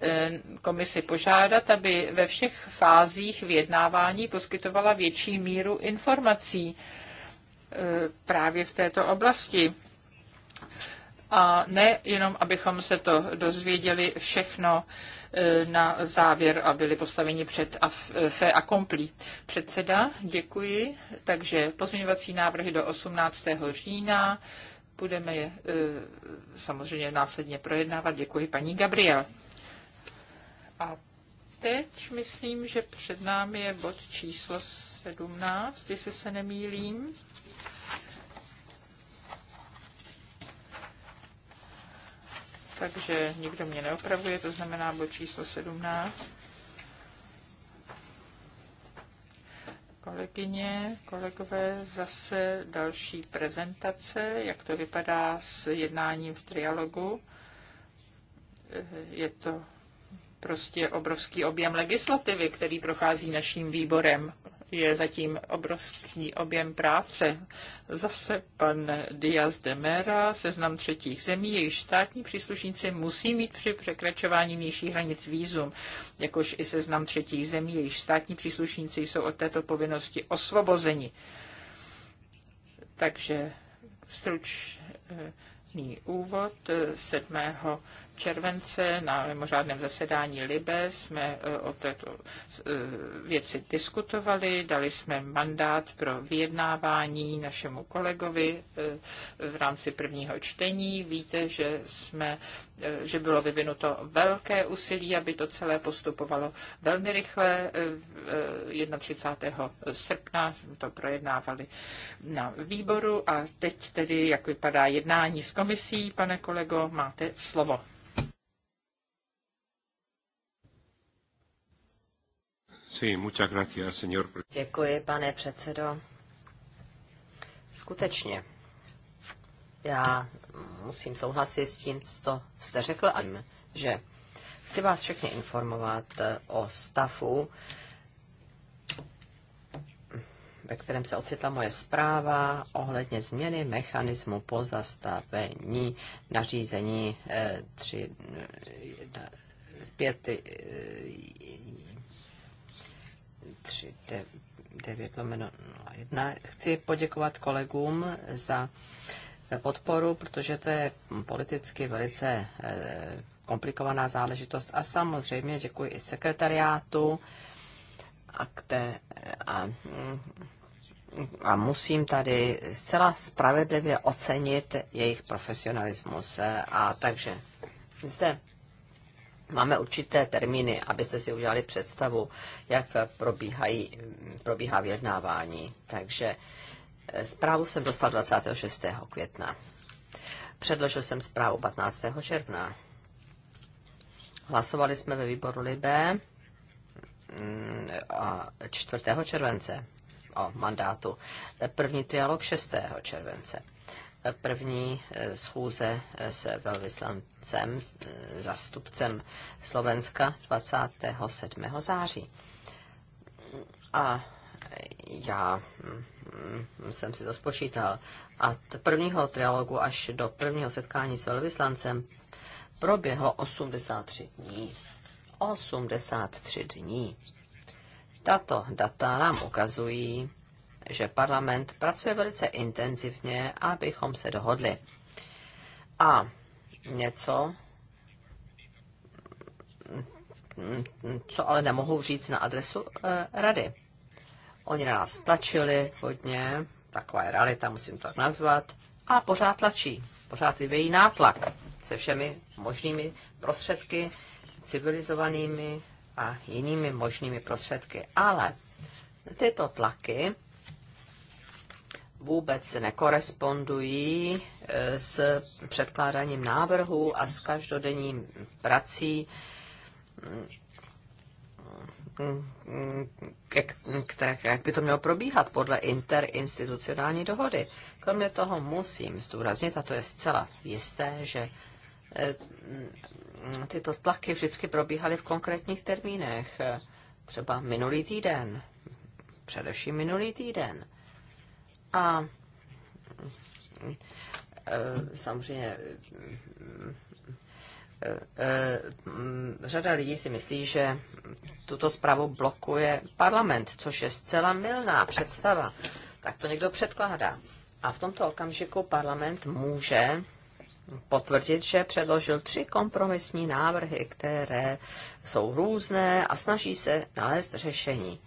komisi požádat, aby ve všech fázích vyjednávání poskytovala větší míru informací právě v této oblasti. A ne jenom, abychom se to dozvěděli všechno Eh, na závěr a byli postaveni před fe eh, komplí. Předseda, děkuji. Takže pozměňovací návrhy do 18. října. Budeme je eh, samozřejmě následně projednávat. Děkuji paní Gabriel. A teď myslím, že před námi je bod číslo 17, jestli se nemýlím. takže nikdo mě neopravuje, to znamená bod číslo 17. Kolegyně, kolegové, zase další prezentace, jak to vypadá s jednáním v trialogu. Eh, je to prostě obrovský objem legislativy, který prochází naším výborem je zatím obrovský objem práce. Zase pan Diaz de Mera, seznam třetích zemí, jejich státní příslušníci musí mít při překračování nižší hranic výzum, jakož i seznam třetích zemí, jejich státní příslušníci jsou od této povinnosti osvobozeni. Takže stručný úvod 7 července na mimořádném zasedání LIBE jsme eh, o této eh, věci diskutovali, dali jsme mandát pro vyjednávání našemu kolegovi eh, v rámci prvního čtení. Víte, že, jsme, že bylo vyvinuto velké úsilí, aby to celé postupovalo velmi rychle. 31. srpna to projednávali na výboru a teď tedy, jak vypadá jednání s komisí, pane kolego, máte slovo. Děkuji, pane předsedo. Skutečně. Já musím souhlasit s tím, co jste řekl, Aň, že chci vás všechny informovat eh, o stavu, ve kterém se ocitla moje zpráva ohledně změny mechanismu pozastavení nařízení 3, eh, 5, 939 lomeno 1. Chci poděkovat kolegům za podporu, protože to je politicky velice eh, komplikovaná záležitost. A samozřejmě děkuji i sekretariátu a, kte, a, a musím tady zcela spravedlivě ocenit jejich profesionalismus. A takže zde Máme určité termíny, abyste si udělali představu, jak probíhají, probíhá vyjednávání. Takže eh, zprávu jsem dostal 26. května. Předložil jsem zprávu 15. června. Hlasovali jsme ve výboru Libé mm, 4. července o mandátu. První trialog 6. července první eh, schůze eh, s velvyslancem, eh, zastupcem Slovenska 27. září. A já mm, jsem si to spočítal. A od prvního trialogu až do prvního setkání s velvyslancem proběhlo 83 dní. 83 dní. Tato data nám ukazují, že parlament pracuje velice intenzivně, abychom se dohodli. A něco, co ale nemohu říct na adresu eh, rady. Oni na nás tlačili hodně, taková je realita, musím to tak nazvat, a pořád tlačí, pořád vyvějí nátlak se všemi možnými prostředky, civilizovanými a jinými možnými prostředky. Ale tyto tlaky vůbec nekorespondují e, s předkládáním návrhu a s každodenním prací, jak by to mělo probíhat podle interinstitucionální dohody. Kromě toho musím zdůraznit, a to je zcela jisté, že e, tyto tlaky vždycky probíhaly v konkrétních termínech. Třeba minulý týden, především minulý týden a e, samozřejmě e, e, řada lidí si myslí, že tuto zprávu blokuje parlament, což je zcela milná představa. Tak to někdo předkládá. A v tomto okamžiku parlament může potvrdit, že předložil tři kompromisní návrhy, které jsou různé a snaží se nalézt řešení.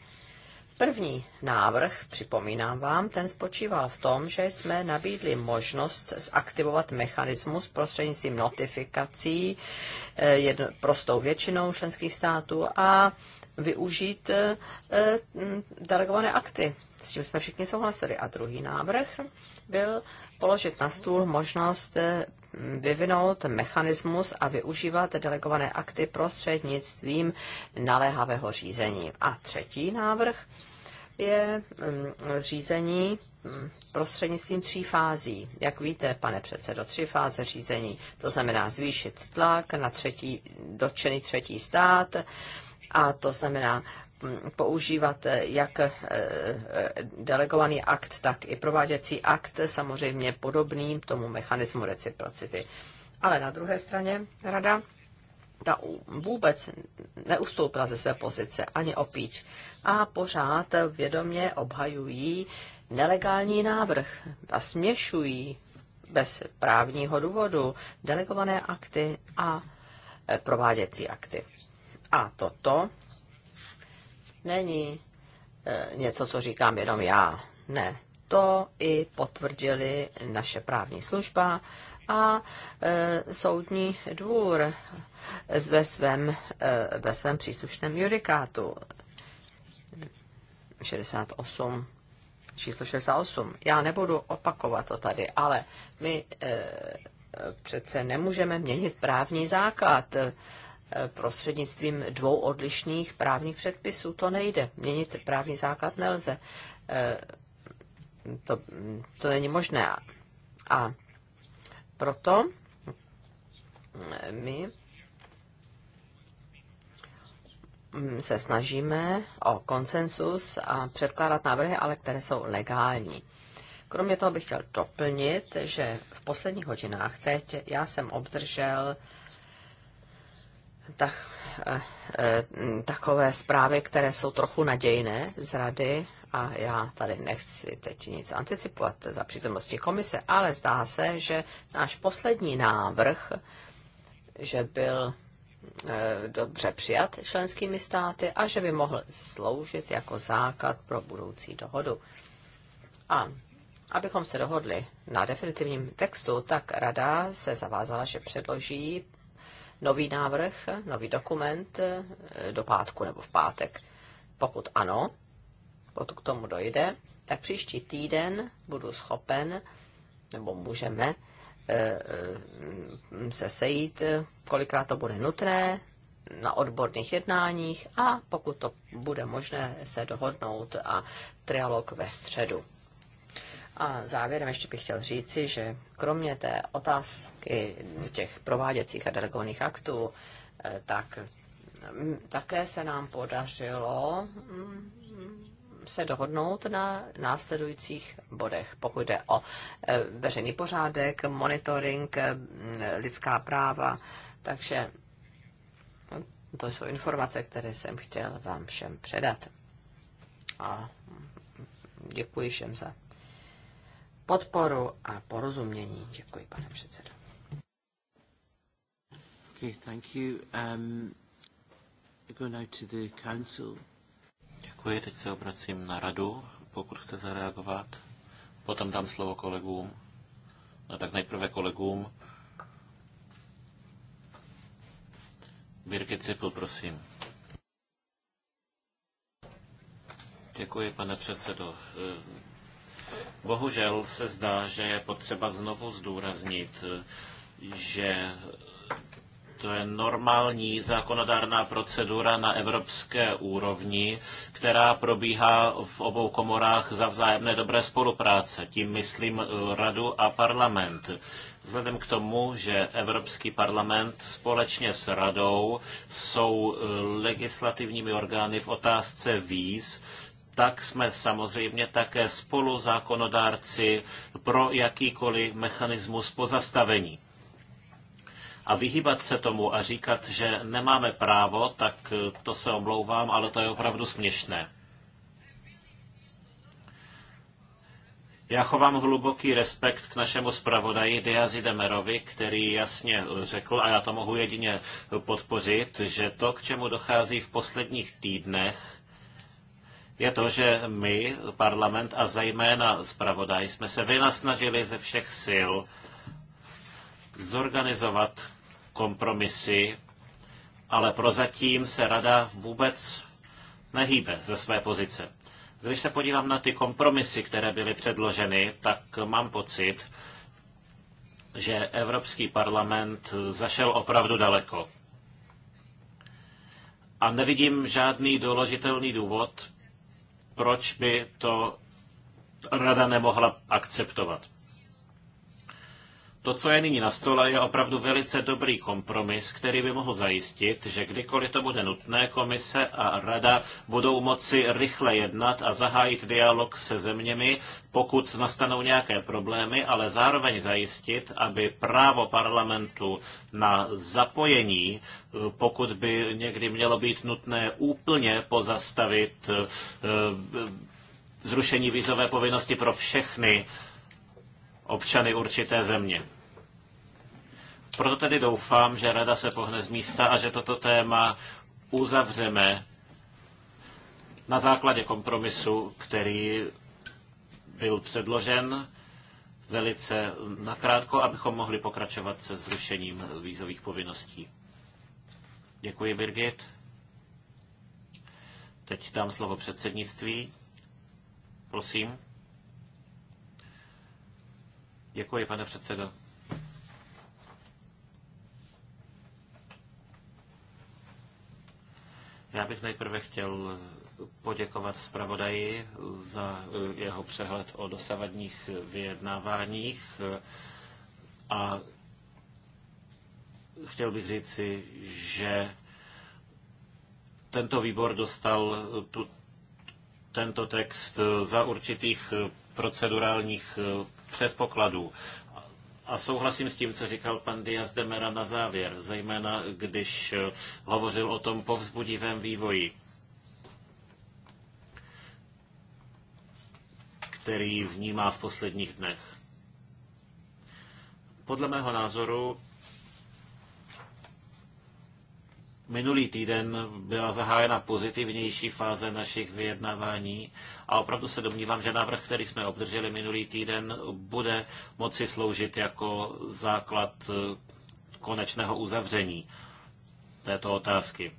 První návrh, připomínám vám, ten spočíval v tom, že jsme nabídli možnost zaktivovat mechanismus prostřednictvím notifikací eh, jedno, prostou většinou členských států a využít eh, mm, delegované akty. S tím jsme všichni souhlasili. A druhý návrh byl položit na stůl možnost eh, vyvinout mechanismus a využívat delegované akty prostřednictvím naléhavého řízení. A třetí návrh je mm, řízení mm, prostřednictvím tří fází. Jak víte, pane předsedo, tři fáze řízení. To znamená zvýšit tlak na třetí, dotčený třetí stát a to znamená mm, používat eh, jak eh, delegovaný akt, tak i prováděcí akt, samozřejmě podobným tomu mechanismu reciprocity. Ale na druhé straně rada ta vůbec neustoupila ze své pozice ani opíč a pořád vědomě obhajují nelegální návrh a směšují bez právního důvodu delegované akty a e, prováděcí akty. A toto není e, něco, co říkám jenom já. Ne, to i potvrdili naše právní služba a e, soudní dvůr ve svém, e, ve svém příslušném judikátu. 68, číslo 68. Já nebudu opakovat to tady, ale my e, přece nemůžeme měnit právní základ eh, prostřednictvím dvou odlišných právních předpisů. To nejde. Měnit právní základ nelze. E, to, to není možné. A proto my Mm, se snažíme o konsensus a předkládat návrhy, ale které jsou legální. Kromě toho bych chtěl doplnit, že v posledních hodinách teď já jsem obdržel tak, eh, eh, takové zprávy, které jsou trochu nadějné z rady a já tady nechci teď nic anticipovat za přítomnosti komise, ale zdá se, že náš poslední návrh, že byl Eh, dobře přijat členskými státy a že by mohl sloužit jako základ pro budoucí dohodu. A abychom se dohodli na definitivním textu, tak Rada se zavázala, že předloží nový návrh, nový dokument eh, do pátku nebo v pátek. Pokud ano, pokud k tomu dojde, tak příští týden budu schopen, nebo můžeme, Eh, eh, se sejít, kolikrát to bude nutné, na odborných jednáních a pokud to bude možné se dohodnout a trialog ve středu. A závěrem ještě bych chtěl říci, že kromě té otázky těch prováděcích a delegovaných aktů, eh, tak mm, také se nám podařilo mm, se dohodnout na následujících bodech, pokud jde o e, veřejný pořádek, monitoring, e, lidská práva. Takže to jsou informace, které jsem chtěl vám všem předat. A děkuji všem za podporu a porozumění. Děkuji, pane předsedo. Okay, thank you. Um, go now to the council. Děkuji, teď se obracím na radu, pokud chce zareagovat. Potom dám slovo kolegům. No tak nejprve kolegům. Birgit Cipl, prosím. Děkuji, pane předsedo. Bohužel se zdá, že je potřeba znovu zdůraznit, že to je normální zákonodárná procedura na evropské úrovni, která probíhá v obou komorách za vzájemné dobré spolupráce. Tím myslím eh, radu a parlament. Vzhledem k tomu, že Evropský parlament společně s radou jsou eh, legislativními orgány v otázce víz, tak jsme samozřejmě také spolu zákonodárci pro jakýkoliv mechanismus pozastavení. A vyhýbat se tomu a říkat, že nemáme právo, tak eh, to se omlouvám, ale to je opravdu směšné. Já chovám hluboký respekt k našemu zpravodaji Diazi Demerovi, který jasně eh, řekl, a já to mohu jedině eh, podpořit, že to, k čemu dochází v posledních týdnech, je to, že my, parlament a zejména zpravodaj, jsme se vynasnažili ze všech sil zorganizovat kompromisy, ale prozatím se rada vůbec nehýbe ze své pozice. Když se podívám na ty kompromisy, které byly předloženy, tak mám pocit, že Evropský parlament zašel opravdu daleko. A nevidím žádný doložitelný důvod, proč by to rada nemohla akceptovat. To, co je nyní na stole, je opravdu velice dobrý kompromis, který by mohl zajistit, že kdykoliv to bude nutné, komise a rada budou moci rychle jednat a zahájit dialog se zeměmi, pokud nastanou nějaké problémy, ale zároveň zajistit, aby právo parlamentu na zapojení, pokud by někdy mělo být nutné úplně pozastavit eh, eh, zrušení vízové povinnosti pro všechny, občany určité země. Proto tedy doufám, že Rada se pohne z místa a že toto téma uzavřeme na základě kompromisu, který byl předložen velice nakrátko, abychom mohli pokračovat se zrušením vízových povinností. Děkuji, Birgit. Teď dám slovo předsednictví. Prosím. Děkuji, pane předsedo. Já bych nejprve chtěl poděkovat zpravodaji za eh, jeho přehled o dosavadních vyjednáváních a chtěl bych říci, že tento výbor dostal tu, tento text za určitých procedurálních předpokladů. A souhlasím s tím, co říkal pan Diaz de Mera na závěr, zejména když eh, hovořil o tom povzbudivém vývoji, který vnímá v posledních dnech. Podle mého názoru Minulý týden byla zahájena pozitivnější fáze našich vyjednávání a opravdu se domnívám, že návrh, který jsme obdrželi minulý týden, bude moci sloužit jako základ eh, konečného uzavření této otázky.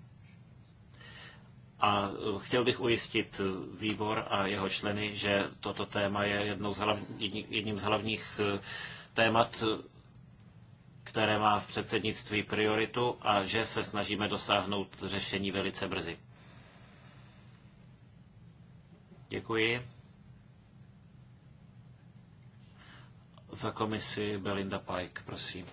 A eh, chtěl bych ujistit eh, výbor a jeho členy, že toto téma je jednou z hlav, jedním z hlavních témat které má v předsednictví prioritu a že se snažíme dosáhnout řešení velice brzy. Děkuji. Za komisi Belinda Pike, prosím.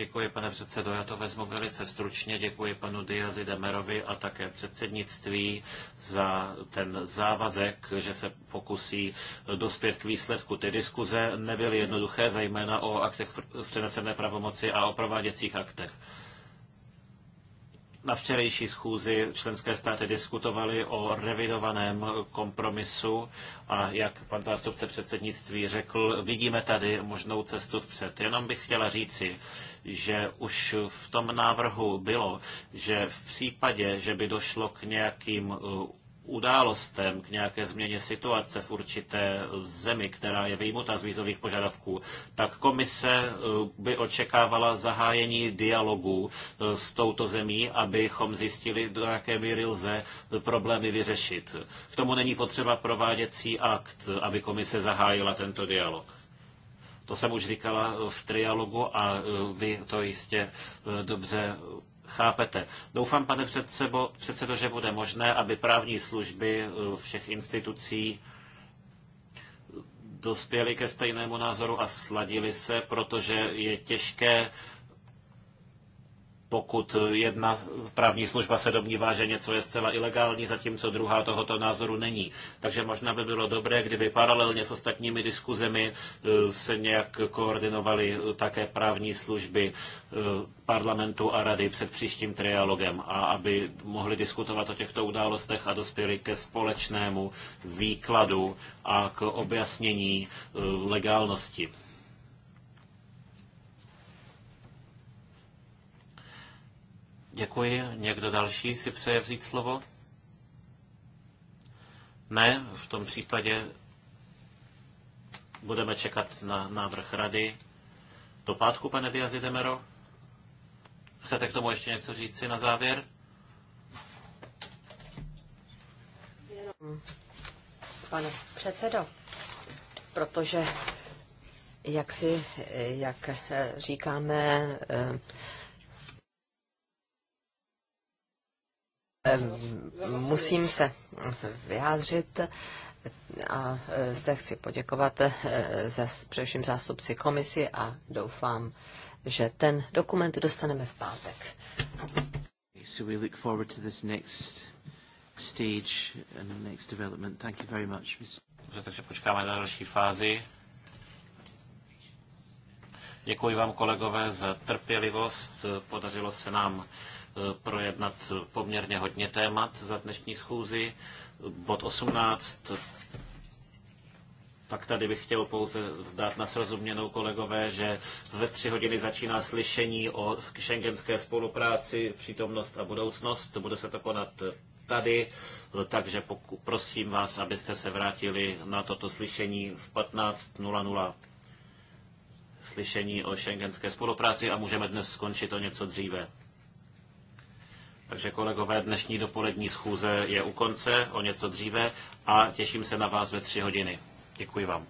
Děkuji, pane předsedo. Já to vezmu velice stručně. Děkuji panu Diazi Demerovi a také předsednictví za ten závazek, že se pokusí dospět k výsledku. Ty diskuze nebyly jednoduché, zejména o aktech v přenesené pravomoci a o prováděcích aktech. Na včerejší schůzi členské státy diskutovaly o revidovaném kompromisu a jak pan zástupce předsednictví řekl, vidíme tady možnou cestu vpřed. Jenom bych chtěla říci, že už v tom návrhu bylo, že v případě, že by došlo k nějakým uh, událostem, k nějaké změně situace v určité zemi, která je vyjmuta z vízových požadavků, tak komise uh, by očekávala zahájení dialogu uh, s touto zemí, abychom zjistili, do jaké míry lze problémy vyřešit. K tomu není potřeba prováděcí akt, aby komise zahájila tento dialog. To jsem už říkala v trialogu a e, vy to jistě e, dobře chápete. Doufám, pane předsebo, předsedo, že bude možné, aby právní služby e, všech institucí dospěly ke stejnému názoru a sladili se, protože je těžké pokud jedna právní služba se domnívá, že něco je zcela ilegální, zatímco druhá tohoto názoru není. Takže možná by bylo dobré, kdyby paralelně s ostatními diskuzemi eh, se nějak koordinovaly také právní služby eh, parlamentu a rady před příštím trialogem a aby mohli diskutovat o těchto událostech a dospěli ke společnému výkladu a k objasnění eh, legálnosti. Děkuji. Někdo další si přeje vzít slovo? Ne, v tom případě budeme čekat na návrh rady. Do pátku, pane Diazi Demero? Chcete k tomu ještě něco si na závěr? pane předsedo, protože jak si, jak eh, říkáme, eh, musím se vyjádřit a zde chci poděkovat eh, za, především zástupci komisi a doufám, že ten dokument dostaneme v pátek. So we look forward to this next stage and next development. Thank you very much. Dobře, takže počkáme na další fázi. Děkuji vám, kolegové, za trpělivost. Podařilo se nám projednat poměrně hodně témat za dnešní schůzi. Bod 18, tak tady bych chtěl pouze dát na srozuměnou kolegové, že ve tři hodiny začíná slyšení o šengenské spolupráci, přítomnost a budoucnost. Bude se to konat tady, takže poku, prosím vás, abyste se vrátili na toto slyšení v 15.00 slyšení o šengenské spolupráci a můžeme dnes skončit o něco dříve. Takže kolegové, dnešní dopolední schůze je u konce, o něco dříve, a těším se na vás ve tři hodiny. Děkuji vám.